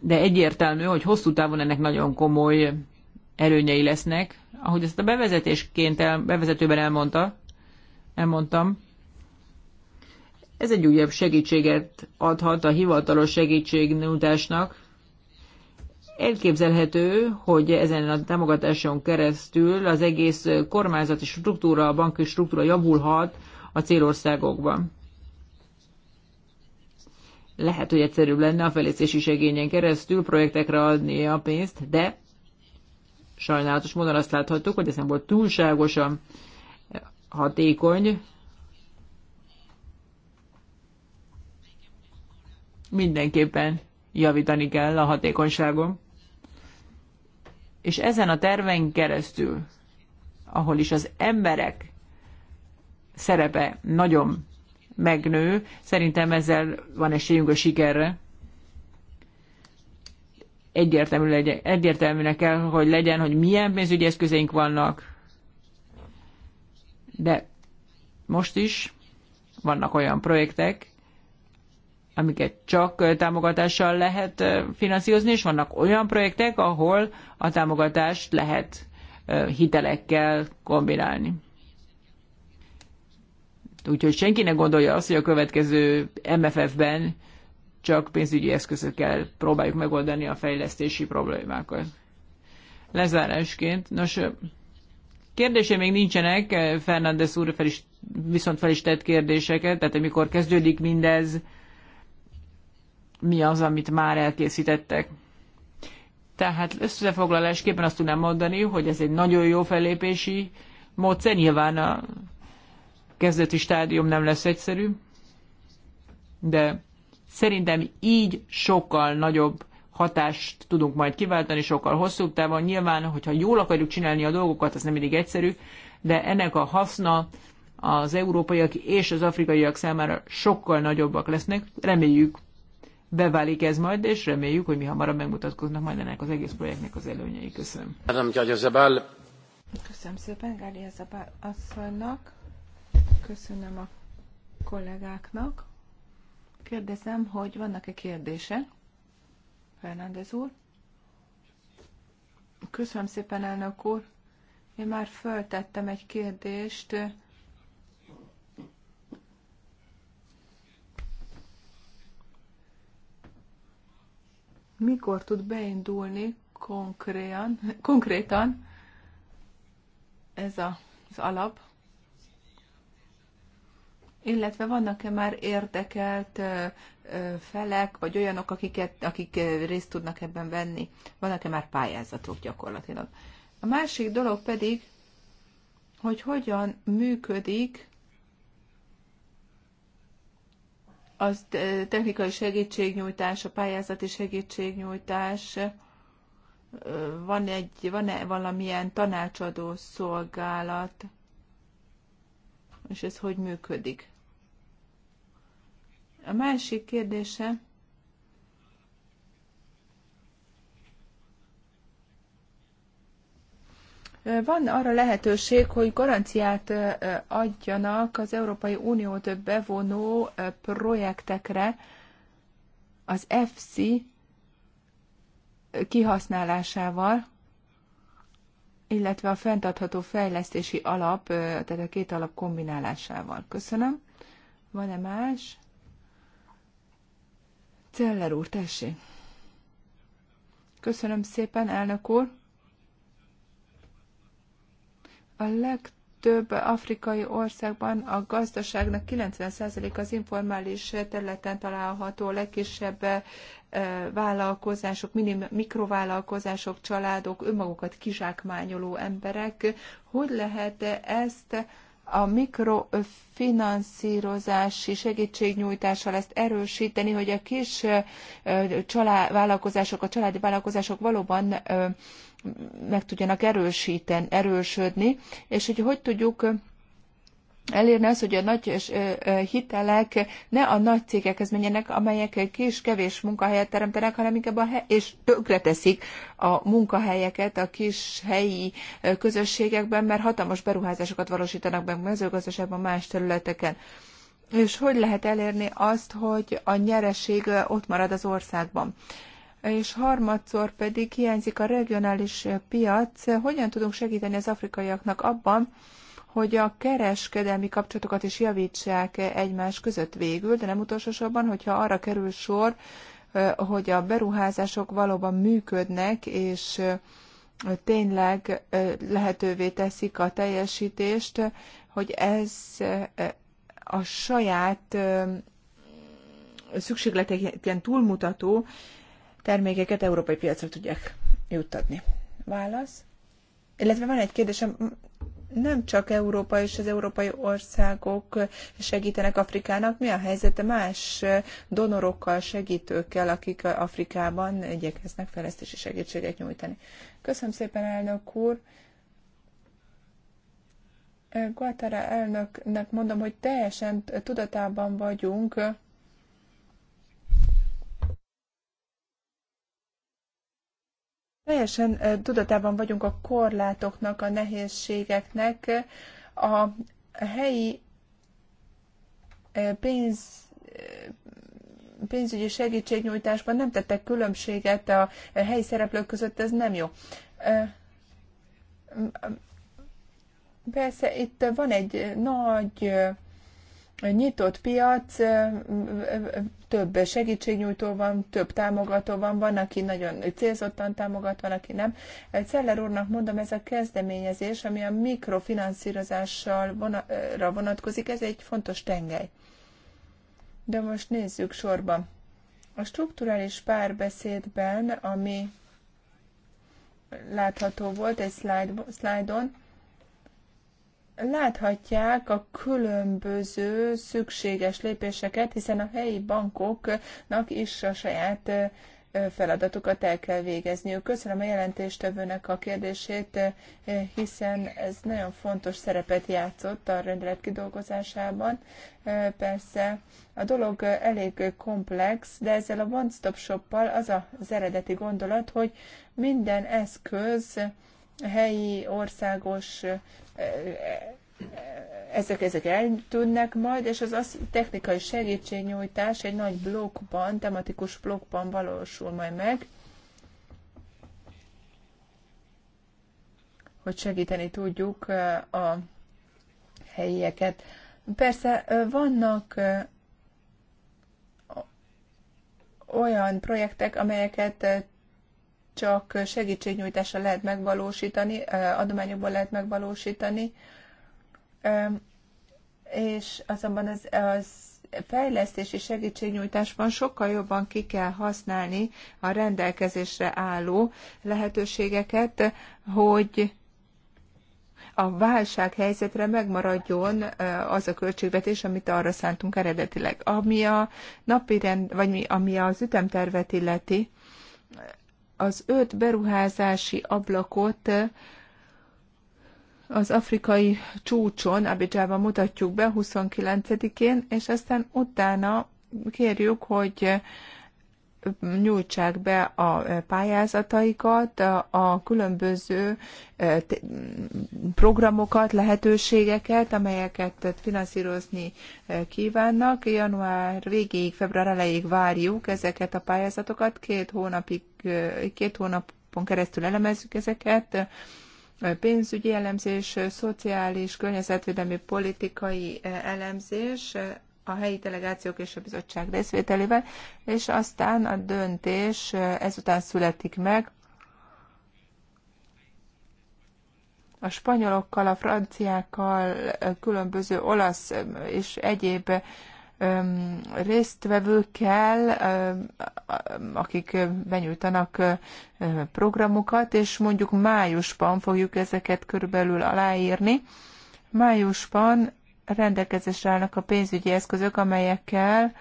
de egyértelmű, hogy hosszú távon ennek nagyon komoly előnyei lesznek. Ahogy ezt a bevezetésként, el, bevezetőben elmondta, elmondtam, ez egy újabb segítséget adhat a hivatalos segítségnyújtásnak, Elképzelhető, hogy ezen a támogatáson keresztül az egész kormányzati struktúra, a banki struktúra javulhat a célországokban. Lehet, hogy egyszerűbb lenne a felészési segényen keresztül projektekre adni a pénzt, de sajnálatos módon azt láthattuk, hogy ez nem volt túlságosan hatékony. Mindenképpen javítani kell a hatékonyságon és ezen a terven keresztül, ahol is az emberek szerepe nagyon megnő, szerintem ezzel van esélyünk a sikerre. Egyértelmű legyen, egyértelműnek kell, hogy legyen, hogy milyen pénzügyi eszközeink vannak, de most is vannak olyan projektek, amiket csak támogatással lehet finanszírozni, és vannak olyan projektek, ahol a támogatást lehet hitelekkel kombinálni. Úgyhogy senki ne gondolja azt, hogy a következő MFF-ben csak pénzügyi eszközökkel próbáljuk megoldani a fejlesztési problémákat. Lezárásként, nos, kérdése még nincsenek, Fernández úr fel is, viszont fel is tett kérdéseket, tehát amikor kezdődik mindez, mi az, amit már elkészítettek. Tehát összefoglalásképpen azt tudnám mondani, hogy ez egy nagyon jó fellépési módszer. Nyilván a kezdeti stádium nem lesz egyszerű, de szerintem így sokkal nagyobb hatást tudunk majd kiváltani, sokkal hosszúbb távon. Nyilván, hogyha jól akarjuk csinálni a dolgokat, ez nem mindig egyszerű, de ennek a haszna az európaiak és az afrikaiak számára sokkal nagyobbak lesznek. Reméljük, beválik ez majd, és reméljük, hogy mi hamarabb megmutatkoznak majd ennek az egész projektnek az előnyei. Köszönöm. Köszönöm szépen Gália Zabál asszonynak, köszönöm a kollégáknak. Kérdezem, hogy vannak-e kérdése? Fernández úr? Köszönöm szépen, elnök úr. Én már föltettem egy kérdést mikor tud beindulni konkrétan, konkrétan ez a, az alap, illetve vannak-e már érdekelt felek, vagy olyanok, akiket, akik részt tudnak ebben venni? Vannak-e már pályázatok gyakorlatilag? A másik dolog pedig, hogy hogyan működik az technikai segítségnyújtás, a pályázati segítségnyújtás, van egy, van-e valamilyen tanácsadó szolgálat, és ez hogy működik? A másik kérdése Van arra lehetőség, hogy garanciát adjanak az Európai Uniót bevonó projektekre az EFSI kihasználásával, illetve a fenntartható fejlesztési alap, tehát a két alap kombinálásával. Köszönöm. Van-e más? Celler úr, tessék. Köszönöm szépen, elnök úr. A legtöbb afrikai országban a gazdaságnak 90% az informális területen található, legkisebb eh, vállalkozások, minim, mikrovállalkozások, családok, önmagukat kizsákmányoló emberek. Hogy lehet ezt a mikrofinanszírozási segítségnyújtással ezt erősíteni, hogy a kis család, vállalkozások, a családi vállalkozások valóban meg tudjanak erősíten, erősödni, és hogy hogy tudjuk elérni az, hogy a nagy hitelek ne a nagy cégekhez menjenek, amelyek kis, kevés munkahelyet teremtenek, hanem inkább a he- és tönkreteszik a munkahelyeket a kis helyi közösségekben, mert hatalmas beruházásokat valósítanak meg mezőgazdaságban, más területeken. És hogy lehet elérni azt, hogy a nyereség ott marad az országban? és harmadszor pedig hiányzik a regionális piac. Hogyan tudunk segíteni az afrikaiaknak abban, hogy a kereskedelmi kapcsolatokat is javítsák egymás között végül, de nem utolsó sorban, hogyha arra kerül sor, hogy a beruházások valóban működnek, és tényleg lehetővé teszik a teljesítést, hogy ez a saját szükségleteken túlmutató termékeket európai piacra tudják juttatni. Válasz? Illetve van egy kérdésem, nem csak Európa és az európai országok segítenek Afrikának, mi a helyzete más donorokkal, segítőkkel, akik Afrikában igyekeznek fejlesztési segítséget nyújtani. Köszönöm szépen, elnök úr! Guatara elnöknek mondom, hogy teljesen tudatában vagyunk Teljesen eh, tudatában vagyunk a korlátoknak, a nehézségeknek. A helyi eh, pénz, eh, pénzügyi segítségnyújtásban nem tettek különbséget a helyi szereplők között, ez nem jó. Persze itt van egy nagy nyitott piac, több segítségnyújtó van, több támogató van, van, aki nagyon célzottan támogat, van, aki nem. Celler úrnak mondom, ez a kezdeményezés, ami a mikrofinanszírozással vonatkozik, ez egy fontos tengely. De most nézzük sorban. A strukturális párbeszédben, ami látható volt egy szlájdon, láthatják a különböző szükséges lépéseket, hiszen a helyi bankoknak is a saját feladatukat el kell végezniük. Köszönöm a jelentéstevőnek a kérdését, hiszen ez nagyon fontos szerepet játszott a rendelet kidolgozásában. Persze a dolog elég komplex, de ezzel a One Stop Shop-pal az az eredeti gondolat, hogy minden eszköz helyi, országos ezek, ezek eltűnnek majd, és az, az technikai segítségnyújtás egy nagy blokkban, tematikus blokkban valósul majd meg, hogy segíteni tudjuk eh, a helyieket. Persze eh, vannak eh, olyan projektek, amelyeket csak segítségnyújtásra lehet megvalósítani, adományokból lehet megvalósítani, és azonban az, az fejlesztési segítségnyújtásban sokkal jobban ki kell használni a rendelkezésre álló lehetőségeket, hogy a válság helyzetre megmaradjon az a költségvetés, amit arra szántunk eredetileg. Ami a napi rend, vagy mi, ami az ütemtervet illeti, az öt beruházási ablakot az afrikai csúcson, Abidzsában mutatjuk be 29-én, és aztán utána kérjük, hogy nyújtsák be a e, pályázataikat, a különböző e, programokat, lehetőségeket, amelyeket finanszírozni e, kívánnak. Január végéig, február elejéig várjuk ezeket a pályázatokat, két hónapig, két hónapon keresztül elemezzük ezeket, pénzügyi elemzés, szociális, környezetvédelmi, politikai elemzés, a helyi delegációk és a bizottság részvételével, és aztán a döntés ezután születik meg. A spanyolokkal, a franciákkal, különböző olasz és egyéb résztvevőkkel, akik benyújtanak programokat, és mondjuk májusban fogjuk ezeket körülbelül aláírni. Májusban rendelkezésre állnak a pénzügyi eszközök, amelyekkel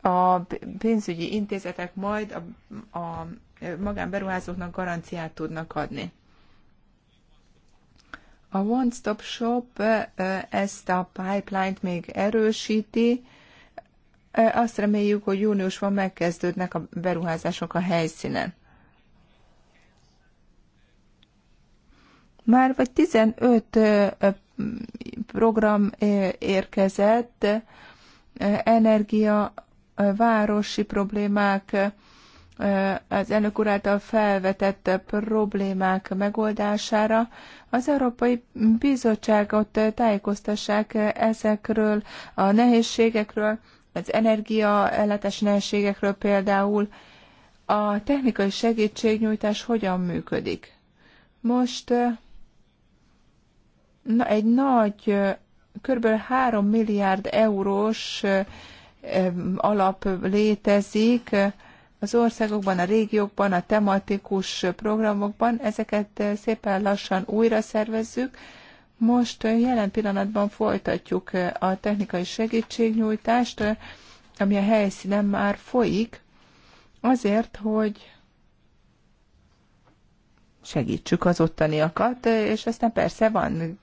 a pénzügyi intézetek majd a, a magánberuházóknak garanciát tudnak adni. A One Stop Shop ezt a pipeline-t még erősíti. Azt reméljük, hogy júniusban megkezdődnek a beruházások a helyszínen. Már vagy 15 program eh, érkezett, eh, energia, eh, városi problémák, az elnök úr által felvetett problémák megoldására. Az Európai Bizottságot tájékoztassák ezekről a nehézségekről, az ellátás nehézségekről például. A technikai segítségnyújtás hogyan működik? Most na, egy nagy, kb. 3 milliárd eurós alap létezik az országokban, a régiókban, a tematikus programokban. Ezeket szépen lassan újra szervezzük. Most jelen pillanatban folytatjuk a technikai segítségnyújtást, ami a helyszínen már folyik, azért, hogy segítsük az ottaniakat, és aztán persze van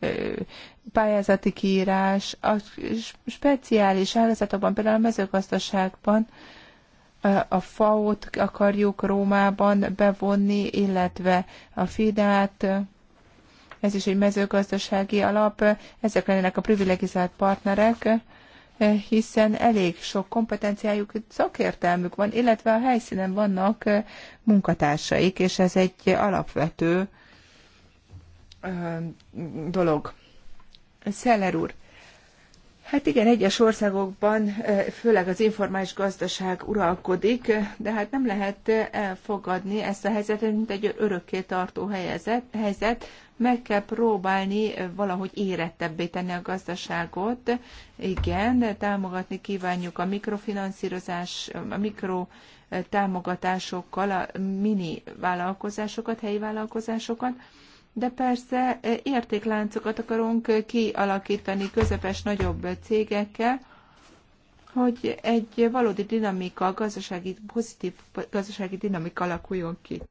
pályázati kiírás, a speciális ágazatokban, például a mezőgazdaságban, a faót akarjuk Rómában bevonni, illetve a FIDÁT, ez is egy mezőgazdasági alap, ezek lennének a privilegizált partnerek, E, hiszen elég sok kompetenciájuk, szakértelmük van, illetve a helyszínen vannak e, munkatársaik, és ez egy alapvető e, dolog. Szeller úr, Hát igen, egyes országokban főleg az informális gazdaság uralkodik, de hát nem lehet elfogadni ezt a helyzetet, mint egy örökké tartó helyzet, helyzet. Meg kell próbálni valahogy érettebbé tenni a gazdaságot. Igen, támogatni kívánjuk a mikrofinanszírozás, a mikro támogatásokkal a mini vállalkozásokat, helyi vállalkozásokat de persze e, értékláncokat akarunk kialakítani közepes, nagyobb cégekkel, hogy egy valódi dinamika, gazdasági, pozitív gazdasági dinamika alakuljon ki.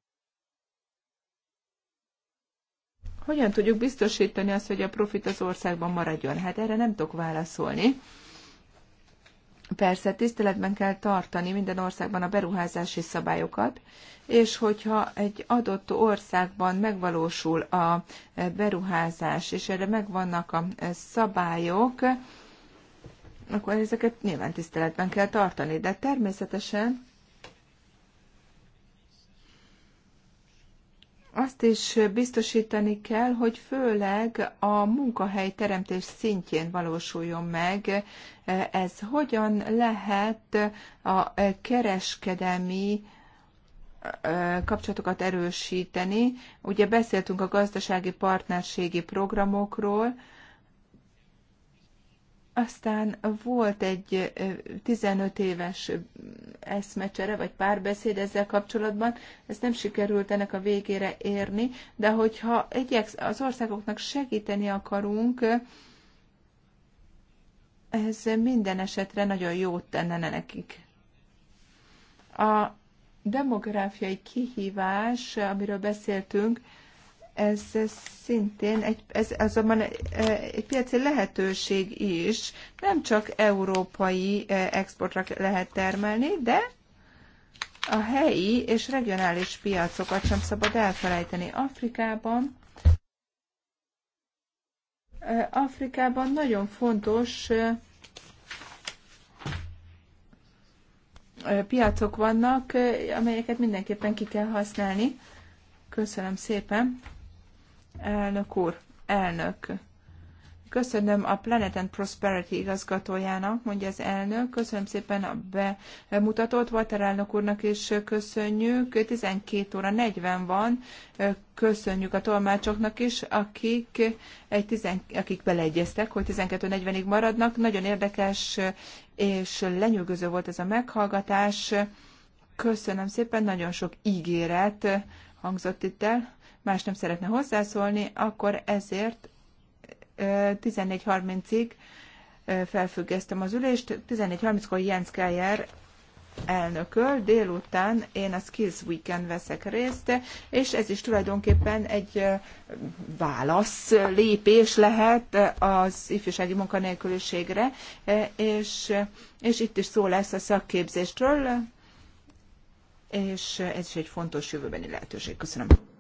Hogyan tudjuk biztosítani azt, hogy a profit az országban maradjon? Hát erre nem tudok válaszolni. Persze tiszteletben kell tartani minden országban a beruházási szabályokat, és hogyha egy adott országban megvalósul a beruházás, és erre megvannak a szabályok, akkor ezeket nyilván tiszteletben kell tartani. De természetesen azt is biztosítani kell, hogy főleg a munkahely teremtés szintjén valósuljon meg ez. Hogyan lehet a kereskedelmi kapcsolatokat erősíteni? Ugye beszéltünk a gazdasági partnerségi programokról, aztán volt egy 15 éves eszmecsere, vagy párbeszéd ezzel kapcsolatban. Ezt nem sikerült ennek a végére érni, de hogyha igyeksz, az országoknak segíteni akarunk, ez minden esetre nagyon jót tenne nekik. A demográfiai kihívás, amiről beszéltünk, ez szintén egy, ez azonban eh, egy piaci lehetőség is, nem csak európai eh, exportra lehet termelni, de a helyi és regionális piacokat sem szabad elfelejteni. Afrikában eh, Afrikában nagyon fontos piacok vannak, amelyeket mindenképpen ki kell használni. Köszönöm szépen! Elnök úr, elnök. Köszönöm a Planet and Prosperity igazgatójának, mondja az elnök. Köszönöm szépen a bemutatót. Walter elnök úrnak is köszönjük. 12 óra 40 van. Köszönjük a tolmácsoknak is, akik, egy tizen, akik beleegyeztek, hogy 12.40-ig maradnak. Nagyon érdekes és lenyűgöző volt ez a meghallgatás. Köszönöm szépen, nagyon sok ígéret hangzott itt el más nem szeretne hozzászólni, akkor ezért 14.30-ig felfüggesztem az ülést. 14.30-kor Jens Geyer elnököl, délután én a Skills Weekend veszek részt, és ez is tulajdonképpen egy válasz lépés lehet az ifjúsági munkanélküliségre, és, és itt is szó lesz a szakképzésről, és ez is egy fontos jövőbeni lehetőség. Köszönöm.